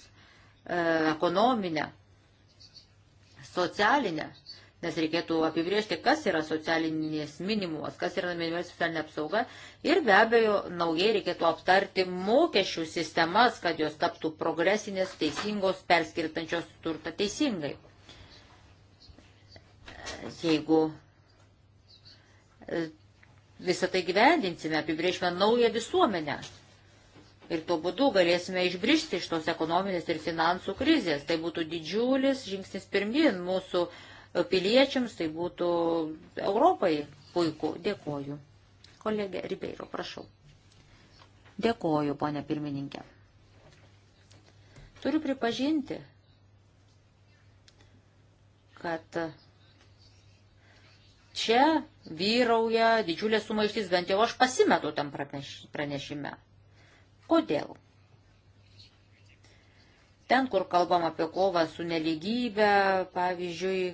e, ekonominę, socialinę nes reikėtų apibriežti, kas yra socialinės minimumas, kas yra minimali socialinė apsauga ir be abejo naujai reikėtų aptarti mokesčių sistemas, kad jos taptų progresinės, teisingos, perskirtančios turtą teisingai. Jeigu e, visą tai gyvendinsime, apibrėžime naują visuomenę. Ir tuo būdu galėsime išbrišti iš tos ekonominės ir finansų krizės. Tai būtų didžiulis žingsnis pirmin mūsų piliečiams, tai būtų Europai puiku. Dėkoju. Kolegė Ribeiro, prašau. Dėkoju, ponė pirmininkė. Turiu pripažinti, kad čia vyrauja didžiulė sumaištis, bent jau aš pasimetu tam pranešime. Kodėl? Ten, kur kalbam apie kovą su neligybė, pavyzdžiui,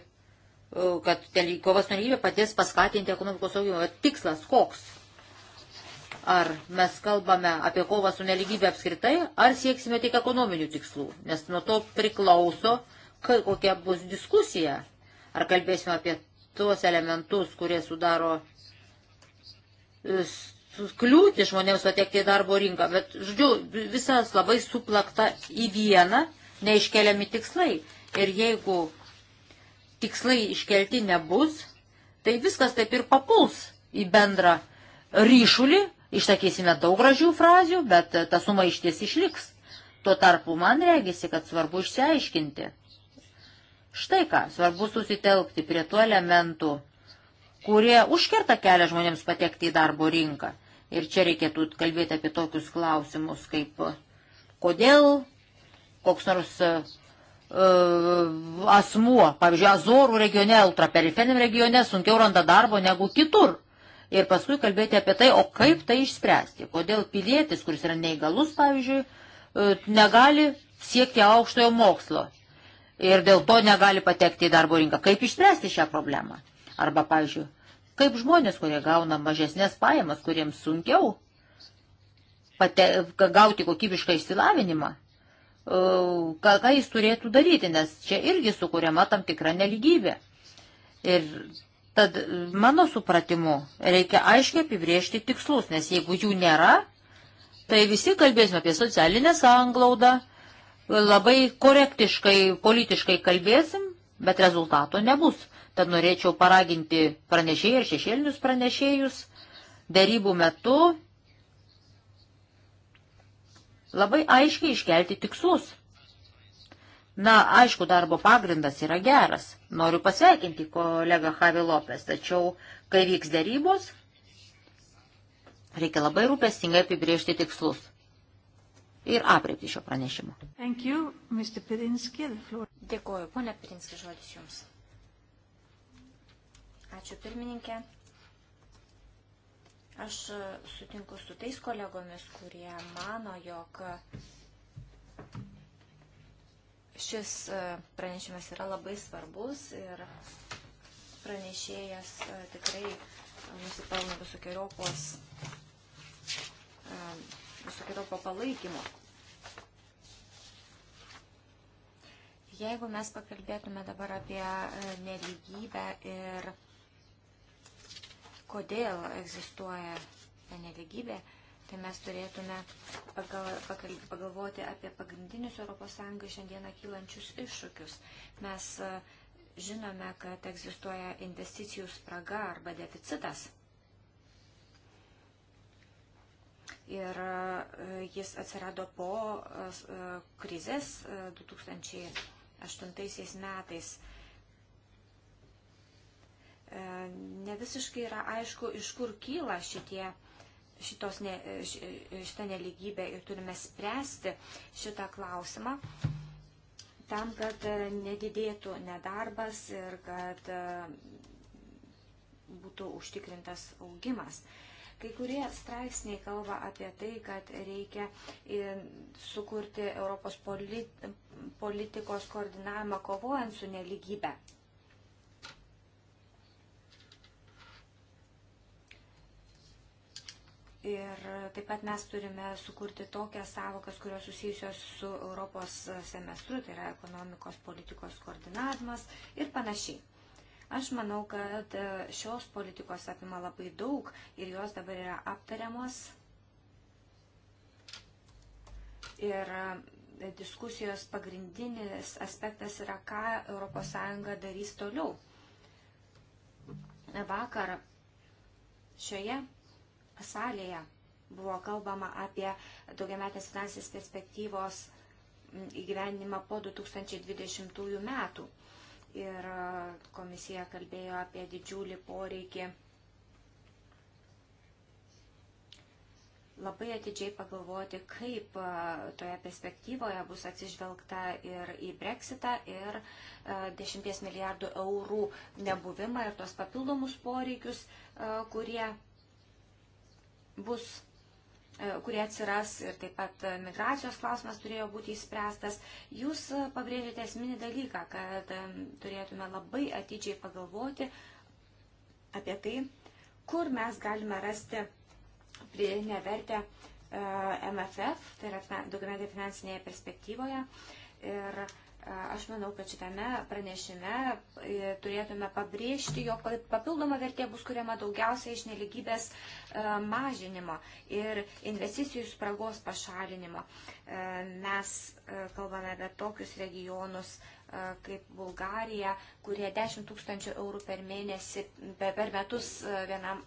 kad kovas nelygybė padės paskatinti ekonomikos augimą. Tikslas koks? Ar mes kalbame apie kovą su neligybė apskritai, ar sieksime tik ekonominių tikslų, nes nuo to priklauso, kai, kokia bus diskusija. Ar kalbėsime apie tuos elementus, kurie sudaro e, kliūti žmonėms patekti į darbo rinką, bet, žodžiu, visas labai suplakta į vieną, neiškeliami tikslai. Ir jeigu tikslai iškelti nebus, tai viskas taip ir papuls į bendrą ryšulį, išsakysime daug gražių frazių, bet e, ta suma iš ties išliks. Tuo tarpu man regisi, kad svarbu išsiaiškinti. Štai ką, svarbu susitelkti prie tų elementų, kurie užkerta kelią žmonėms patekti į darbo rinką. Ir čia reikėtų kalbėti apie tokius klausimus, kaip kodėl koks nors e, E, asmuo, pavyzdžiui, Azorų regione, ultraperiferiniam regione sunkiau randa darbo negu kitur. Ir paskui kalbėti apie tai, o kaip tai išspręsti. Kodėl pilietis, kuris yra neįgalus, pavyzdžiui, e, negali siekti aukštojo mokslo ir dėl to negali patekti į darbo rinką. Kaip išspręsti šią problemą? Arba, pavyzdžiui, kaip žmonės, kurie gauna mažesnės pajamas, kuriems sunkiau pate, gauti kokybišką išsilavinimą, E, ką, ką jis turėtų daryti, nes čia irgi sukūriama tam tikra neligybė. Ir tad e, mano supratimu reikia aiškiai apibriežti tikslus, nes jeigu jų nėra, tai visi kalbėsime apie socialinę sąnglaudą, labai korektiškai, politiškai kalbėsim, bet rezultato nebus. Tad norėčiau paraginti pranešėjus ir šešėlinius pranešėjus darybų metu labai aiškiai iškelti tikslus. Na, aišku, darbo pagrindas yra geras. Noriu pasveikinti kolegą Javi Lopes, tačiau, kai vyks darybos, reikia labai rūpestingai apibriežti tikslus ir apriepti šio pranešimo. Thank you, Mr. Pirinsky, Dėkuoju, ponia Pirinski, žodis jums. Ačiū pirmininkė. Aš e, sutinku su tais kolegomis, kurie mano, jog šis e, pranešimas yra labai svarbus ir pranešėjas e, tikrai nusipelno visokiojopos visokiojopo palaikymo. Jeigu mes pakalbėtume dabar apie nelygybę ir kodėl egzistuoja ta neligybė, tai mes turėtume pagal, pagal, pagalvoti apie pagrindinius ES šiandieną kylančius iššūkius. Mes e, žinome, kad egzistuoja investicijų spraga arba deficitas. Ir e, jis atsirado po e, krizės 2008 metais E, ne visiškai yra aišku, iš kur kyla šitie, šitos, ne, šitą neligybę ir turime spręsti šitą klausimą tam, kad e, nedidėtų nedarbas ir kad e, būtų užtikrintas augimas. Kai kurie straipsniai kalba apie tai, kad reikia sukurti Europos politikos koordinavimą kovojant su neligybė. Ir taip pat mes turime sukurti tokias savokas, kurios susijusios su Europos semestru, tai yra ekonomikos politikos koordinavimas ir panašiai. Aš manau, kad šios politikos apima labai daug ir jos dabar yra aptariamos. Ir e, diskusijos pagrindinis aspektas yra, ką ES darys toliau. Vakar šioje salėje buvo kalbama apie daugiametės finansinės perspektyvos įgyvendinimą po 2020 metų. Ir komisija kalbėjo apie didžiulį poreikį labai atidžiai pagalvoti, kaip toje perspektyvoje bus atsižvelgta ir į breksitą, ir 10 milijardų eurų nebuvimą ir tos papildomus poreikius, kurie bus e, kurie atsiras ir taip pat migracijos klausimas turėjo būti įspręstas. Jūs e, pabrėžėte esminį dalyką, kad e, turėtume labai atidžiai pagalvoti apie tai, kur mes galime rasti pridėtinę vertę MFF, tai yra daugiametėje finansinėje perspektyvoje. Ir Aš manau, kad šitame pranešime e, turėtume pabrėžti, jog papildoma vertė bus kuriama daugiausia iš neligybės e, mažinimo ir investicijų spragos pašalinimo. E, mes kalbame apie tokius regionus kaip Bulgarija, kurie 10 tūkstančių eurų per mėnesį, per metus vienam,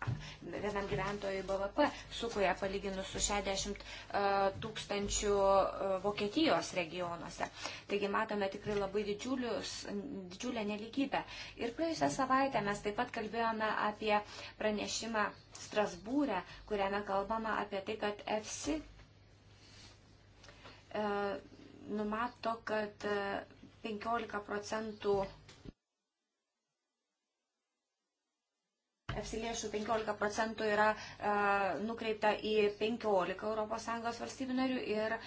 vienam gyventojui BVP sukuria palyginus su 60 tūkstančių Vokietijos regionuose. Taigi matome tikrai labai didžiulius, didžiulę neligybę. Ir praėjusią savaitę mes taip pat kalbėjome apie pranešimą Strasbūrę, kuriame kalbama apie tai, kad EFSI numato, kad 15 procentų EFSI lėšų 15 procentų yra e, nukreipta į 15 ES valstybių narių ir e,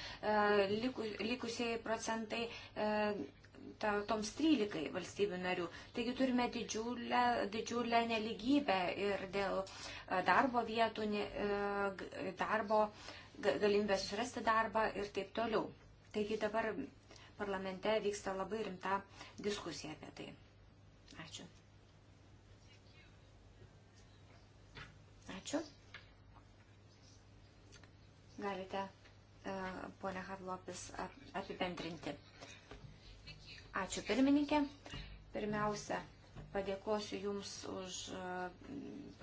liku, likusieji procentai e, ta, toms 13 valstybių narių. Taigi turime didžiulę, didžiulę neligybę ir dėl e, darbo vietų, ne, e, darbo galimybės surasti darbą ir taip toliau. Taigi dabar parlamente vyksta labai rimta diskusija apie tai. Ačiū. Ačiū. Galite, e, ponia Harlopis, apibendrinti. Ačiū pirmininkė. Pirmiausia, padėkosiu Jums už, e,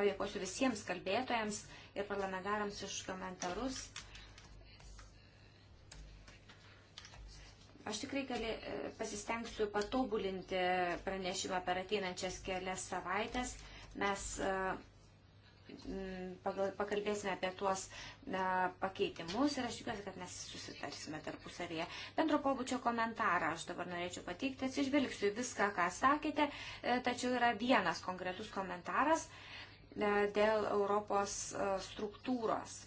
padėkosiu visiems kalbėtojams ir parlamentarams už komentarus. Aš tikrai gali, e, pasistengsiu patobulinti pranešimą per ateinančias kelias savaitės. Mes e, pakalbėsime apie tuos pakeitimus ir aš tikiuosi, kad mes susitarsime tarpusavėje. Bendro pobūdžio komentarą aš dabar norėčiau pateikti, atsižvelgsiu viską, ką sakėte, e, tačiau yra vienas konkretus komentaras dėl Europos struktūros.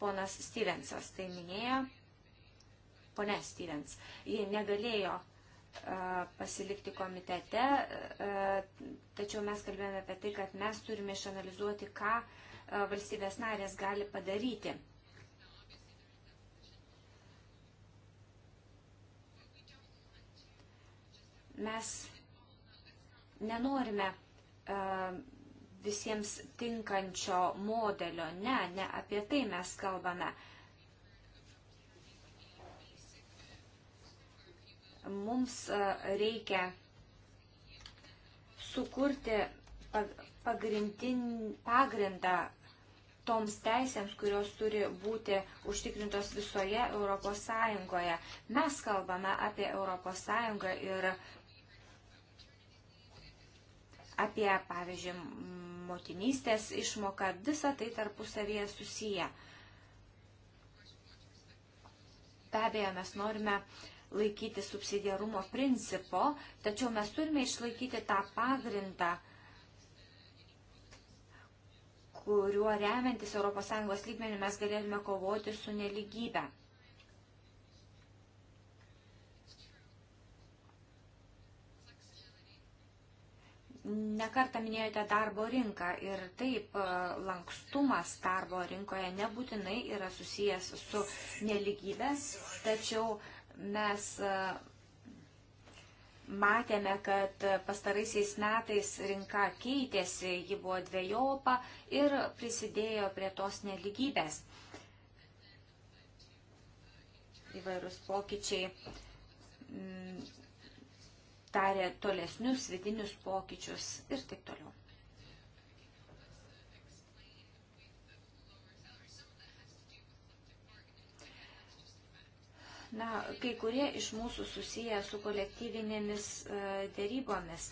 Ponas Stevensas tai minėjo ponia Stevens. Ji negalėjo e, pasilikti komitete, e, tačiau mes kalbėjome apie tai, kad mes turime išanalizuoti, ką e, valstybės narės gali padaryti. Mes nenorime visiems tinkančio modelio, ne, ne apie tai mes kalbame Mums e, reikia sukurti pagrindą toms teisėms, kurios turi būti užtikrintos visoje Europos Sąjungoje. Mes kalbame apie Europos Sąjungą ir apie, pavyzdžiui, motinystės išmoką, visa tai tarpusavėje susiję. Be abejo, mes norime uh, laikyti subsidiarumo principo, tačiau mes turime išlaikyti tą pagrindą, kuriuo remiantis ES lygmenį mes galėtume kovoti su neligybė. Nekartą minėjote darbo rinką ir taip e, lankstumas darbo rinkoje nebūtinai yra susijęs su neligybės, tačiau uh, Mes e, matėme, kad pastaraisiais metais rinka keitėsi, ji buvo dviejopa ir prisidėjo prie tos neligybės. Įvairūs pokyčiai tarė tolesnius vidinius pokyčius ir taip toliau. Na, kai kurie iš mūsų susiję su kolektyvinėmis e, dėrybomis.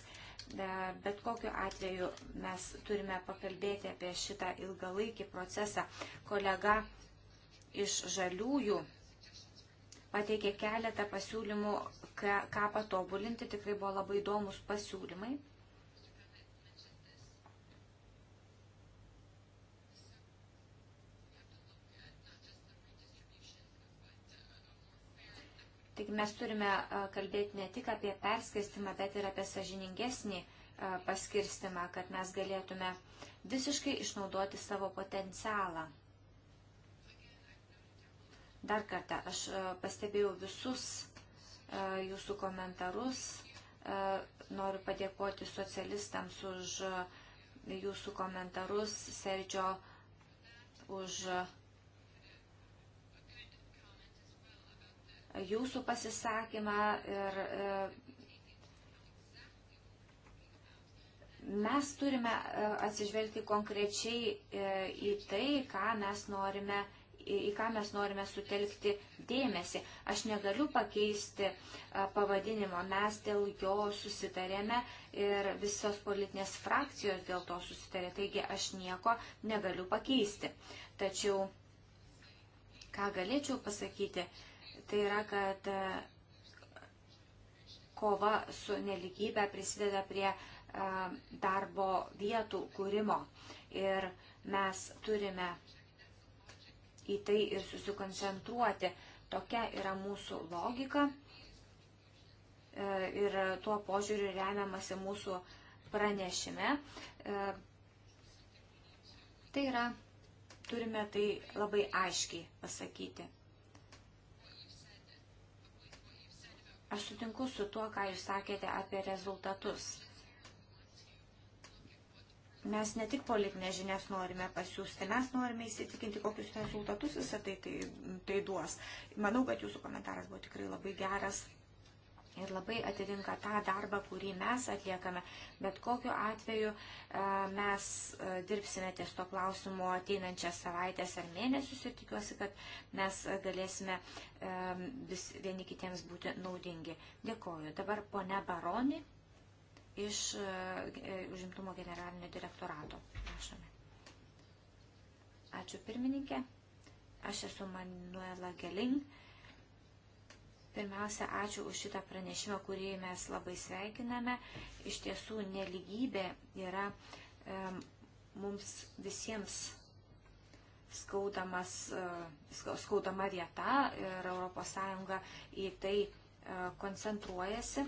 Bet kokiu atveju mes turime pakalbėti apie šitą ilgalaikį procesą. Kolega iš žaliųjų pateikė keletą pasiūlymų, ką, ką patobulinti. Tikrai buvo labai įdomus pasiūlymai. Taigi mes turime kalbėti ne tik apie perskirstimą, bet ir apie sažiningesnį paskirstimą, kad mes galėtume visiškai išnaudoti savo potencialą. Dar kartą, aš pastebėjau visus jūsų komentarus. Noriu padėkoti socialistams už jūsų komentarus, Sergio, už jūsų pasisakymą ir e, mes turime e, atsižvelgti konkrečiai e, į tai, ką mes norime į ką mes norime sutelkti dėmesį. Aš negaliu pakeisti pavadinimo, mes dėl jo susitarėme ir visos politinės frakcijos dėl to susitarė, taigi aš nieko negaliu pakeisti. Tačiau, ką galėčiau pasakyti, Tai yra, kad e, kova su neligybė prisideda prie e, darbo vietų kūrimo. Ir mes turime į tai ir susikoncentruoti. Tokia yra mūsų logika e, ir tuo požiūriu remiamasi mūsų pranešime. Tai yra, turime tai labai aiškiai pasakyti. Aš sutinku su tuo, ką jūs sakėte apie rezultatus. Mes ne tik politinės žinias norime pasiūsti, mes norime įsitikinti, kokius rezultatus visą tai, tai, tai duos. Manau, kad jūsų komentaras buvo tikrai labai geras ir labai atitinka tą darbą, kurį mes atliekame. Bet kokiu atveju e, mes e, dirbsime ties to klausimu ateinančias savaitės ar mėnesius ir tikiuosi, kad mes galėsime e, vis vieni kitiems būti naudingi. Dėkoju. Dabar ponia Baroni iš Užimtumo generalinio direktorato. Prašome. Ačiū pirmininkė. Aš esu Manuela Geling Pirmiausia, ačiū už šitą pranešimą, kurį mes labai sveikiname. Iš tiesų, neligybė yra e, mums visiems skaudamas, e, skaudama vieta ir ES į tai e, koncentruojasi.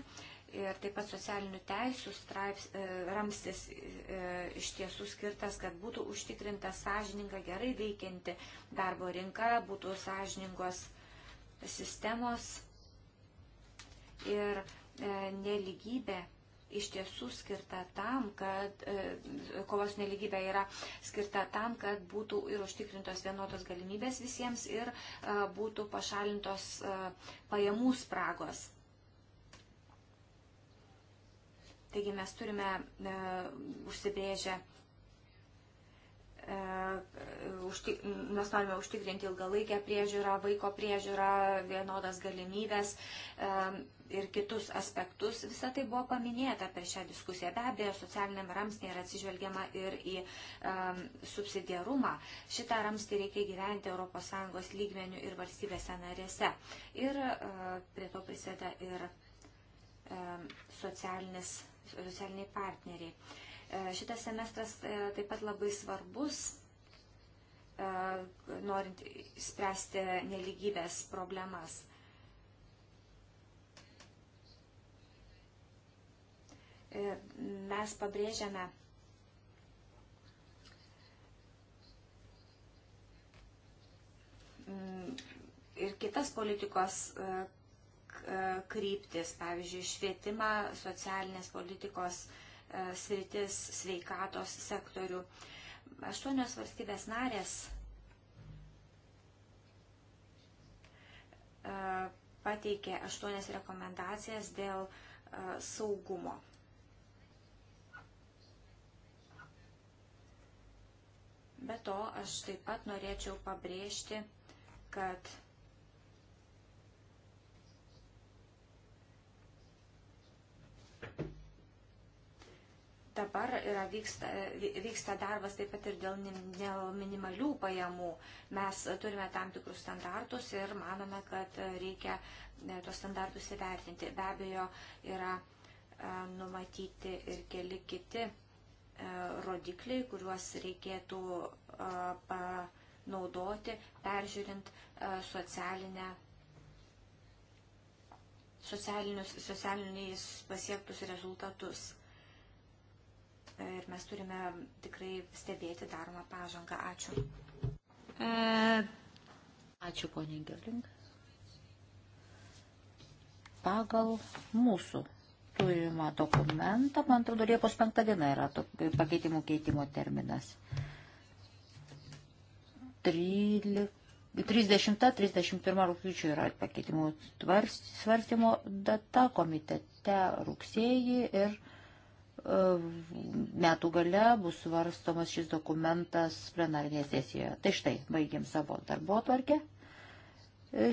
Ir taip pat socialinių teisų straips, e, ramstis e, iš tiesų skirtas, kad būtų užtikrinta sąžininga, gerai veikianti darbo rinka, būtų sąžiningos sistemos ir e, neligybė iš tiesų skirta tam, kad e, kovos neligybė yra skirta tam, kad būtų ir užtikrintos vienodos galimybės visiems ir e, būtų pašalintos pajamų spragos. Taigi mes turime užsibrėžę E, Užtik, mes norime užtikrinti ilgalaikę priežiūrą, vaiko priežiūrą, vienodas galimybės e, ir kitus aspektus. Visą tai buvo paminėta per šią diskusiją. Be abejo, socialiniam ramstį yra atsižvelgiama ir į um, e, subsidiarumą. Šitą ramstį reikia gyventi ES lygmenių ir valstybėse narėse. Ir uh, e, prie to prisėda ir um, socialinis, socialiniai partneriai. Uh, E, šitas semestras e, taip pat labai svarbus, e, norint spręsti neligybės problemas. Mes pabrėžiame mm, ir kitas politikos kryptis, pavyzdžiui, švietimą, socialinės politikos kryptis E, sritis sveikatos sektorių. Aštuonios valstybės narės e, pateikė aštuonias rekomendacijas dėl e, saugumo. Be to, aš taip pat norėčiau pabrėžti, kad dabar yra vyksta, vyksta darbas taip pat ir dėl, dėl minimalių pajamų. Mes turime tam tikrus standartus ir manome, kad reikia e, tuos standartus įvertinti. Be abejo, yra e, numatyti ir keli kiti e, rodikliai, kuriuos reikėtų panaudoti, peržiūrint socialinę socialinius, socialiniais pasiektus rezultatus ir mes turime tikrai stebėti daromą pažangą. Ačiū. E, ačiū, ponė Gerling. Pagal mūsų turimą dokumentą, man atrodo, Liepos penktą dieną yra pakeitimų keitimo terminas. 30-31 rūpiučio yra pakeitimų svarstymo data komitete rugsėjį ir metų gale bus svarstomas šis dokumentas plenarinėje sesijoje. Tai štai, baigiam savo darbo tvarkę.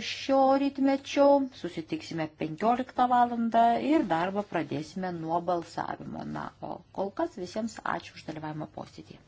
Šio rytmečio susitiksime 15 valandą ir darbą pradėsime nuo balsavimo. Na, o kol kas visiems ačiū už dalyvavimą posėdį.